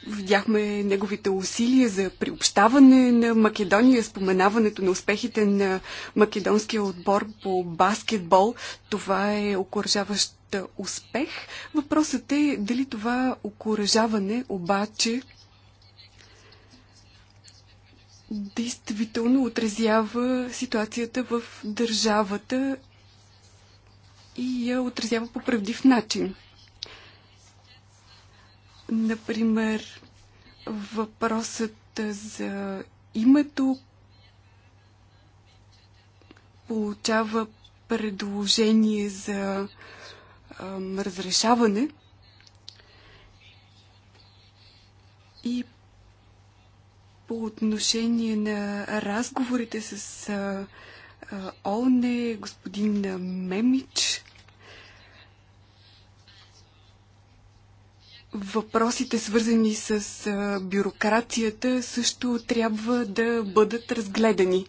Видяхме неговите усилия за приобщаване на Македония, споменаването на успехите на македонския отбор по баскетбол. Това е окоръжаващ успех. Въпросът е дали това окоръжаване обаче действително отразява ситуацията в държавата и я отразява по правдив начин. Например, въпросът за името получава предложение за ам, разрешаване и по отношение на разговорите с а, а, ОНЕ, господин Мемич, въпросите свързани с а, бюрокрацията също трябва да бъдат разгледани.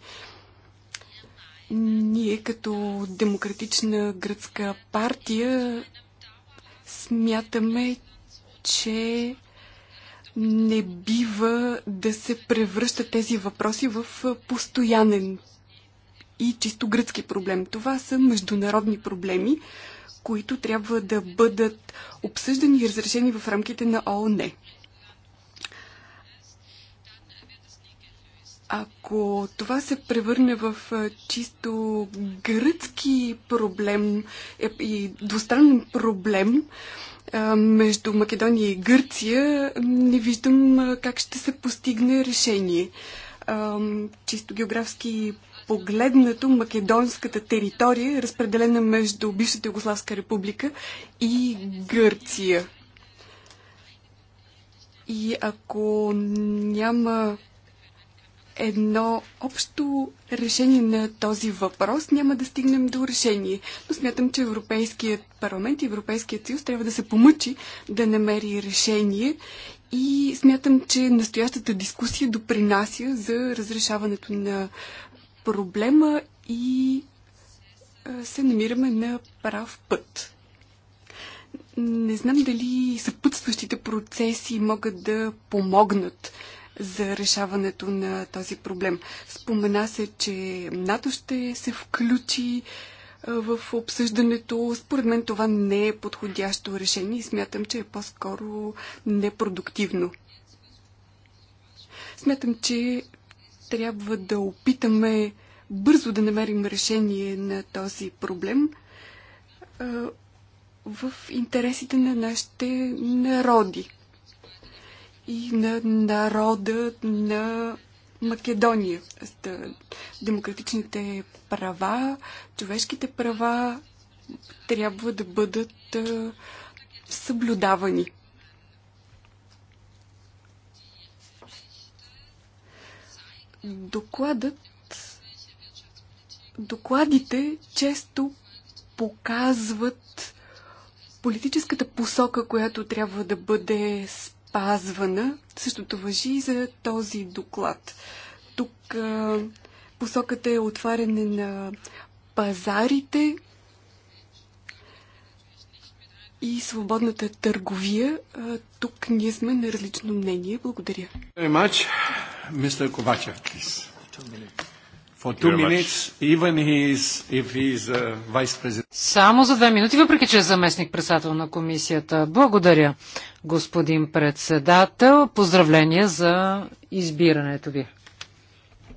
Ние като демократична гръцка партия смятаме, че не бива да се превръщат тези въпроси в постоянен и чисто гръцки проблем. Това са международни проблеми, които трябва да бъдат обсъждани и разрешени в рамките на ООН. Ако това се превърне в чисто гръцки проблем е, и двустранен проблем между Македония и Гърция, не виждам как ще се постигне решение. Чисто географски погледнато македонската територия е разпределена между бившата Югославска република и Гърция. И ако няма едно общо решение на този въпрос няма да стигнем до решение. Но смятам, че Европейският парламент и Европейският съюз трябва да се помъчи да намери решение и смятам, че настоящата дискусия допринася за разрешаването на проблема и се намираме на прав път. Не знам дали съпътстващите процеси могат да помогнат за решаването на този проблем. Спомена се, че НАТО ще се включи в обсъждането. Според мен това не е подходящо решение и смятам, че е по-скоро непродуктивно. Смятам, че трябва да опитаме бързо да намерим решение на този проблем в интересите на нашите народи и на народа на Македония. Демократичните права, човешките права трябва да бъдат съблюдавани. Докладът докладите често показват политическата посока, която трябва да бъде спазвана. Същото въжи и за този доклад. Тук а, посоката е отваряне на пазарите и свободната търговия. А, тук ние сме на различно мнение. Благодаря. Very Minutes, uh, Само за две минути, въпреки че е заместник председател на комисията. Благодаря, господин председател. Поздравления за избирането ви.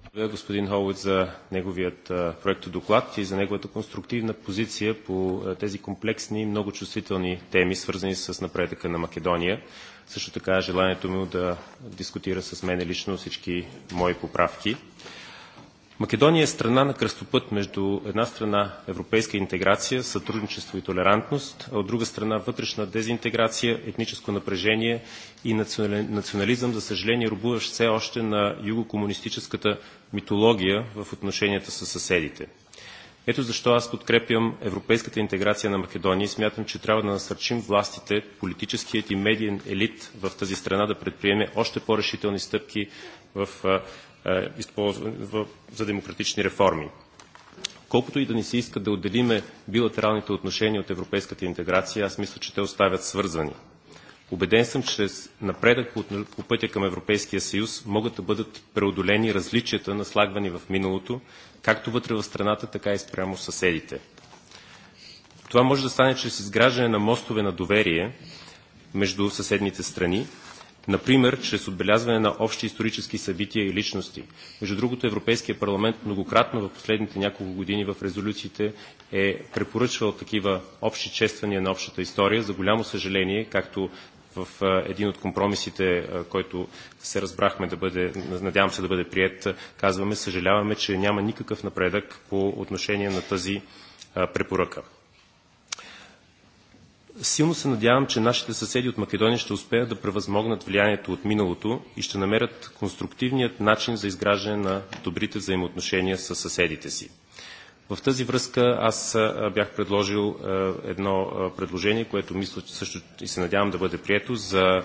Благодаря господин Холвит за неговият проекто доклад и за неговата конструктивна позиция по тези комплексни и много чувствителни теми, свързани с напредъка на Македония. Също така желанието ми е да дискутира с мен лично всички мои поправки. Македония е страна на кръстопът между една страна европейска интеграция, сътрудничество и толерантност, а от друга страна вътрешна дезинтеграция, етническо напрежение и национализъм, за съжаление, рубуващ все още на югокомунистическата митология в отношенията с съседите. Ето защо аз подкрепям европейската интеграция на Македония и смятам, че трябва да насърчим властите, политическият и медиен елит в тази страна да предприеме още по-решителни стъпки в е, за демократични реформи. Колкото и да ни се иска да отделиме билатералните отношения от европейската интеграция, аз мисля, че те оставят свързани. Убеден съм, че с напредък по пътя към Европейския съюз могат да бъдат преодолени различията, наслагвани в миналото, както вътре в страната, така и спрямо съседите. Това може да стане чрез изграждане на мостове на доверие между съседните страни, например чрез отбелязване на общи исторически събития и личности. Между другото, Европейския парламент многократно в последните няколко години в резолюциите е препоръчвал такива общи чествания на общата история. За голямо съжаление, както в един от компромисите, който се разбрахме да бъде, надявам се да бъде прият, казваме, съжаляваме, че няма никакъв напредък по отношение на тази препоръка. Силно се надявам, че нашите съседи от Македония ще успеят да превъзмогнат влиянието от миналото и ще намерят конструктивният начин за изграждане на добрите взаимоотношения с съседите си. В тази връзка аз бях предложил едно предложение, което мисля че също и се надявам да бъде прието за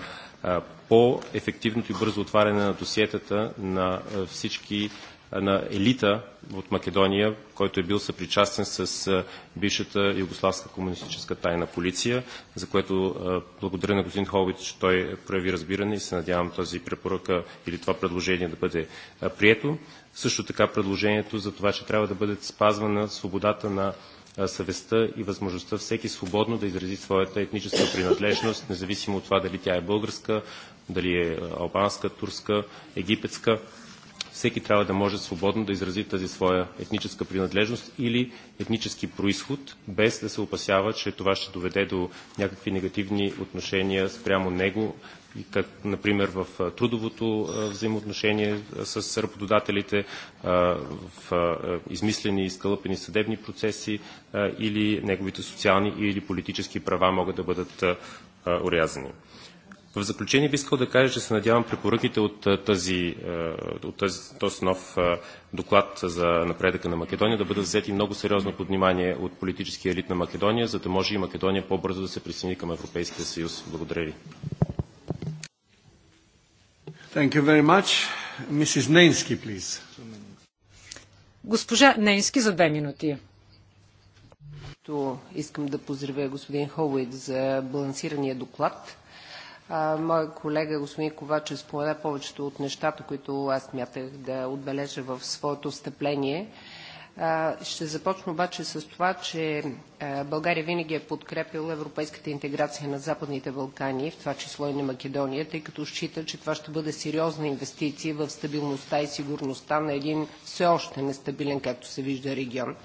по-ефективното и бързо отваряне на досиетата на всички на елита от Македония, който е бил съпричастен с бившата югославска комунистическа тайна полиция, за което благодаря на господин Холбит, че той прояви разбиране и се надявам тази препоръка или това предложение да бъде прието. Също така предложението за това, че трябва да бъде спазвана свободата на съвестта и възможността всеки свободно да изрази своята етническа принадлежност, независимо от това дали тя е българска, дали е албанска, турска, египетска всеки трябва да може свободно да изрази тази своя етническа принадлежност или етнически происход, без да се опасява, че това ще доведе до някакви негативни отношения спрямо него, как, например в трудовото взаимоотношение с работодателите, в измислени и скълъпени съдебни процеси или неговите социални или политически права могат да бъдат урязани. В заключение би искал да кажа, че се надявам препоръките от, тази, от тази, този нов доклад за напредъка на Македония да бъдат взети много сериозно под внимание от политическия елит на Македония, за да може и Македония по-бързо да се присъедини към Европейския съюз. Благодаря ви. Thank you very much. Mrs. Nensky, please. Госпожа Ненски за две минути. Искам да поздравя господин Холуид за балансирания доклад Моя колега господин Ковачев спомена повечето от нещата, които аз мятах да отбележа в своето встъпление. Ще започна обаче с това, че България винаги е подкрепила европейската интеграция на Западните Балкани, в това число и на Македония, тъй като счита, че това ще бъде сериозна инвестиция в стабилността и сигурността на един все още нестабилен, както се вижда, регион.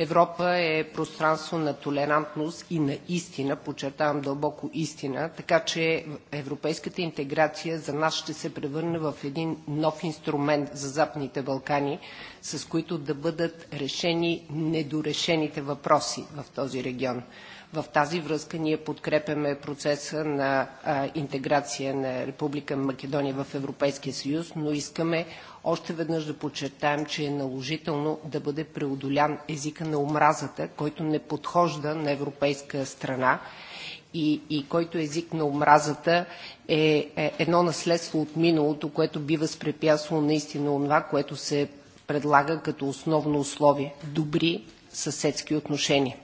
Европа е пространство на толерантност и на истина, подчертавам дълбоко истина, така че европейската интеграция за нас ще се превърне в един нов инструмент за Западните Балкани, с които да бъдат решени недорешените въпроси в този регион. В тази връзка ние подкрепяме процеса на а, интеграция на Република Македония в Европейския съюз, но искаме още веднъж да подчертаем, че е наложително да бъде преодолян езика на омразата, който не подхожда на европейска страна и, и който език на омразата е, е едно наследство от миналото, което би възпрепятствало наистина това, което се предлага като основно условие – добри съседски отношения.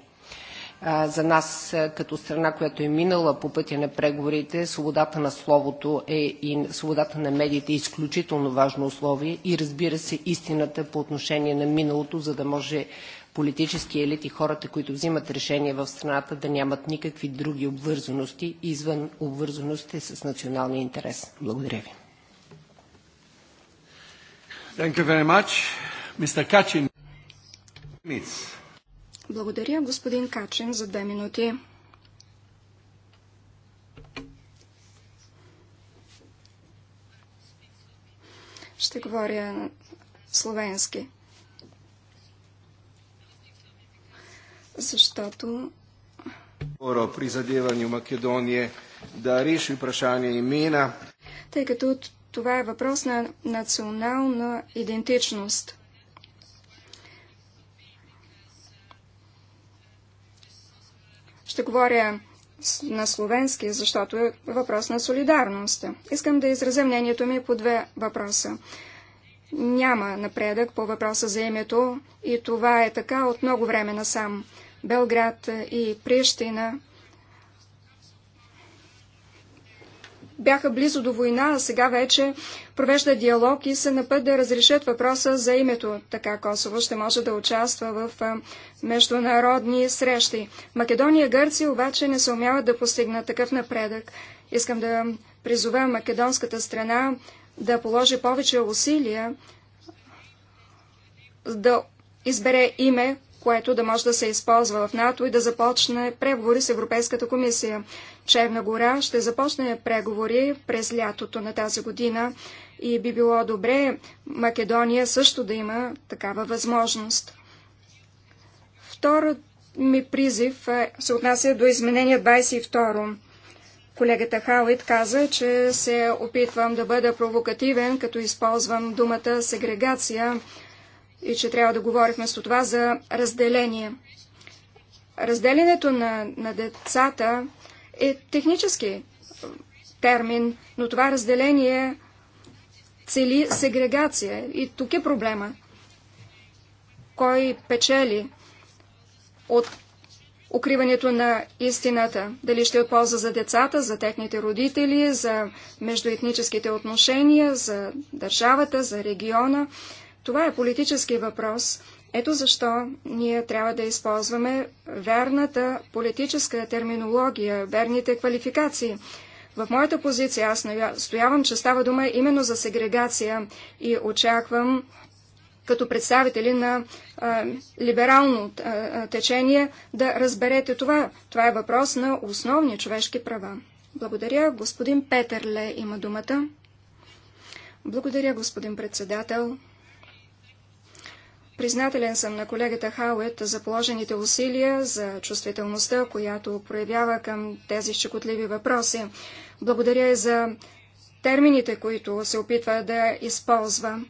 За нас като страна, която е минала по пътя на преговорите, свободата на словото е и свободата на медиите е изключително важно условие и разбира се истината по отношение на миналото, за да може политически елит и хората, които взимат решения в страната, да нямат никакви други обвързаности извън обвързаностите с националния интерес. Благодаря ви. Thank you very much. Mr. Kachin. Благодаря, господин Качин, за две минути. Ще говоря на словенски. Защото... ...о призадеванju Македония да реши прашanje имена. Тъй като това е въпрос на национална идентичност. Ще говоря на словенски, защото е въпрос на солидарност. Искам да изразя мнението ми по две въпроса. Няма напредък по въпроса за името и това е така от много време насам. Белград и Прищина бяха близо до война, а сега вече провежда диалог и се на път да разрешат въпроса за името. Така Косово ще може да участва в международни срещи. Македония и Гърция обаче не се умяват да постигнат такъв напредък. Искам да призова македонската страна да положи повече усилия да избере име, което да може да се използва в НАТО и да започне преговори с Европейската комисия. Черна гора ще започне преговори през лятото на тази година и би било добре Македония също да има такава възможност. Второто ми призив е, се отнася до изменение 22. Колегата Хауит каза, че се опитвам да бъда провокативен, като използвам думата сегрегация и че трябва да говорим вместо това за разделение. Разделението на, на децата е технически е, термин, но това разделение цели сегрегация. И тук е проблема. Кой печели от укриването на истината? Дали ще е от полза за децата, за техните родители, за междуетническите отношения, за държавата, за региона? Това е политически въпрос. Ето защо ние трябва да използваме верната политическа терминология, верните квалификации. В моята позиция аз стоявам, че става дума именно за сегрегация и очаквам като представители на а, либерално а, течение да разберете това. Това е въпрос на основни човешки права. Благодаря. Господин Ле има думата. Благодаря, господин председател. Признателен съм на колегата Хаует за положените усилия, за чувствителността, която проявява към тези щекотливи въпроси. Благодаря и за термините, които се опитва да използва.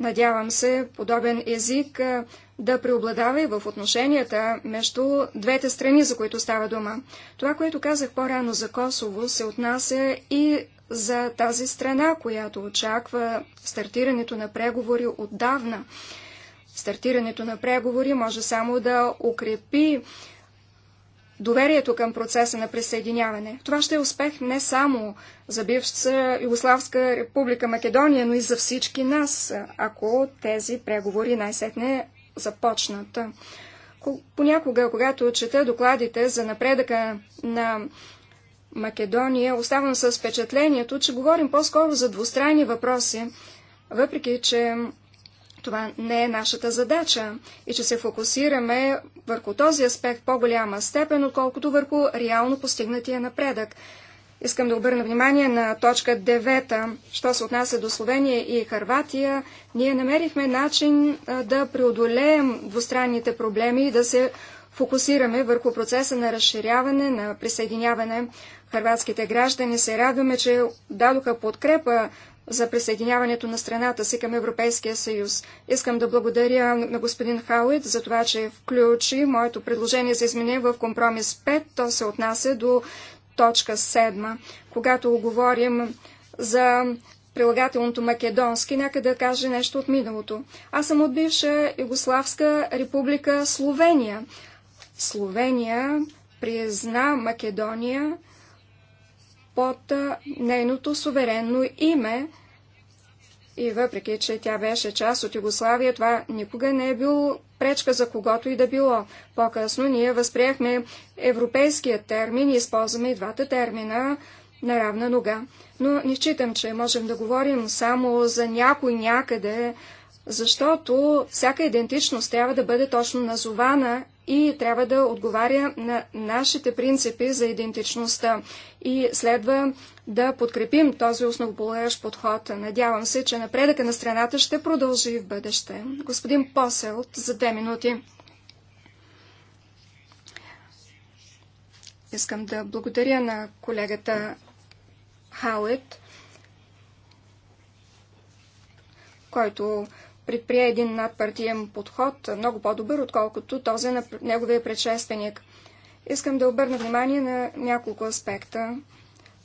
Надявам се, подобен език да преобладава и в отношенията между двете страни, за които става дума. Това, което казах по-рано за Косово, се отнася и за тази страна, която очаква стартирането на преговори отдавна. Стартирането на преговори може само да укрепи доверието към процеса на присъединяване. Това ще е успех не само за бивша Югославска република Македония, но и за всички нас, ако тези преговори най-сетне започнат. Понякога, когато чета докладите за напредъка на Македония, оставам с впечатлението, че говорим по-скоро за двустранни въпроси, въпреки че това не е нашата задача и че се фокусираме върху този аспект по-голяма степен, отколкото върху реално постигнатия напредък. Искам да обърна внимание на точка 9. Що се отнася до Словения и Харватия, ние намерихме начин да преодолеем двустранните проблеми и да се фокусираме върху процеса на разширяване, на присъединяване. Харватските граждани се радваме, че дадоха подкрепа за присъединяването на страната си към Европейския съюз. Искам да благодаря на господин Хауит за това, че включи моето предложение за изменение в компромис 5. То се отнася до точка 7. Когато говорим за прилагателното македонски, нека да каже нещо от миналото. Аз съм от бивша Югославска република Словения. Словения призна Македония под нейното суверенно име. И въпреки, че тя беше част от Югославия, това никога не е бил пречка за когото и да било. По-късно ние възприехме европейския термин и използваме и двата термина на равна нога. Но не считам, че можем да говорим само за някой някъде, защото всяка идентичност трябва да бъде точно назована и трябва да отговаря на нашите принципи за идентичността. И следва да подкрепим този основополагащ подход. Надявам се, че напредъка на страната ще продължи в бъдеще. Господин Поселт, за две минути. Искам да благодаря на колегата Хаует, който предприе един надпартиен подход, много по-добър, отколкото този на неговия предшественик. Искам да обърна внимание на няколко аспекта.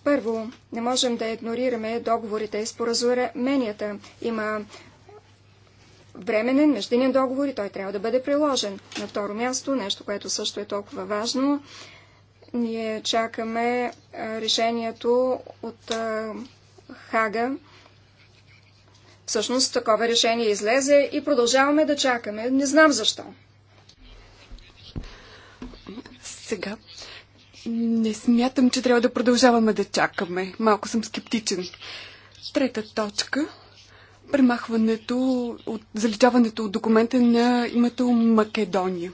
Първо, не можем да игнорираме договорите и споразуменията. Има временен междинен договор и той трябва да бъде приложен. На второ място, нещо, което също е толкова важно, ние чакаме решението от Хага Всъщност такова решение излезе и продължаваме да чакаме. Не знам защо. Сега не смятам, че трябва да продължаваме да чакаме. Малко съм скептичен. Трета точка. Премахването, от, заличаването от документа на името Македония.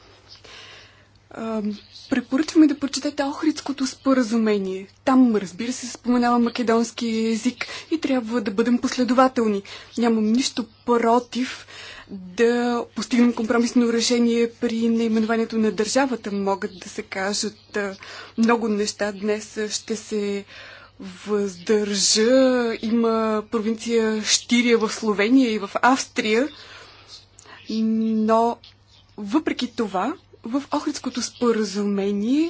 Препоръчваме да прочетете Охридското споразумение. Там, разбира се, споменава македонски език и трябва да бъдем последователни. Нямам нищо против да постигнем компромисно решение при наименованието на държавата. Могат да се кажат много неща. Днес ще се въздържа. Има провинция Штирия в Словения и в Австрия. Но въпреки това, в Охридското споразумение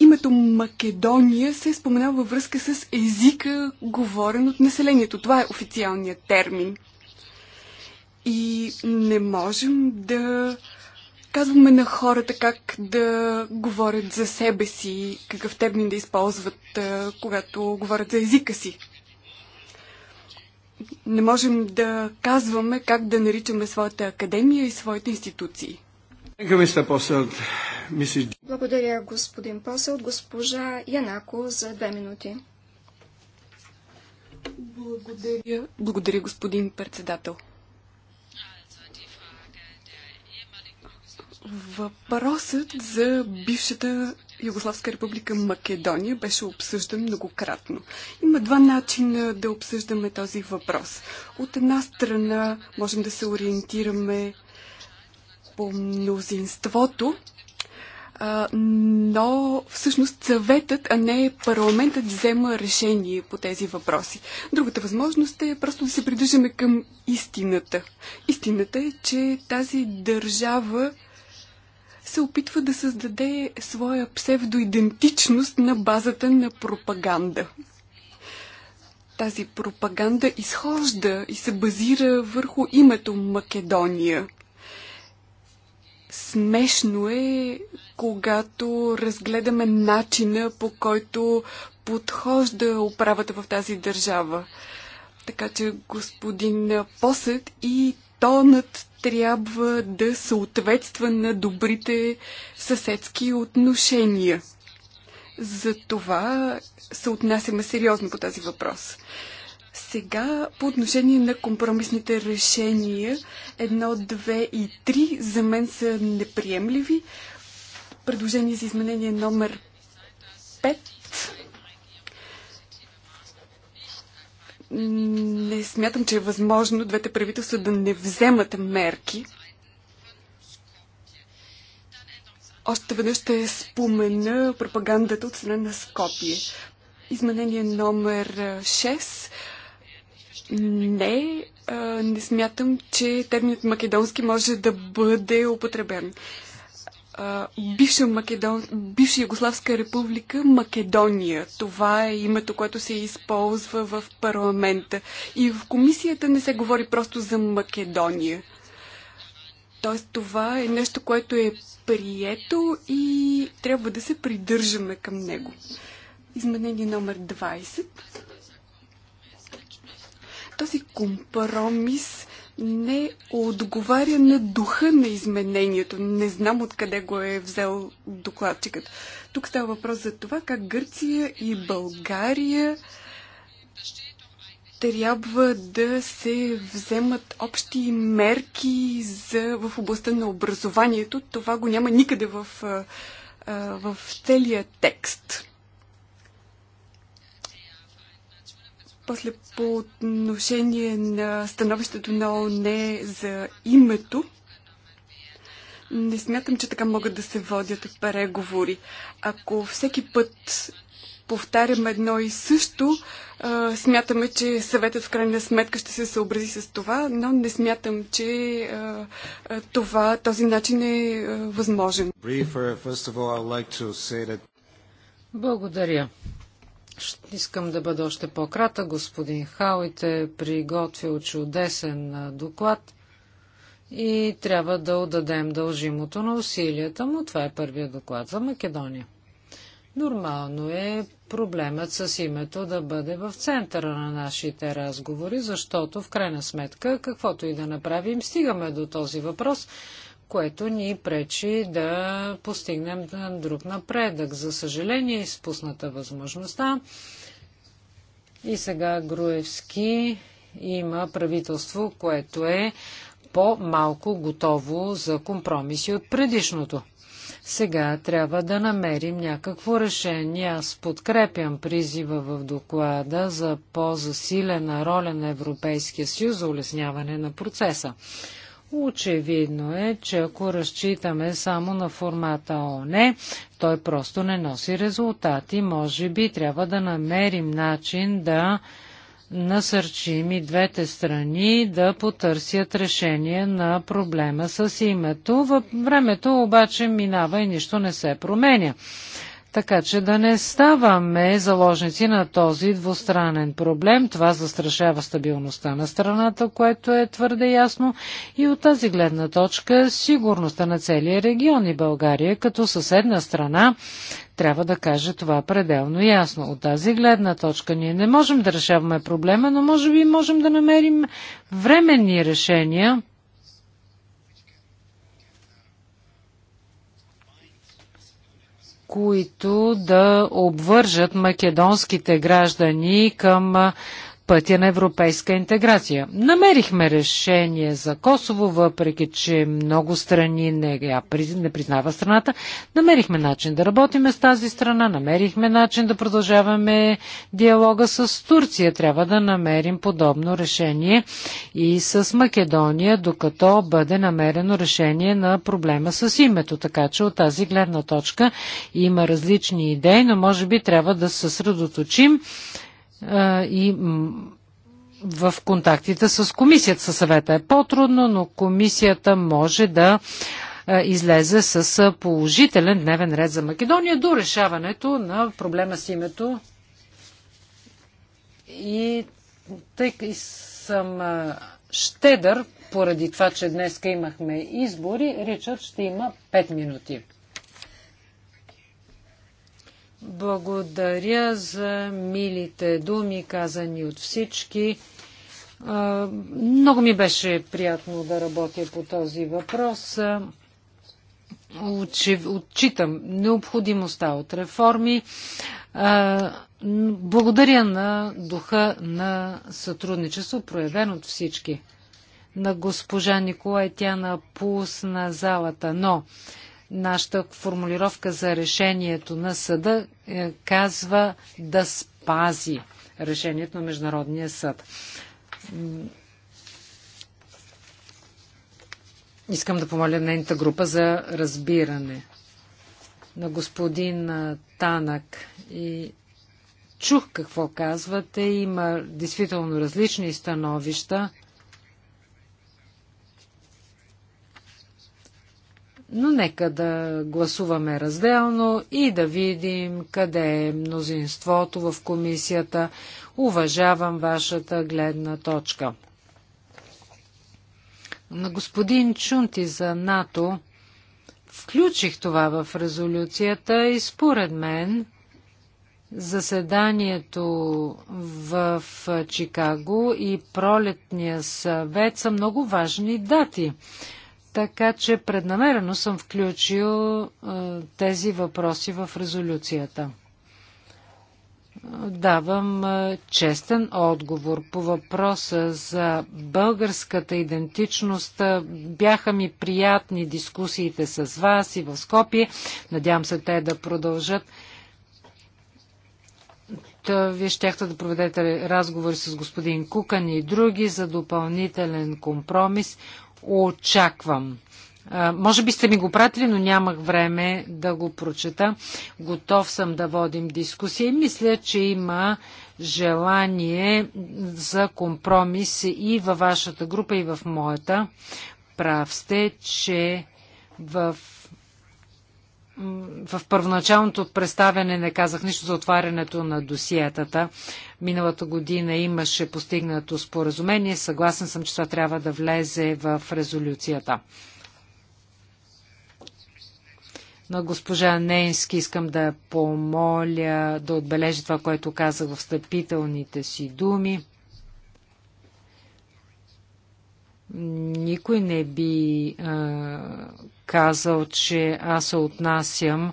името Македония се споменава във връзка с езика, говорен от населението. Това е официалният термин. И не можем да казваме на хората как да говорят за себе си, какъв термин да използват, когато говорят за езика си. Не можем да казваме как да наричаме своята академия и своите институции. Благодаря, господин Посълт. Госпожа Янако за две минути. Благодаря, благодаря господин председател. Въпросът за бившата Югославска република Македония беше обсъждан многократно. Има два начина да обсъждаме този въпрос. От една страна можем да се ориентираме по мнозинството, но всъщност съветът, а не парламентът взема решение по тези въпроси. Другата възможност е просто да се придържаме към истината. Истината е, че тази държава се опитва да създаде своя псевдоидентичност на базата на пропаганда. Тази пропаганда изхожда и се базира върху името Македония – Смешно е, когато разгледаме начина по който подхожда управата в тази държава. Така че господин Посът и тонът трябва да съответства на добрите съседски отношения. За това се отнасяме сериозно по тази въпрос. Сега по отношение на компромисните решения едно, две и три за мен са неприемливи. Предложение за изменение номер 5. Не смятам, че е възможно двете правителства да не вземат мерки. Още веднъж ще спомена пропагандата от страна на Скопие. Изменение номер 6 не, а, не смятам, че терминът македонски може да бъде употребен. бивша, Македон... бивша Югославска република Македония. Това е името, което се използва в парламента. И в комисията не се говори просто за Македония. Тоест това е нещо, което е прието и трябва да се придържаме към него. Изменение номер 20. Този компромис не отговаря на духа на изменението. Не знам откъде го е взел докладчикът. Тук става въпрос за това как Гърция и България трябва да се вземат общи мерки за, в областта на образованието. Това го няма никъде в, в целия текст. После по отношение на становището на ООН за името, не смятам, че така могат да се водят преговори. Ако всеки път повтарям едно и също, смятаме, че съветът в крайна сметка ще се съобрази с това, но не смятам, че това, този начин е възможен. Благодаря. Искам да бъда още по-крата. Господин Хауит е приготвил чудесен доклад и трябва да отдадем дължимото на усилията му. Това е първият доклад за Македония. Нормално е проблемът с името да бъде в центъра на нашите разговори, защото в крайна сметка, каквото и да направим, стигаме до този въпрос – което ни пречи да постигнем друг напредък. За съжаление, е изпусната възможността. И сега Груевски има правителство, което е по-малко готово за компромиси от предишното. Сега трябва да намерим някакво решение. Аз подкрепям призива в доклада за по-засилена роля на Европейския съюз за улесняване на процеса. Очевидно е, че ако разчитаме само на формата ОНЕ, той просто не носи резултати. Може би трябва да намерим начин да насърчим и двете страни да потърсят решение на проблема с името. Във времето обаче минава и нищо не се променя така че да не ставаме заложници на този двустранен проблем. Това застрашава стабилността на страната, което е твърде ясно и от тази гледна точка сигурността на целия регион и България като съседна страна трябва да каже това пределно ясно. От тази гледна точка ние не можем да решаваме проблема, но може би можем да намерим временни решения които да обвържат македонските граждани към пътя на европейска интеграция. Намерихме решение за Косово, въпреки че много страни не, я, не признава страната. Намерихме начин да работиме с тази страна, намерихме начин да продължаваме диалога с Турция. Трябва да намерим подобно решение и с Македония, докато бъде намерено решение на проблема с името. Така че от тази гледна точка има различни идеи, но може би трябва да се съсредоточим и в контактите с комисията. Със съвета е по-трудно, но комисията може да излезе с положителен дневен ред за Македония до решаването на проблема с името. И тъй съм щедър, поради това, че днес имахме избори, Ричард ще има 5 минути. Благодаря за милите думи, казани от всички. Много ми беше приятно да работя по този въпрос. Отчитам необходимостта от реформи. Благодаря на духа на сътрудничество, проявен от всички. На госпожа Николай тя напусна залата, но Нашата формулировка за решението на съда е, казва да спази решението на Международния съд. Искам да помоля нейната група за разбиране на господин Танак и чух какво казвате. Има действително различни становища. Но нека да гласуваме разделно и да видим къде е мнозинството в комисията. Уважавам вашата гледна точка. На господин Чунти за НАТО включих това в резолюцията и според мен заседанието в Чикаго и пролетния съвет са много важни дати. Така че преднамерено съм включил тези въпроси в резолюцията. Давам честен отговор по въпроса за българската идентичност. Бяха ми приятни дискусиите с вас и в Скопие. Надявам се те да продължат. Та вие щяхте да проведете разговори с господин Кукан и други за допълнителен компромис очаквам. Може би сте ми го пратили, но нямах време да го прочета. Готов съм да водим дискусия и мисля, че има желание за компромис и във вашата група, и в моята. Прав сте, че в в първоначалното представяне не казах нищо за отварянето на досиетата. Миналата година имаше постигнато споразумение. Съгласен съм, че това трябва да влезе в резолюцията. На госпожа Ненски искам да помоля да отбележи това, което казах в встъпителните си думи. Никой не би а, казал, че аз се отнасям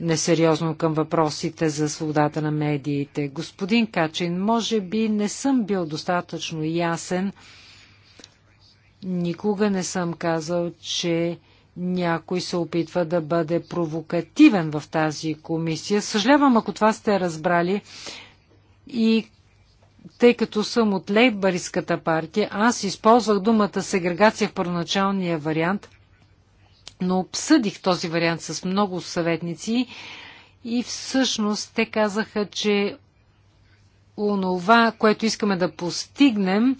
несериозно към въпросите за свободата на медиите. Господин Качин, може би не съм бил достатъчно ясен. Никога не съм казал, че някой се опитва да бъде провокативен в тази комисия. Съжалявам, ако това сте разбрали. И тъй като съм от лейбаристската партия, аз използвах думата сегрегация в първоначалния вариант – но обсъдих този вариант с много съветници и всъщност те казаха, че онова, което искаме да постигнем,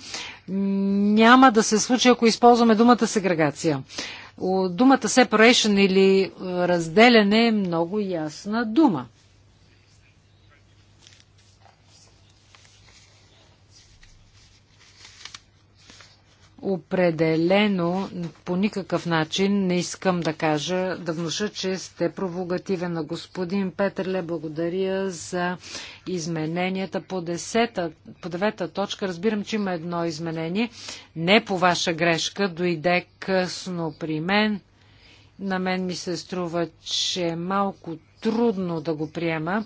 няма да се случи, ако използваме думата сегрегация. Думата separation или е, разделяне е много ясна дума. Определено по никакъв начин не искам да кажа, да внуша, че сте провокативен на господин Петърле. Благодаря за измененията по, десета, по девета точка. Разбирам, че има едно изменение. Не по ваша грешка, дойде късно при мен. На мен ми се струва, че е малко трудно да го приема.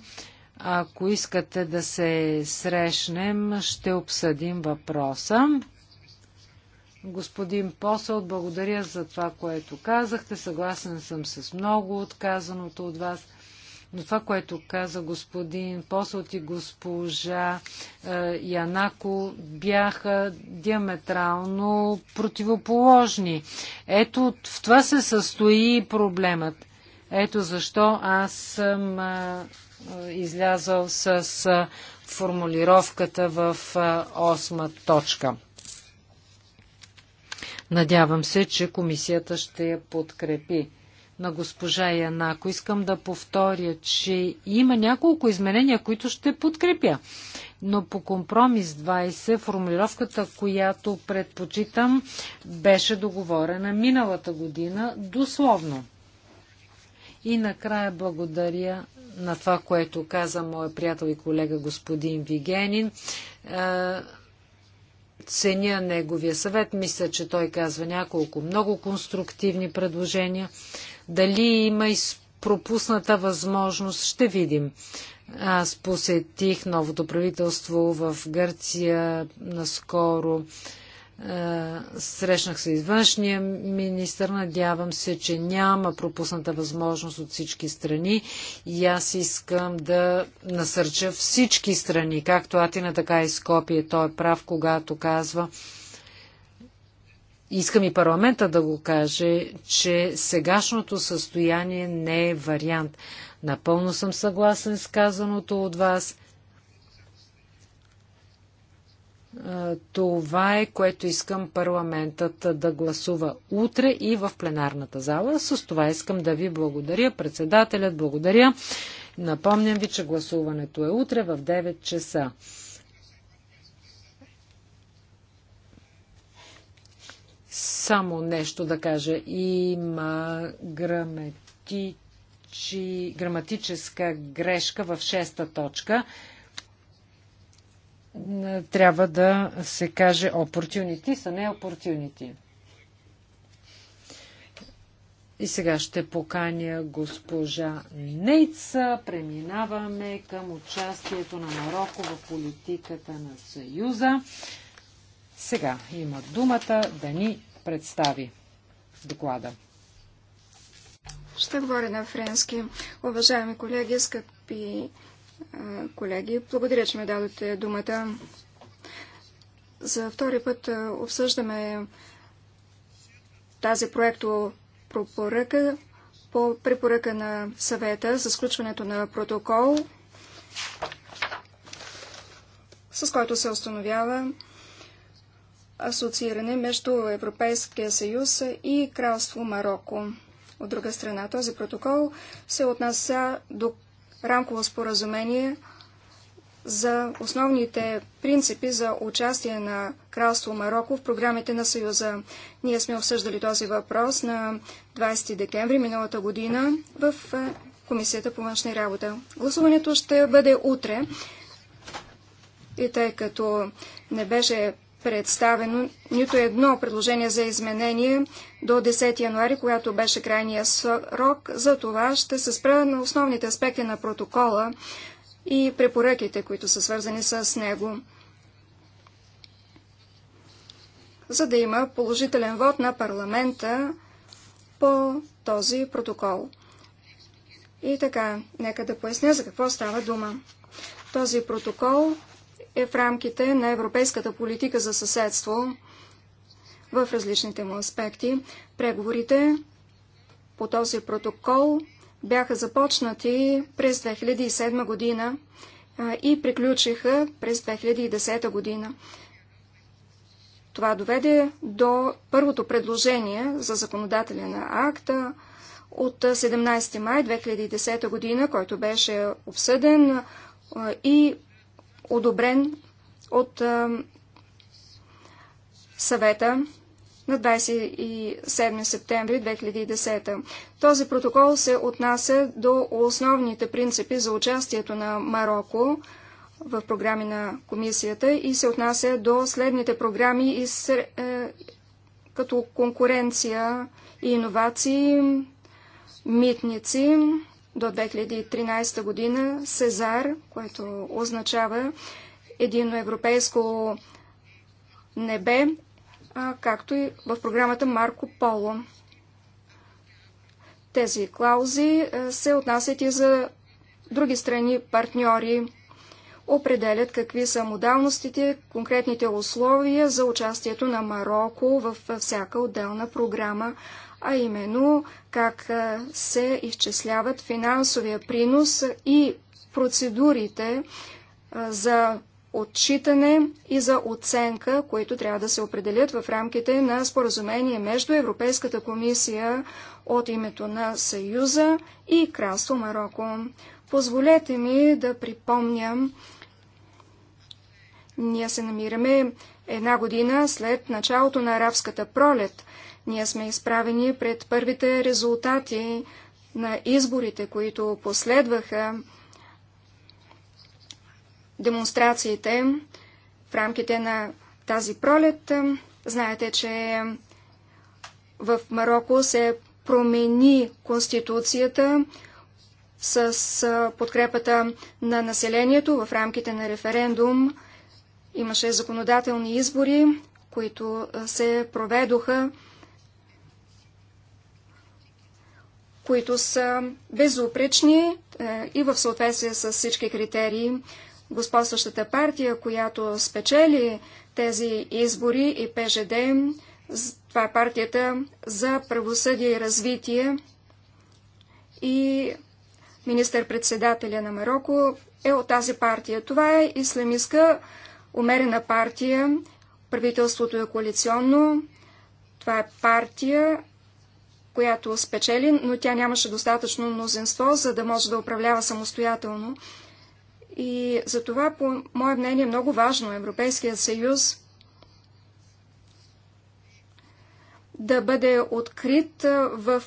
Ако искате да се срещнем, ще обсъдим въпроса. Господин Посъл, благодаря за това, което казахте. Съгласен съм с много отказаното от вас. Но това, което каза господин посъл и госпожа е, Янако, бяха диаметрално противоположни. Ето, в това се състои проблемът. Ето защо аз съм излязал е, е, излязъл с формулировката в осма точка. Надявам се, че комисията ще я подкрепи. На госпожа Янако искам да повторя, че има няколко изменения, които ще подкрепя. Но по компромис 20, формулировката, която предпочитам, беше договорена миналата година дословно. И накрая благодаря на това, което каза моя приятел и колега господин Вигенин. Е, ценя неговия съвет. Мисля, че той казва няколко много конструктивни предложения. Дали има и пропусната възможност, ще видим. Аз посетих новото правителство в Гърция наскоро. Е, срещнах се и с външния министр. Надявам се, че няма пропусната възможност от всички страни. И аз искам да насърча всички страни, както Атина, така и Скопие. Той е прав, когато казва. Искам и парламента да го каже, че сегашното състояние не е вариант. Напълно съм съгласен с казаното от вас Това е, което искам парламентът да гласува утре и в пленарната зала. С това искам да ви благодаря. Председателят, благодаря. Напомням ви, че гласуването е утре в 9 часа. Само нещо да кажа. Има граматическа грешка в шеста точка трябва да се каже opportunity, са не opportunity. И сега ще поканя госпожа Нейца. Преминаваме към участието на Марокко в политиката на Съюза. Сега има думата да ни представи доклада. Ще говоря на френски. Уважаеми колеги, скъпи колеги. Благодаря, че ми дадете думата. За втори път е, обсъждаме тази проекто пропоръка по препоръка на съвета за сключването на протокол, с който се установява асоцииране между Европейския съюз и Кралство Марокко. От друга страна, този протокол се отнася до рамково споразумение за основните принципи за участие на Кралство Марокко в програмите на Съюза. Ние сме обсъждали този въпрос на 20 декември миналата година в е, Комисията по външни работа. Гласуването ще бъде утре. И тъй като не беше представено нито едно предложение за изменение до 10 януари, която беше крайния срок. За това ще се спра на основните аспекти на протокола и препоръките, които са свързани с него, за да има положителен вод на парламента по този протокол. И така, нека да поясня за какво става дума. Този протокол е в рамките на европейската политика за съседство в различните му аспекти. Преговорите по този протокол бяха започнати през 2007 година и приключиха през 2010 година. Това доведе до първото предложение за законодателя на акта от 17 май 2010 година, който беше обсъден и одобрен от съвета на 27 септември 2010. Този протокол се отнася до основните принципи за участието на Марокко в програми на комисията и се отнася до следните програми и е, като конкуренция и иновации, митници, до 2013 година Сезар, което означава едино европейско небе, както и в програмата Марко Поло. Тези клаузи се отнасят и за други страни партньори определят какви са модалностите, конкретните условия за участието на Марокко в всяка отделна програма, а именно как се изчисляват финансовия принос и процедурите за отчитане и за оценка, които трябва да се определят в рамките на споразумение между Европейската комисия от името на Съюза и Кралство Марокко. Позволете ми да припомням ние се намираме една година след началото на арабската пролет. Ние сме изправени пред първите резултати на изборите, които последваха демонстрациите в рамките на тази пролет. Знаете, че в Марокко се промени конституцията с подкрепата на населението в рамките на референдум. Имаше законодателни избори, които се проведоха, които са безупречни и в съответствие с всички критерии. Господстващата партия, която спечели тези избори и ПЖД, това е партията за правосъдие и развитие и министър-председателя на Марокко е от тази партия. Това е исламистка умерена партия, правителството е коалиционно, това е партия, която спечели, но тя нямаше достатъчно мнозинство, за да може да управлява самостоятелно. И за това, по мое мнение, е много важно Европейския съюз да бъде открит в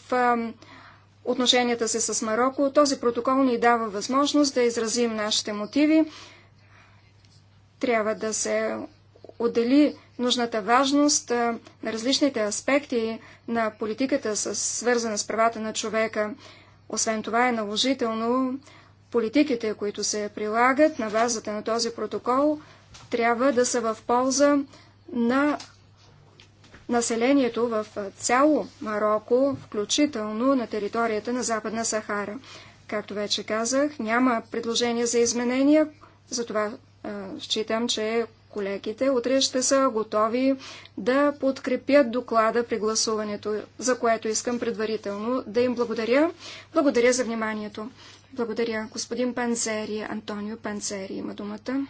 отношенията си с Марокко. Този протокол ни дава възможност да изразим нашите мотиви. Трябва да се отдели нужната важност на различните аспекти на политиката, свързана с правата на човека. Освен това е наложително политиките, които се прилагат на базата на този протокол, трябва да са в полза на населението в цяло Марокко, включително на територията на Западна Сахара. Както вече казах, няма предложение за изменения, затова Считам, че колегите утре ще са готови да подкрепят доклада при гласуването, за което искам предварително да им благодаря. Благодаря за вниманието. Благодаря. Господин Панцери, Антонио Панцери има думата.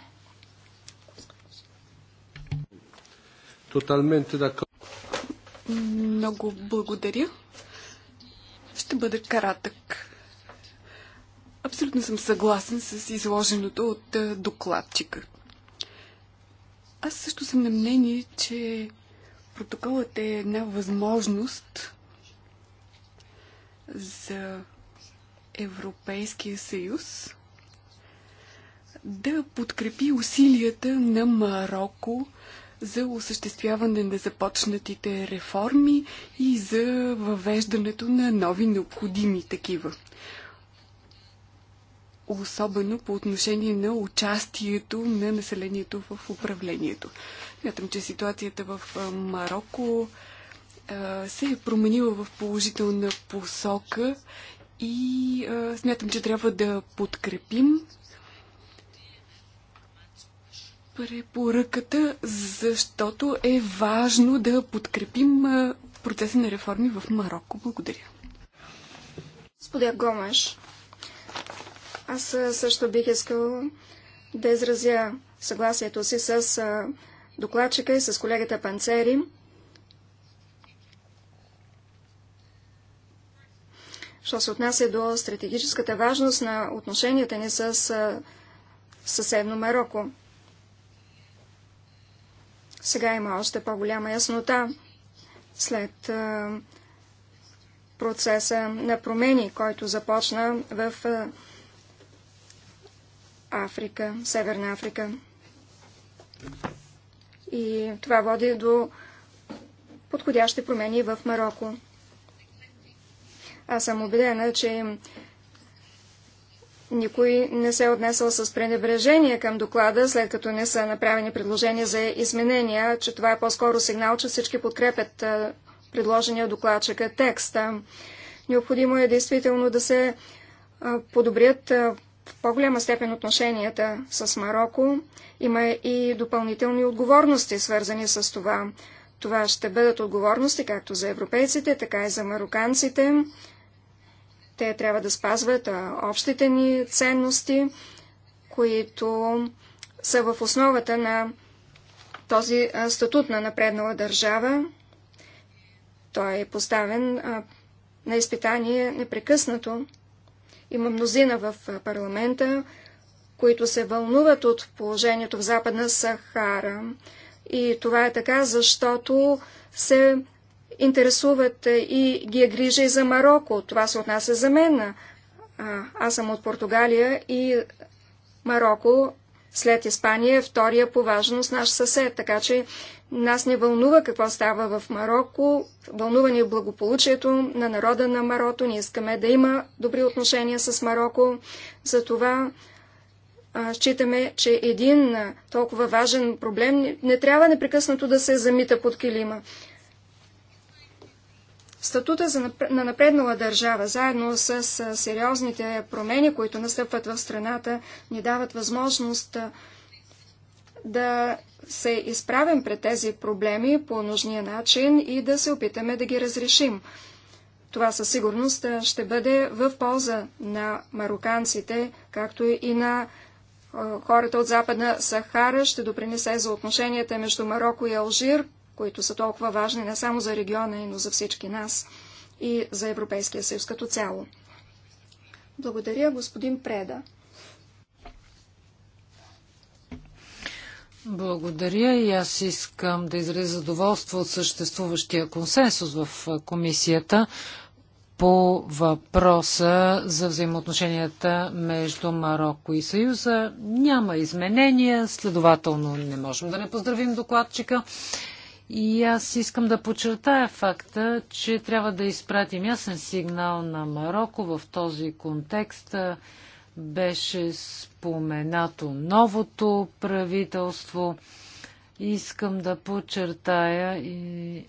Много благодаря. Ще бъде кратък. Абсолютно съм съгласен с изложеното от е, докладчика. Аз също съм на мнение, че протоколът е една възможност за Европейския съюз да подкрепи усилията на Марокко за осъществяване на започнатите реформи и за въвеждането на нови необходими такива особено по отношение на участието на населението в управлението. Мятам, че ситуацията в Марокко се е променила в положителна посока и смятам, че трябва да подкрепим препоръката, защото е важно да подкрепим процеса на реформи в Марокко. Благодаря. Господин Гомеш, аз също бих искал да изразя съгласието си с докладчика и с колегата Панцери. Що се отнася до стратегическата важност на отношенията ни с съседно Марокко. Сега има още по-голяма яснота след процеса на промени, който започна в Африка, Северна Африка. И това води до подходящи промени в Марокко. Аз съм убедена, че никой не се е отнесъл с пренебрежение към доклада, след като не са направени предложения за изменения, че това е по-скоро сигнал, че всички подкрепят предложения докладчика текста. Необходимо е действително да се подобрят по-голяма степен отношенията с Марокко. Има и допълнителни отговорности, свързани с това. Това ще бъдат отговорности както за европейците, така и за мароканците. Те трябва да спазват общите ни ценности, които са в основата на този статут на напреднала държава. Той е поставен на изпитание непрекъснато. Има мнозина в парламента, които се вълнуват от положението в Западна Сахара. И това е така, защото се интересуват и ги е грижа и за Марокко. Това се отнася за мен. А, аз съм от Португалия и Марокко след Испания е втория по важност наш съсед, така че нас не вълнува какво става в Марокко, вълнува ни благополучието на народа на Марото, ние искаме да има добри отношения с Марокко, затова считаме, че един толкова важен проблем не, трябва непрекъснато да се замита под килима. Статута на напреднала държава, заедно с, сериозните промени, които настъпват в страната, ни дават възможност да се изправим пред тези проблеми по нужния начин и да се опитаме да ги разрешим. Това със сигурност ще бъде в полза на мароканците, както и на хората от Западна Сахара, ще допринесе за отношенията между Марокко и Алжир, които са толкова важни не само за региона, но за всички нас и за Европейския съюз като цяло. Благодаря, господин Преда. Благодаря и аз искам да изразя задоволство от съществуващия консенсус в комисията по въпроса за взаимоотношенията между Марокко и Съюза. Няма изменения, следователно не можем да не поздравим докладчика. И аз искам да подчертая факта, че трябва да изпратим ясен сигнал на Марокко в този контекст. Беше споменато новото правителство. Искам да подчертая и е,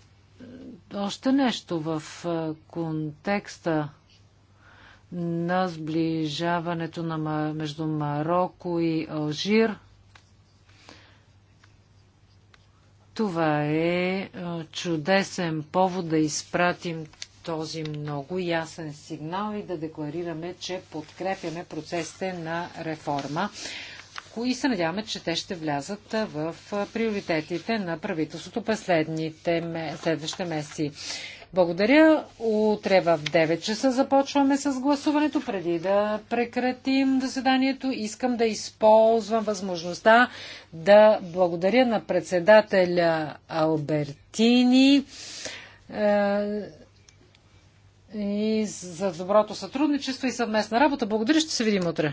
още нещо в е, контекста на сближаването на, между Марокко и Алжир. Това е, е чудесен повод да изпратим този много ясен сигнал и да декларираме, че подкрепяме процесите на реформа и се надяваме, че те ще влязат в приоритетите на правителството през следващите месеци. Благодаря. Утре в 9 часа започваме с гласуването. Преди да прекратим заседанието, искам да използвам възможността да благодаря на председателя Албертини е, и за доброто сътрудничество и съвместна работа. Благодаря, ще се видим утре.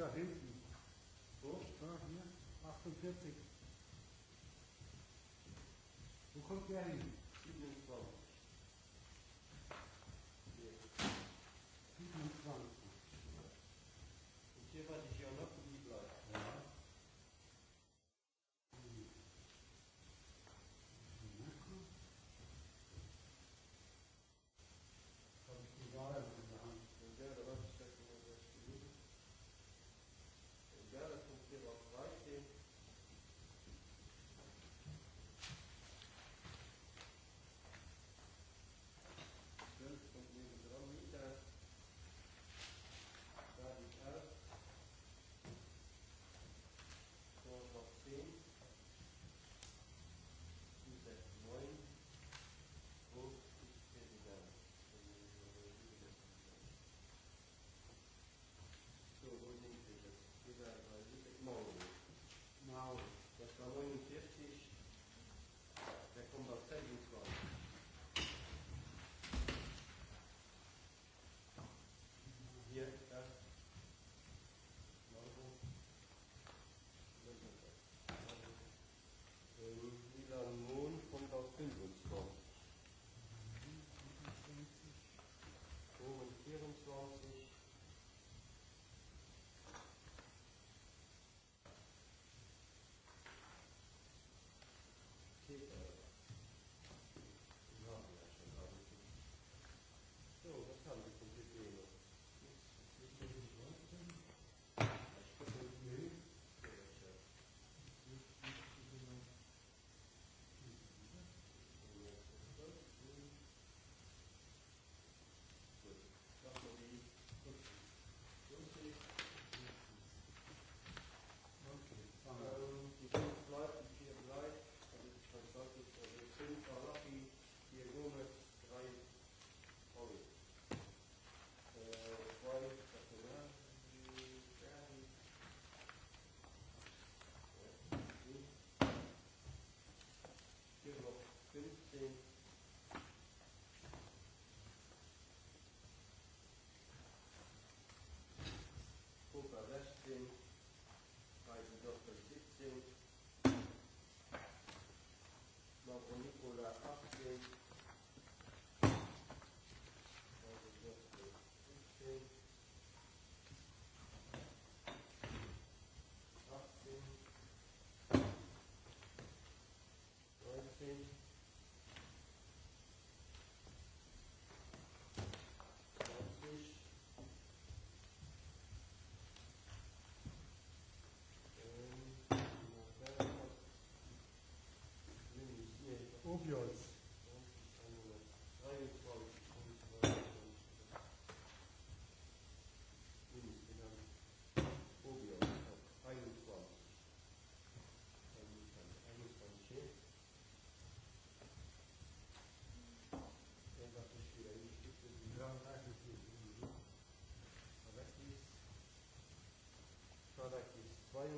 da hinten. So, da hier, 48. Wo kommt der hin?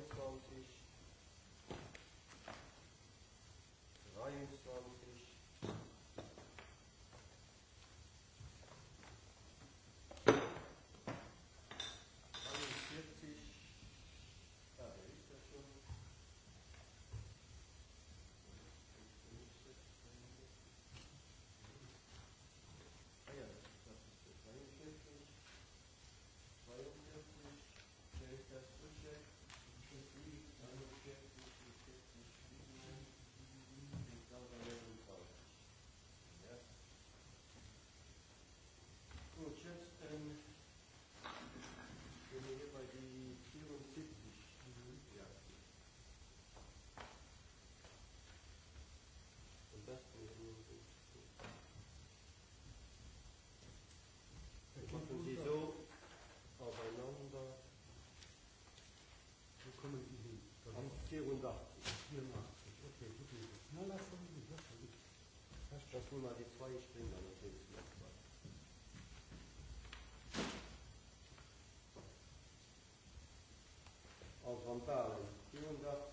Deus, Paulo. tun mal die zwei, ich bringe dann natürlich noch zwei. Al Van Dalen, 34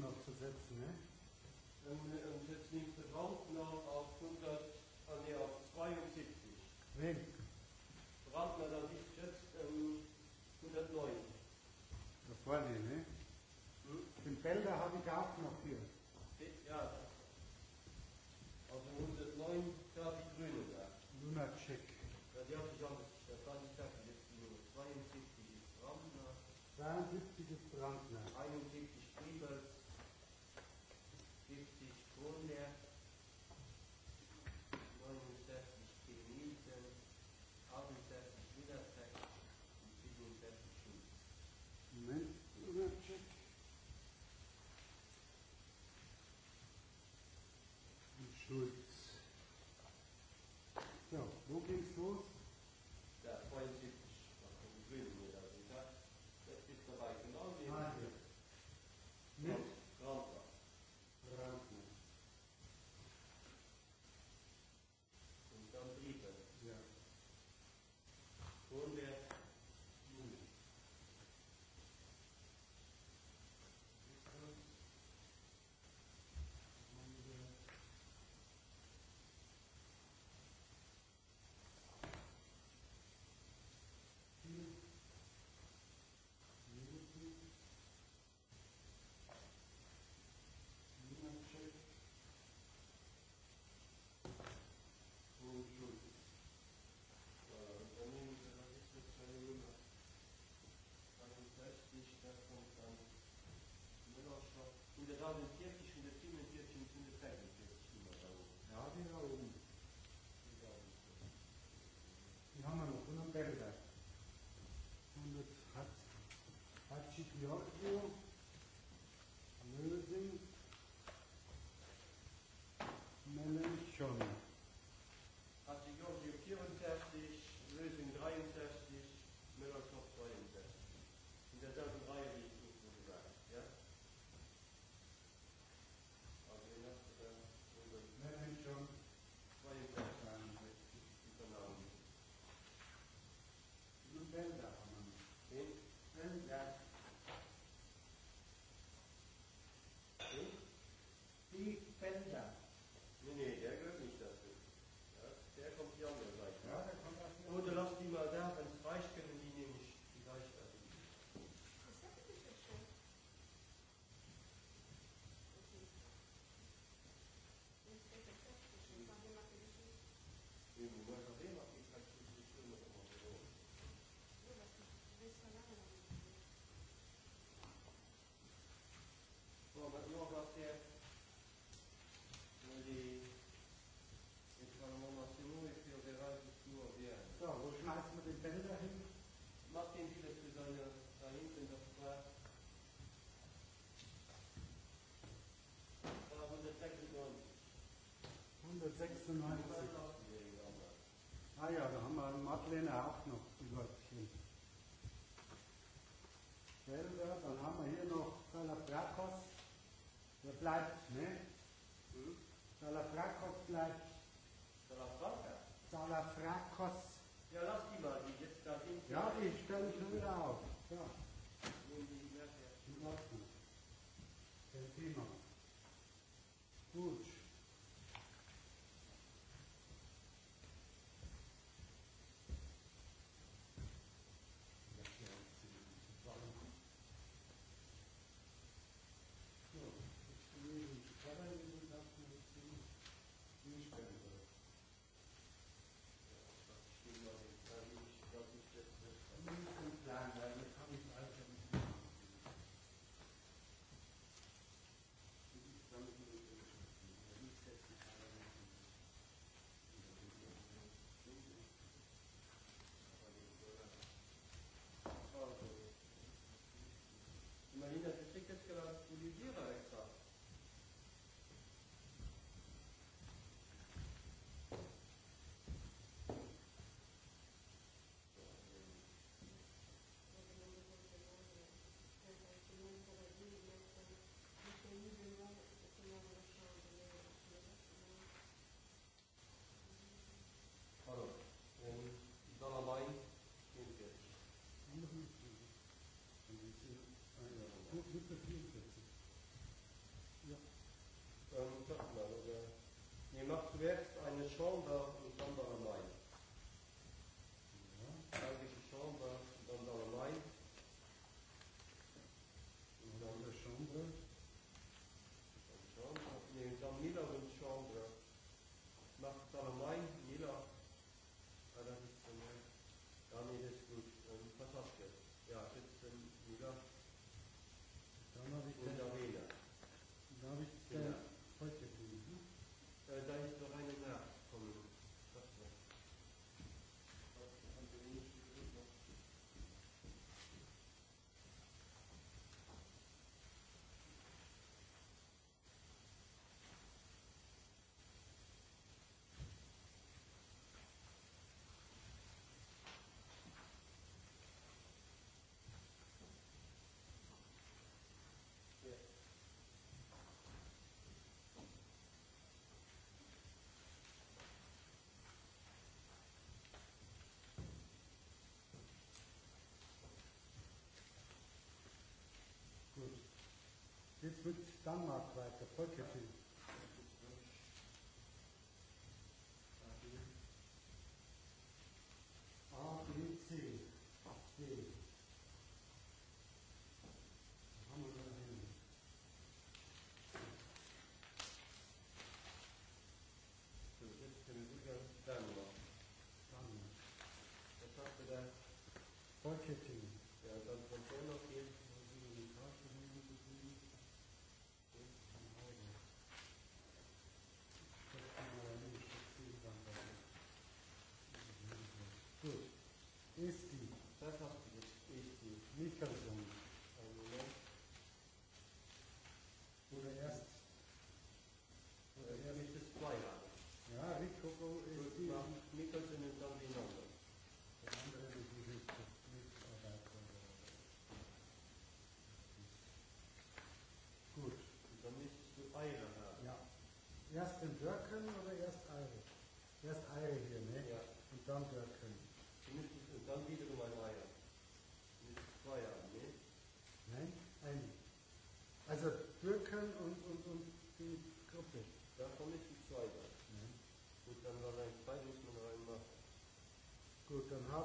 setzen, Ne? Und jetzt nimmt der noch auf 100, also auf 72. Wen? Brandner, das ist jetzt ähm, 109. Da vorne, ne? Hm? Den Felder habe ich auch noch hier. Ja, also 109 Grad die Grüne da. Lunacek. Ja, die habe ich auch, das war nicht da, die letzten 72 ist Brandner. 72 ist Brandner. 71 good. So, wo ging's los? Георги Ablehner auch noch die Wörtchen. Selber, dann haben wir hier noch Salafrakos. Der bleibt, ne? Hm? Salafrakos bleibt. Salafrakos? Salafrakos. Ja, lass die mal, die jetzt da hinten. Ja, die stelle ich schon wieder auf. Ja. In Ordnung. Den Thema. Dit moet Danmark werken, pakketten. A, B, C, D. Pakketten.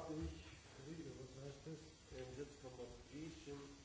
Staatlich Friedensprozesses in Diplomatischen